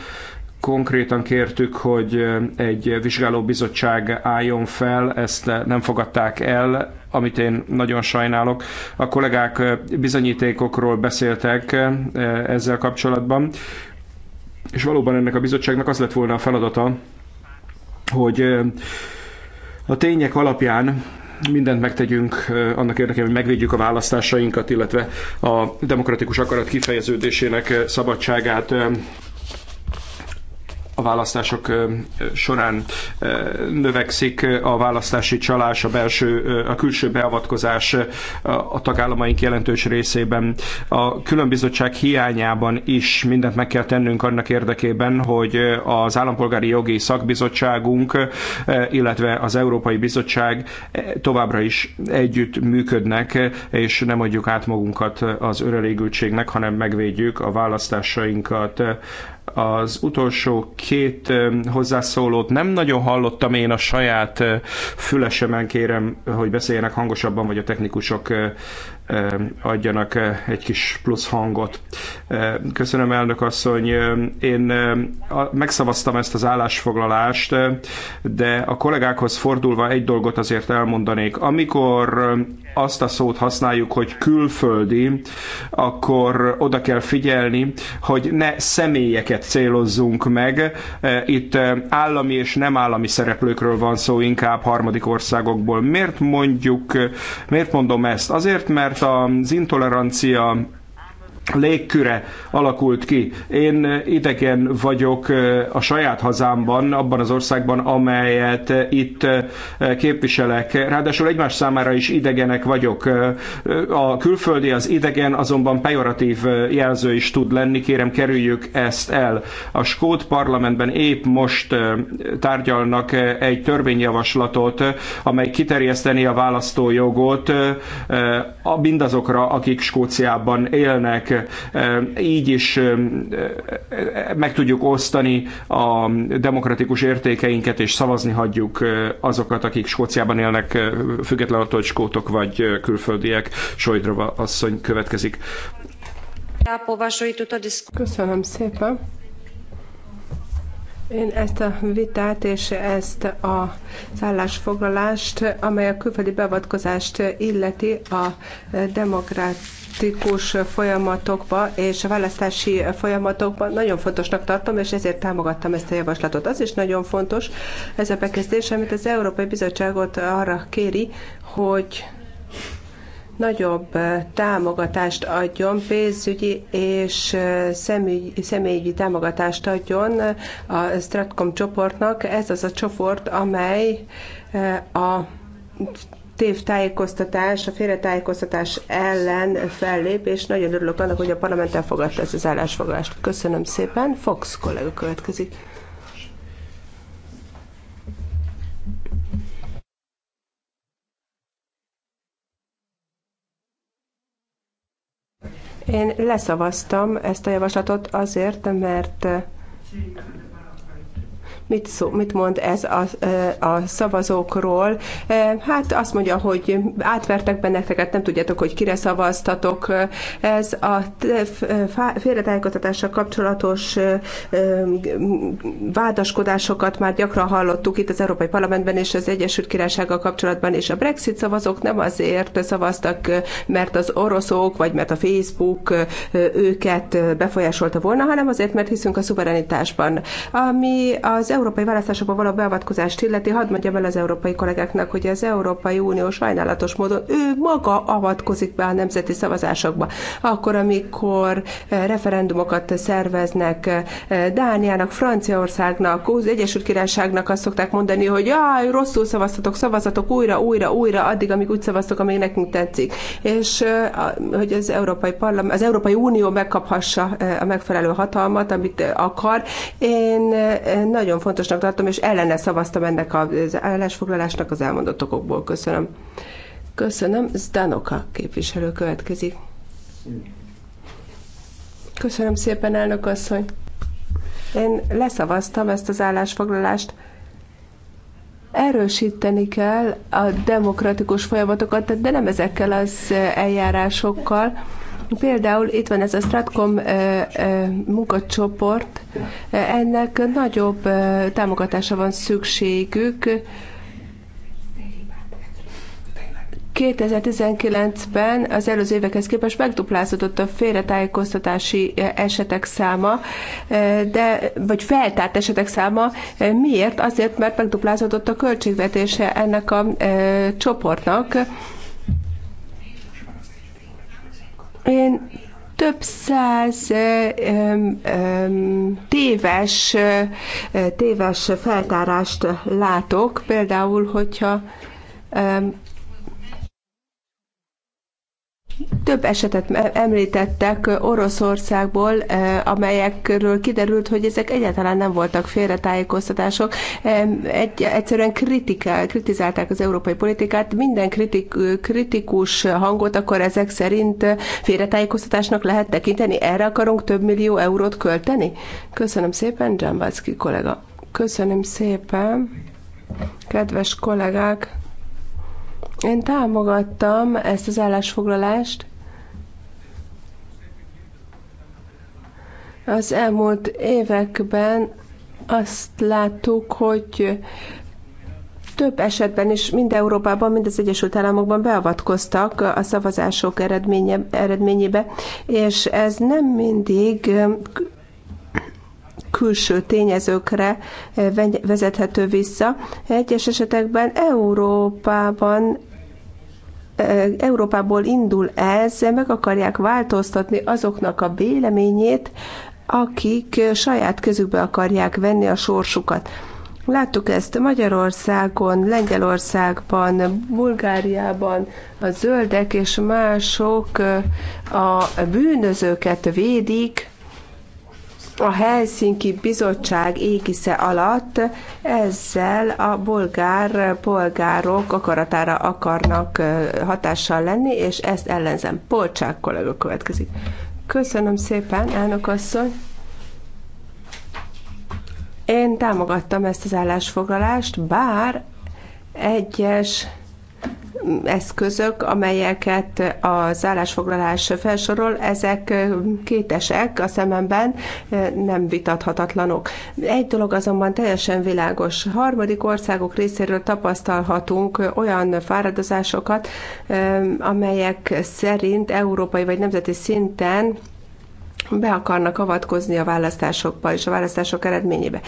S5: konkrétan kértük, hogy egy vizsgálóbizottság álljon fel, ezt nem fogadták el, amit én nagyon sajnálok. A kollégák bizonyítékokról beszéltek ezzel kapcsolatban, és valóban ennek a bizottságnak az lett volna a feladata, hogy a tények alapján mindent megtegyünk annak érdekében, hogy megvédjük a választásainkat, illetve a demokratikus akarat kifejeződésének szabadságát a választások során növekszik a választási csalás, a, belső, a külső beavatkozás a tagállamaink jelentős részében. A különbizottság hiányában is mindent meg kell tennünk annak érdekében, hogy az Állampolgári Jogi Szakbizottságunk, illetve az Európai Bizottság továbbra is együtt működnek, és nem adjuk át magunkat az örelégültségnek, hanem megvédjük a választásainkat az utolsó két hozzászólót nem nagyon hallottam én a saját fülesemen, kérem, hogy beszéljenek hangosabban, vagy a technikusok adjanak egy kis plusz hangot. Köszönöm, elnök asszony. Én megszavaztam ezt az állásfoglalást, de a kollégákhoz fordulva egy dolgot azért elmondanék. Amikor azt a szót használjuk, hogy külföldi, akkor oda kell figyelni, hogy ne személyeket célozzunk meg. Itt állami és nem állami szereplőkről van szó, inkább harmadik országokból. Miért mondjuk, miért mondom ezt? Azért, mert tehát az intolerancia légküre alakult ki. Én idegen vagyok a saját hazámban, abban az országban, amelyet itt képviselek. Ráadásul egymás számára is idegenek vagyok. A külföldi, az idegen azonban pejoratív jelző is tud lenni, kérem kerüljük ezt el. A Skót parlamentben épp most tárgyalnak egy törvényjavaslatot, amely kiterjeszteni a választójogot mindazokra, akik Skóciában élnek így is meg tudjuk osztani a demokratikus értékeinket, és szavazni hagyjuk azokat, akik Skóciában élnek, független attól, hogy skótok vagy külföldiek. Sojdrova asszony következik.
S7: Köszönöm szépen. Én ezt a vitát és ezt a szállásfoglalást, amely a külföldi beavatkozást illeti a demokratikus folyamatokba és a választási folyamatokba nagyon fontosnak tartom, és ezért támogattam ezt a javaslatot. Az is nagyon fontos ez a bekezdés, amit az Európai Bizottságot arra kéri, hogy nagyobb eh, támogatást adjon, pénzügyi és eh, személyi támogatást adjon eh, a Stratcom csoportnak. Ez az a csoport, amely a tévtájékoztatás, a félretájékoztatás ellen fellép, és nagyon örülök annak, hogy a parlament elfogadta ezt az állásfoglalást. Köszönöm szépen. Fox kollega következik. Én leszavaztam ezt a javaslatot azért, mert mit, szó, mit mond ez a, a szavazókról. Hát azt mondja, hogy átvertek benneteket, nem tudjátok, hogy kire szavaztatok. Ez a félretájékoztatással kapcsolatos vádaskodásokat már gyakran hallottuk itt az Európai Parlamentben és az Egyesült Királysággal kapcsolatban, és a Brexit szavazók nem azért szavaztak, mert az oroszok, vagy mert a Facebook őket befolyásolta volna, hanem azért, mert hiszünk a szuverenitásban. Ami az európai választásokba való beavatkozást illeti, hadd mondjam el az európai kollégáknak, hogy az Európai Unió sajnálatos módon ő maga avatkozik be a nemzeti szavazásokba. Akkor, amikor eh, referendumokat szerveznek eh, Dániának, Franciaországnak, az Egyesült Királyságnak azt szokták mondani, hogy jaj, rosszul szavaztatok, szavazatok újra, újra, újra, addig, amíg úgy szavaztok, amíg nekünk tetszik. És eh, hogy az Európai Parlament, az Európai Unió megkaphassa a megfelelő hatalmat, amit akar. Én nagyon fontosnak tartom, és ellene szavaztam ennek az állásfoglalásnak az elmondott okokból. Köszönöm. Köszönöm. Zdanoka képviselő következik. Köszönöm szépen, elnök asszony. Én leszavaztam ezt az állásfoglalást, erősíteni kell a demokratikus folyamatokat, de nem ezekkel az eljárásokkal, Például itt van ez a Stratcom munkacsoport, ennek nagyobb támogatása van szükségük, 2019-ben az előző évekhez képest megduplázódott a félretájékoztatási esetek száma, de, vagy feltárt esetek száma. Miért? Azért, mert megduplázódott a költségvetése ennek a e, csoportnak. Én több száz téves, téves feltárást látok, például, hogyha több esetet említettek Oroszországból, amelyekről kiderült, hogy ezek egyáltalán nem voltak félretájékoztatások. Egy, egyszerűen kritikál, kritizálták az európai politikát. Minden kritik, kritikus hangot akkor ezek szerint félretájékoztatásnak lehet tekinteni. Erre akarunk több millió eurót költeni? Köszönöm szépen, Dzsambacki kollega. Köszönöm szépen, kedves kollégák! Én támogattam ezt az állásfoglalást. Az elmúlt években azt láttuk, hogy több esetben is mind Európában, mind az Egyesült Államokban beavatkoztak a szavazások eredménye, eredményébe, és ez nem mindig külső tényezőkre vezethető vissza. Egyes esetekben Európában Európából indul ez, meg akarják változtatni azoknak a véleményét, akik saját kezükbe akarják venni a sorsukat. Láttuk ezt Magyarországon, Lengyelországban, Bulgáriában, a zöldek és mások a bűnözőket védik, a Helsinki Bizottság égisze alatt ezzel a bolgár polgárok akaratára akarnak hatással lenni, és ezt ellenzem. Polcsák kollega következik. Köszönöm szépen, elnök asszony. Én támogattam ezt az állásfoglalást, bár egyes eszközök, amelyeket az állásfoglalás felsorol, ezek kétesek a szememben, nem vitathatatlanok. Egy dolog azonban teljesen világos. Harmadik országok részéről tapasztalhatunk olyan fáradozásokat, amelyek szerint európai vagy nemzeti szinten be akarnak avatkozni a választásokba és a választások eredményébe.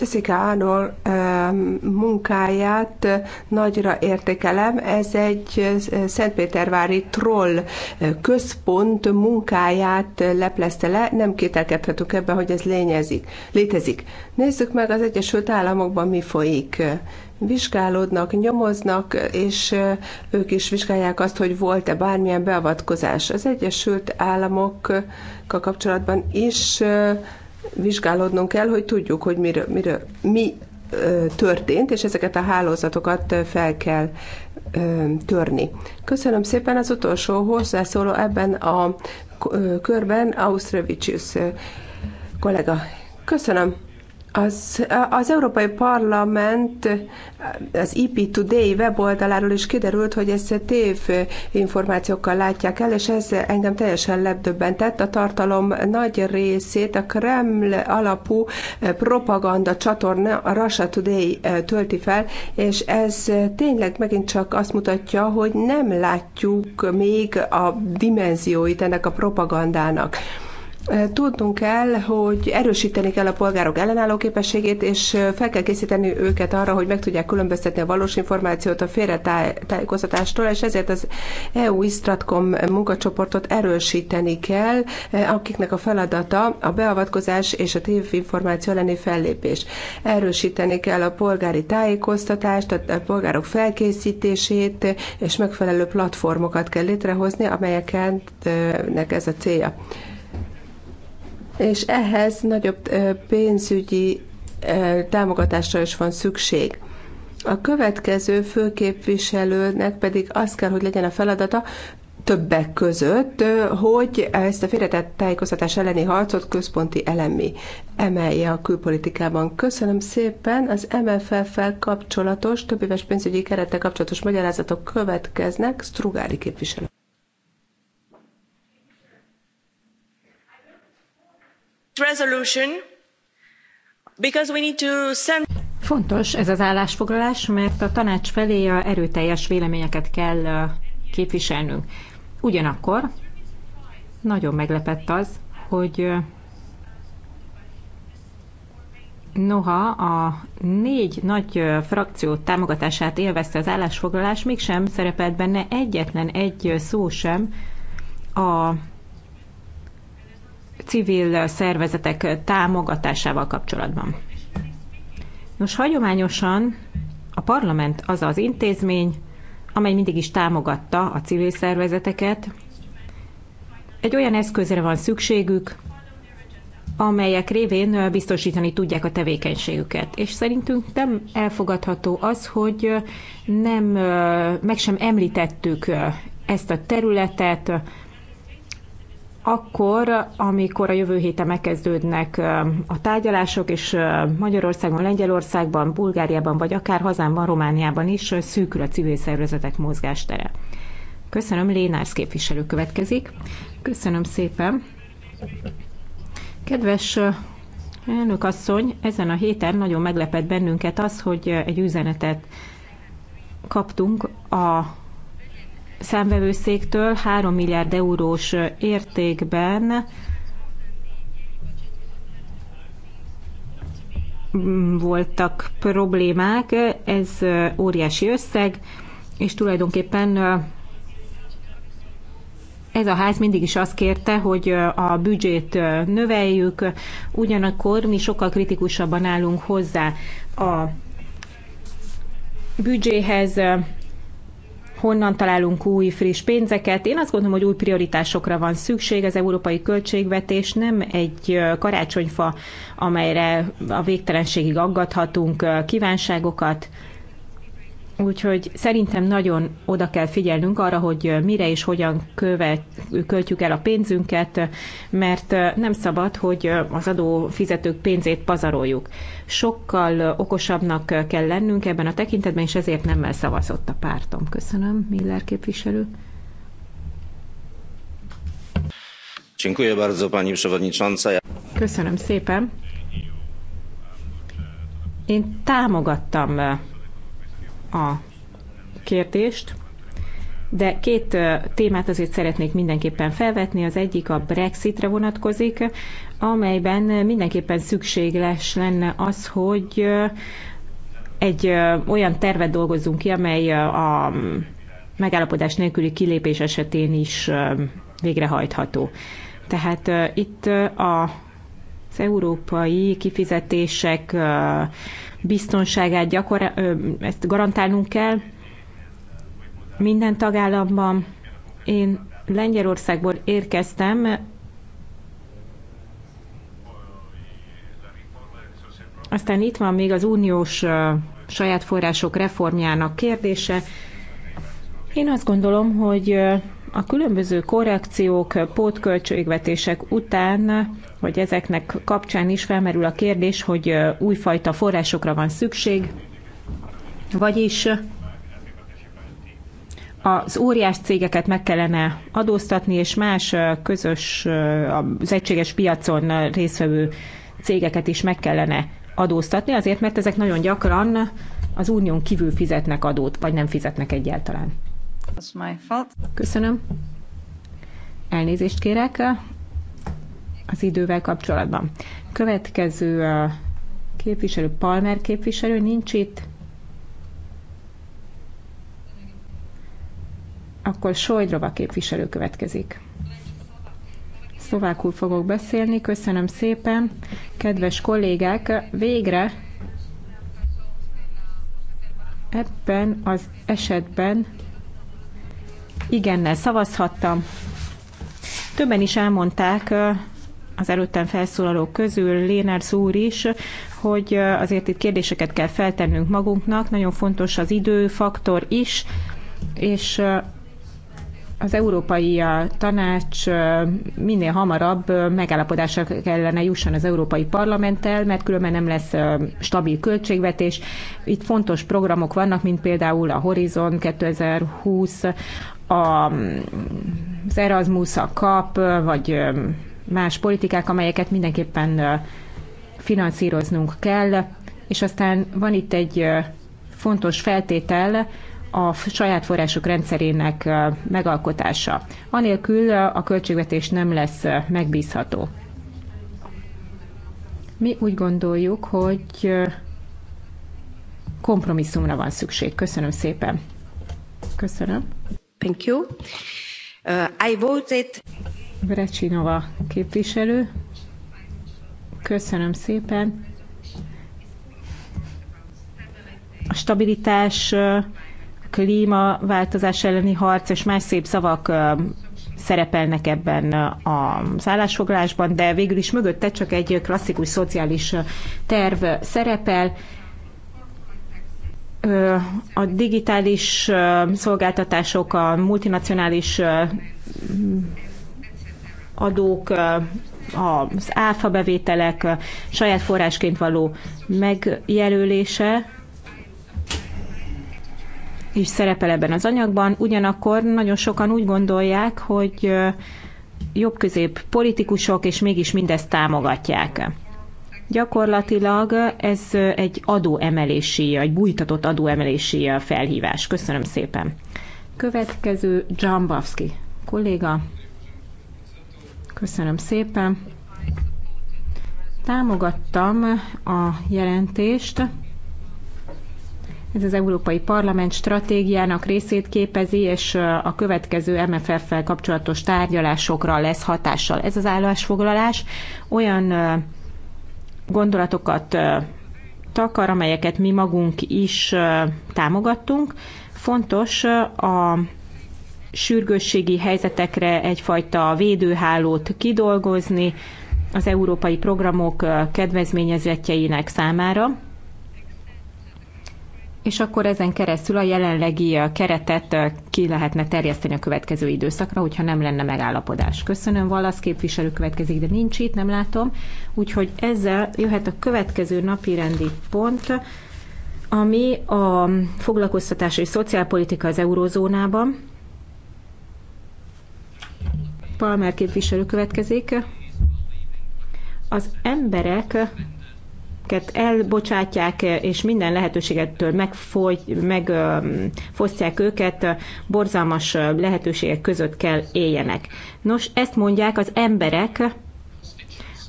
S7: Jessica Arnold munkáját nagyra értékelem. Ez egy Szentpétervári troll központ munkáját leplezte le. Nem kételkedhetünk ebben, hogy ez lényezik, létezik. Nézzük meg az Egyesült Államokban mi folyik vizsgálódnak, nyomoznak, és ők is vizsgálják azt, hogy volt-e bármilyen beavatkozás. Az Egyesült Államokkal kapcsolatban is vizsgálódnunk kell, hogy tudjuk, hogy miről, miről, mi történt, és ezeket a hálózatokat fel kell törni. Köszönöm szépen az utolsó hozzászóló ebben a körben, Ausztrevicius kollega. Köszönöm. Az, az Európai Parlament az EP Today weboldaláról is kiderült, hogy ezt tév információkkal látják el, és ez engem teljesen lebdöbbentett. A tartalom nagy részét a Kreml alapú propaganda csatorna, a Russia Today eh, tölti fel, és ez tényleg megint csak azt mutatja, hogy nem látjuk még a dimenzióit ennek a propagandának. Tudnunk kell, hogy erősíteni kell a polgárok ellenálló képességét, és fel kell készíteni őket arra, hogy meg tudják különböztetni a valós információt a félretájékoztatástól, és ezért az EU Istratcom munkacsoportot erősíteni kell, akiknek a feladata a beavatkozás és a információ elleni fellépés. Erősíteni kell a polgári tájékoztatást, a polgárok felkészítését, és megfelelő platformokat kell létrehozni, amelyeknek ez a célja és ehhez nagyobb pénzügyi támogatásra is van szükség. A következő főképviselőnek pedig az kell, hogy legyen a feladata, többek között, hogy ezt a félretett tájékoztatás elleni harcot központi elemi emelje a külpolitikában. Köszönöm szépen, az MFF-fel kapcsolatos, több éves pénzügyi kerettel kapcsolatos magyarázatok következnek. Strugári képviselő.
S4: resolution because we need to
S8: send Fontos ez az állásfoglalás, mert a tanács felé erőteljes véleményeket kell képviselnünk. Ugyanakkor nagyon meglepett az, hogy noha a négy nagy frakció támogatását élvezte az állásfoglalás, mégsem szerepelt benne egyetlen egy szó sem a civil szervezetek támogatásával kapcsolatban. Nos, hagyományosan a parlament az az intézmény, amely mindig is támogatta a civil szervezeteket. Egy olyan eszközre van szükségük, amelyek révén biztosítani tudják a tevékenységüket. És szerintünk nem elfogadható az, hogy nem, meg sem említettük ezt a területet, akkor, amikor a jövő héten megkezdődnek a tárgyalások, és Magyarországon, Lengyelországban, Bulgáriában, vagy akár hazámban, Romániában is szűkül a civil szervezetek mozgástere. Köszönöm, Lénárs képviselő következik. Köszönöm szépen. Kedves elnök asszony, ezen a héten nagyon meglepett bennünket az, hogy egy üzenetet kaptunk a számvevőszéktől 3 milliárd eurós értékben mm, voltak problémák, ez óriási összeg, és tulajdonképpen ez a ház mindig is azt kérte, hogy a büdzsét növeljük, ugyanakkor mi sokkal kritikusabban állunk hozzá a büdzséhez, honnan találunk új friss pénzeket. Én azt gondolom, hogy új prioritásokra van szükség. Az európai költségvetés nem egy karácsonyfa, amelyre a végtelenségig aggathatunk kívánságokat, Úgyhogy szerintem nagyon oda kell figyelnünk arra, hogy mire és hogyan követ, költjük el a pénzünket, mert nem szabad, hogy az adófizetők pénzét pazaroljuk. Sokkal okosabbnak kell lennünk ebben a tekintetben, és ezért nem elszavazott a pártom. Köszönöm, Miller képviselő. Dziękuję bardzo, pani przewodnicząca. Köszönöm szépen. Én támogattam a kérdést, de két témát azért szeretnék mindenképpen felvetni. Az egyik a Brexitre vonatkozik, amelyben mindenképpen szükséges lenne az, hogy egy olyan tervet dolgozzunk ki, amely a megállapodás nélküli kilépés esetén is végrehajtható. Tehát itt a az európai kifizetések biztonságát gyakor, ezt garantálnunk kell minden tagállamban. Én Lengyelországból érkeztem, Aztán itt van még az uniós saját források reformjának kérdése. Én azt gondolom, hogy a különböző korrekciók, pótköltségvetések után, vagy ezeknek kapcsán is felmerül a kérdés, hogy újfajta forrásokra van szükség, vagyis az óriás cégeket meg kellene adóztatni, és más közös, az egységes piacon részvevő cégeket is meg kellene adóztatni, azért mert ezek nagyon gyakran az unión kívül fizetnek adót, vagy nem fizetnek egyáltalán. Köszönöm. Elnézést kérek eh, az idővel kapcsolatban. Következő eh, képviselő, Palmer képviselő nincs itt. Akkor Sojdrova képviselő következik. Szlovákul fogok beszélni, köszönöm szépen. Kedves kollégák, végre ebben az esetben igennel szavazhattam. Többen is elmondták az előttem felszólalók közül, Léner úr is, hogy azért itt kérdéseket kell feltennünk magunknak, nagyon fontos az időfaktor is, és az Európai Tanács minél hamarabb megállapodásra kellene jusson az Európai Parlamenttel, mert különben nem lesz stabil költségvetés. Itt fontos programok vannak, mint például a Horizon 2020, a, az Erasmus, a KAP, vagy más politikák, amelyeket mindenképpen finanszíroznunk kell, és aztán van itt egy fontos feltétel, a saját források rendszerének megalkotása. Anélkül a költségvetés nem lesz megbízható. Mi úgy gondoljuk, hogy kompromisszumra van szükség. Köszönöm szépen. Köszönöm. Thank you. Uh, I voted... Brecsinova képviselő. Köszönöm szépen. A stabilitás, uh, klímaváltozás elleni harc és más szép szavak uh, szerepelnek ebben uh, a szállásfoglásban, de végül is mögötte csak egy klasszikus szociális terv szerepel, a digitális szolgáltatások, a multinacionális adók, az áfa bevételek saját forrásként való megjelölése is szerepel ebben az anyagban. Ugyanakkor nagyon sokan úgy gondolják, hogy jobb közép politikusok, és mégis mindezt támogatják. Gyakorlatilag ez egy adóemelési, egy bújtatott adóemelési felhívás. Köszönöm szépen. Következő Dzsambavszki kolléga. Köszönöm szépen. Támogattam a jelentést. Ez az Európai Parlament stratégiának részét képezi, és a következő MFF-fel kapcsolatos tárgyalásokra lesz hatással. Ez az állásfoglalás olyan gondolatokat takar, amelyeket mi magunk is támogattunk. Fontos a sürgősségi helyzetekre egyfajta védőhálót kidolgozni az európai programok kedvezményezetjeinek számára és akkor ezen keresztül a jelenlegi keretet ki lehetne terjeszteni a következő időszakra, hogyha nem lenne megállapodás. Köszönöm, Valasz képviselő következik, de nincs itt, nem látom. Úgyhogy ezzel jöhet a következő napi rendi pont, ami a foglalkoztatás és szociálpolitika az eurózónában. Palmer képviselő következik. Az emberek ezeket elbocsátják, és minden lehetőségettől megfoly, megfosztják őket, borzalmas lehetőségek között kell éljenek. Nos, ezt mondják az emberek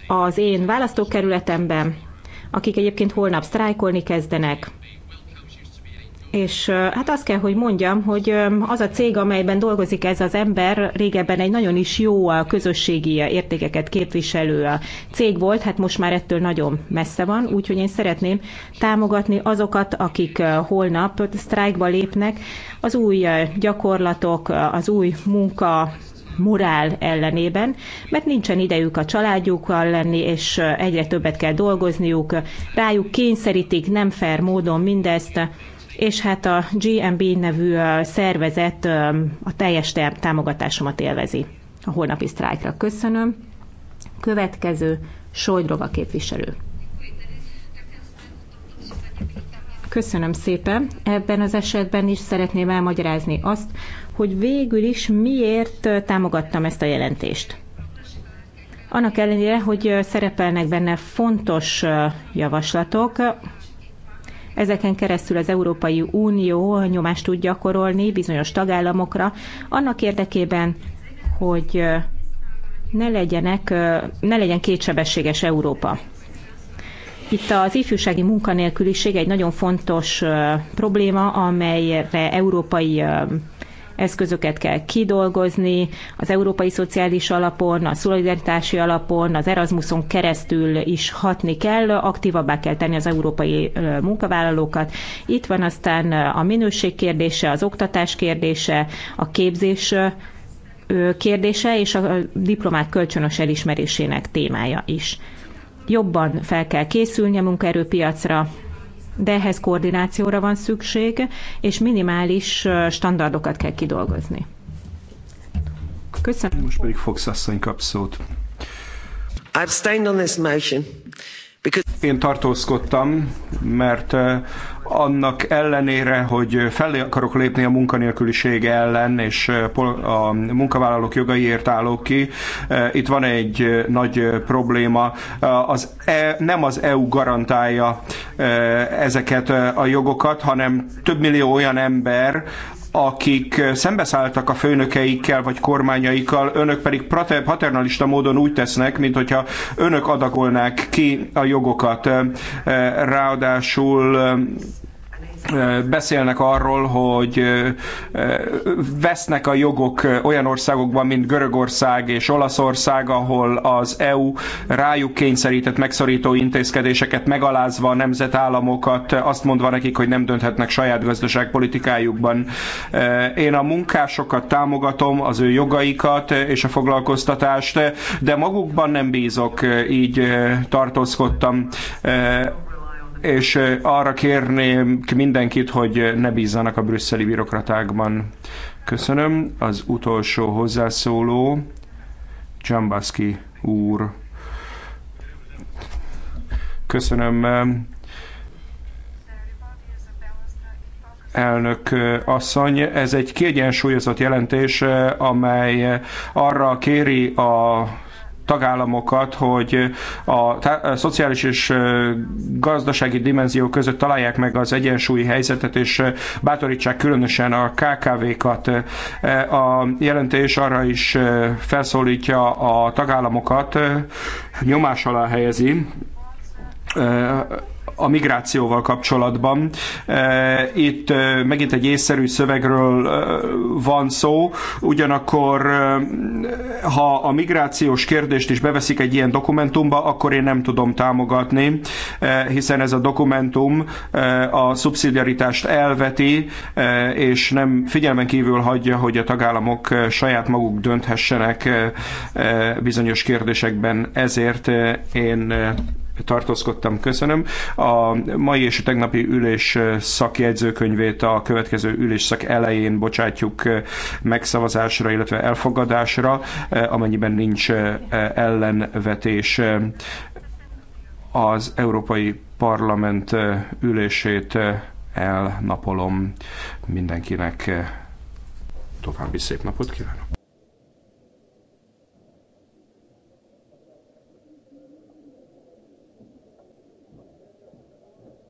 S8: az én választókerületemben, akik egyébként holnap sztrájkolni kezdenek, és hát azt kell, hogy mondjam, hogy az a cég, amelyben dolgozik ez az ember, régebben egy nagyon is jó a közösségi értékeket képviselő cég volt, hát most már ettől nagyon messze van, úgyhogy én szeretném támogatni azokat, akik holnap sztrájkba lépnek, az új gyakorlatok, az új munka morál ellenében, mert nincsen idejük a családjukkal lenni, és egyre többet kell dolgozniuk, rájuk kényszerítik nem fair módon mindezt, és hát a GMB nevű szervezet a teljes támogatásomat élvezi a holnapi sztrájkra. Köszönöm. Következő Sojdrova képviselő. Köszönöm szépen. Ebben az esetben is szeretném elmagyarázni azt, hogy végül is miért támogattam ezt a jelentést. Annak ellenére, hogy szerepelnek benne fontos javaslatok, Ezeken keresztül az Európai Unió nyomást tud gyakorolni bizonyos tagállamokra, annak érdekében, hogy ne, legyenek, ne legyen kétsebességes Európa. Itt az ifjúsági munkanélküliség egy nagyon fontos probléma, amelyre európai eszközöket kell kidolgozni, az Európai Szociális Alapon, a Szolidaritási Alapon, az Erasmuson keresztül is hatni kell, aktívabbá kell tenni az európai munkavállalókat. Itt van aztán a minőség kérdése, az oktatás kérdése, a képzés kérdése és a diplomák kölcsönös elismerésének témája is. Jobban fel kell készülni a munkaerőpiacra, de ehhez koordinációra van szükség, és minimális standardokat kell kidolgozni. Köszönöm.
S5: Most pedig Fox asszony kap szót. I've on this motion. Én tartózkodtam, mert annak ellenére, hogy fel akarok lépni a munkanélküliség ellen, és a munkavállalók jogaiért állok ki, itt van egy nagy probléma. Az e, nem az EU garantálja ezeket a jogokat, hanem több millió olyan ember, akik szembeszálltak a főnökeikkel vagy kormányaikkal, önök pedig paternalista módon úgy tesznek, mint hogyha önök adagolnák ki a jogokat. Ráadásul beszélnek arról, hogy vesznek a jogok olyan országokban, mint Görögország és Olaszország, ahol az EU rájuk kényszerített megszorító intézkedéseket megalázva a nemzetállamokat, azt mondva nekik, hogy nem dönthetnek saját gazdaságpolitikájukban. Én a munkásokat támogatom, az ő jogaikat és a foglalkoztatást, de magukban nem bízok, így tartózkodtam és arra kérném mindenkit, hogy ne bízzanak a brüsszeli bürokratákban. Köszönöm. Az utolsó hozzászóló, Csambaszki úr. Köszönöm. elnök asszony. Ez egy kiegyensúlyozott jelentés, amely arra kéri a tagállamokat, hogy a, a szociális és gazdasági dimenzió között találják meg az egyensúlyi helyzetet, és bátorítsák különösen a KKV-kat. A jelentés arra is felszólítja a tagállamokat, nyomás alá helyezi a migrációval kapcsolatban. E, itt e, megint egy észszerű szövegről e, van szó, ugyanakkor ha a migrációs kérdést is beveszik egy ilyen dokumentumba, akkor én nem tudom támogatni, hiszen ez a dokumentum a szubszidiaritást elveti, és nem figyelmen kívül hagyja, hogy a tagállamok saját maguk dönthessenek bizonyos kérdésekben. Ezért én tartózkodtam, köszönöm. A mai és a tegnapi ülés szakjegyzőkönyvét a következő ülésszak elején bocsátjuk megszavazásra, illetve elfogadásra, amennyiben nincs ellenvetés az Európai Parlament ülését elnapolom mindenkinek. További szép napot kívánok!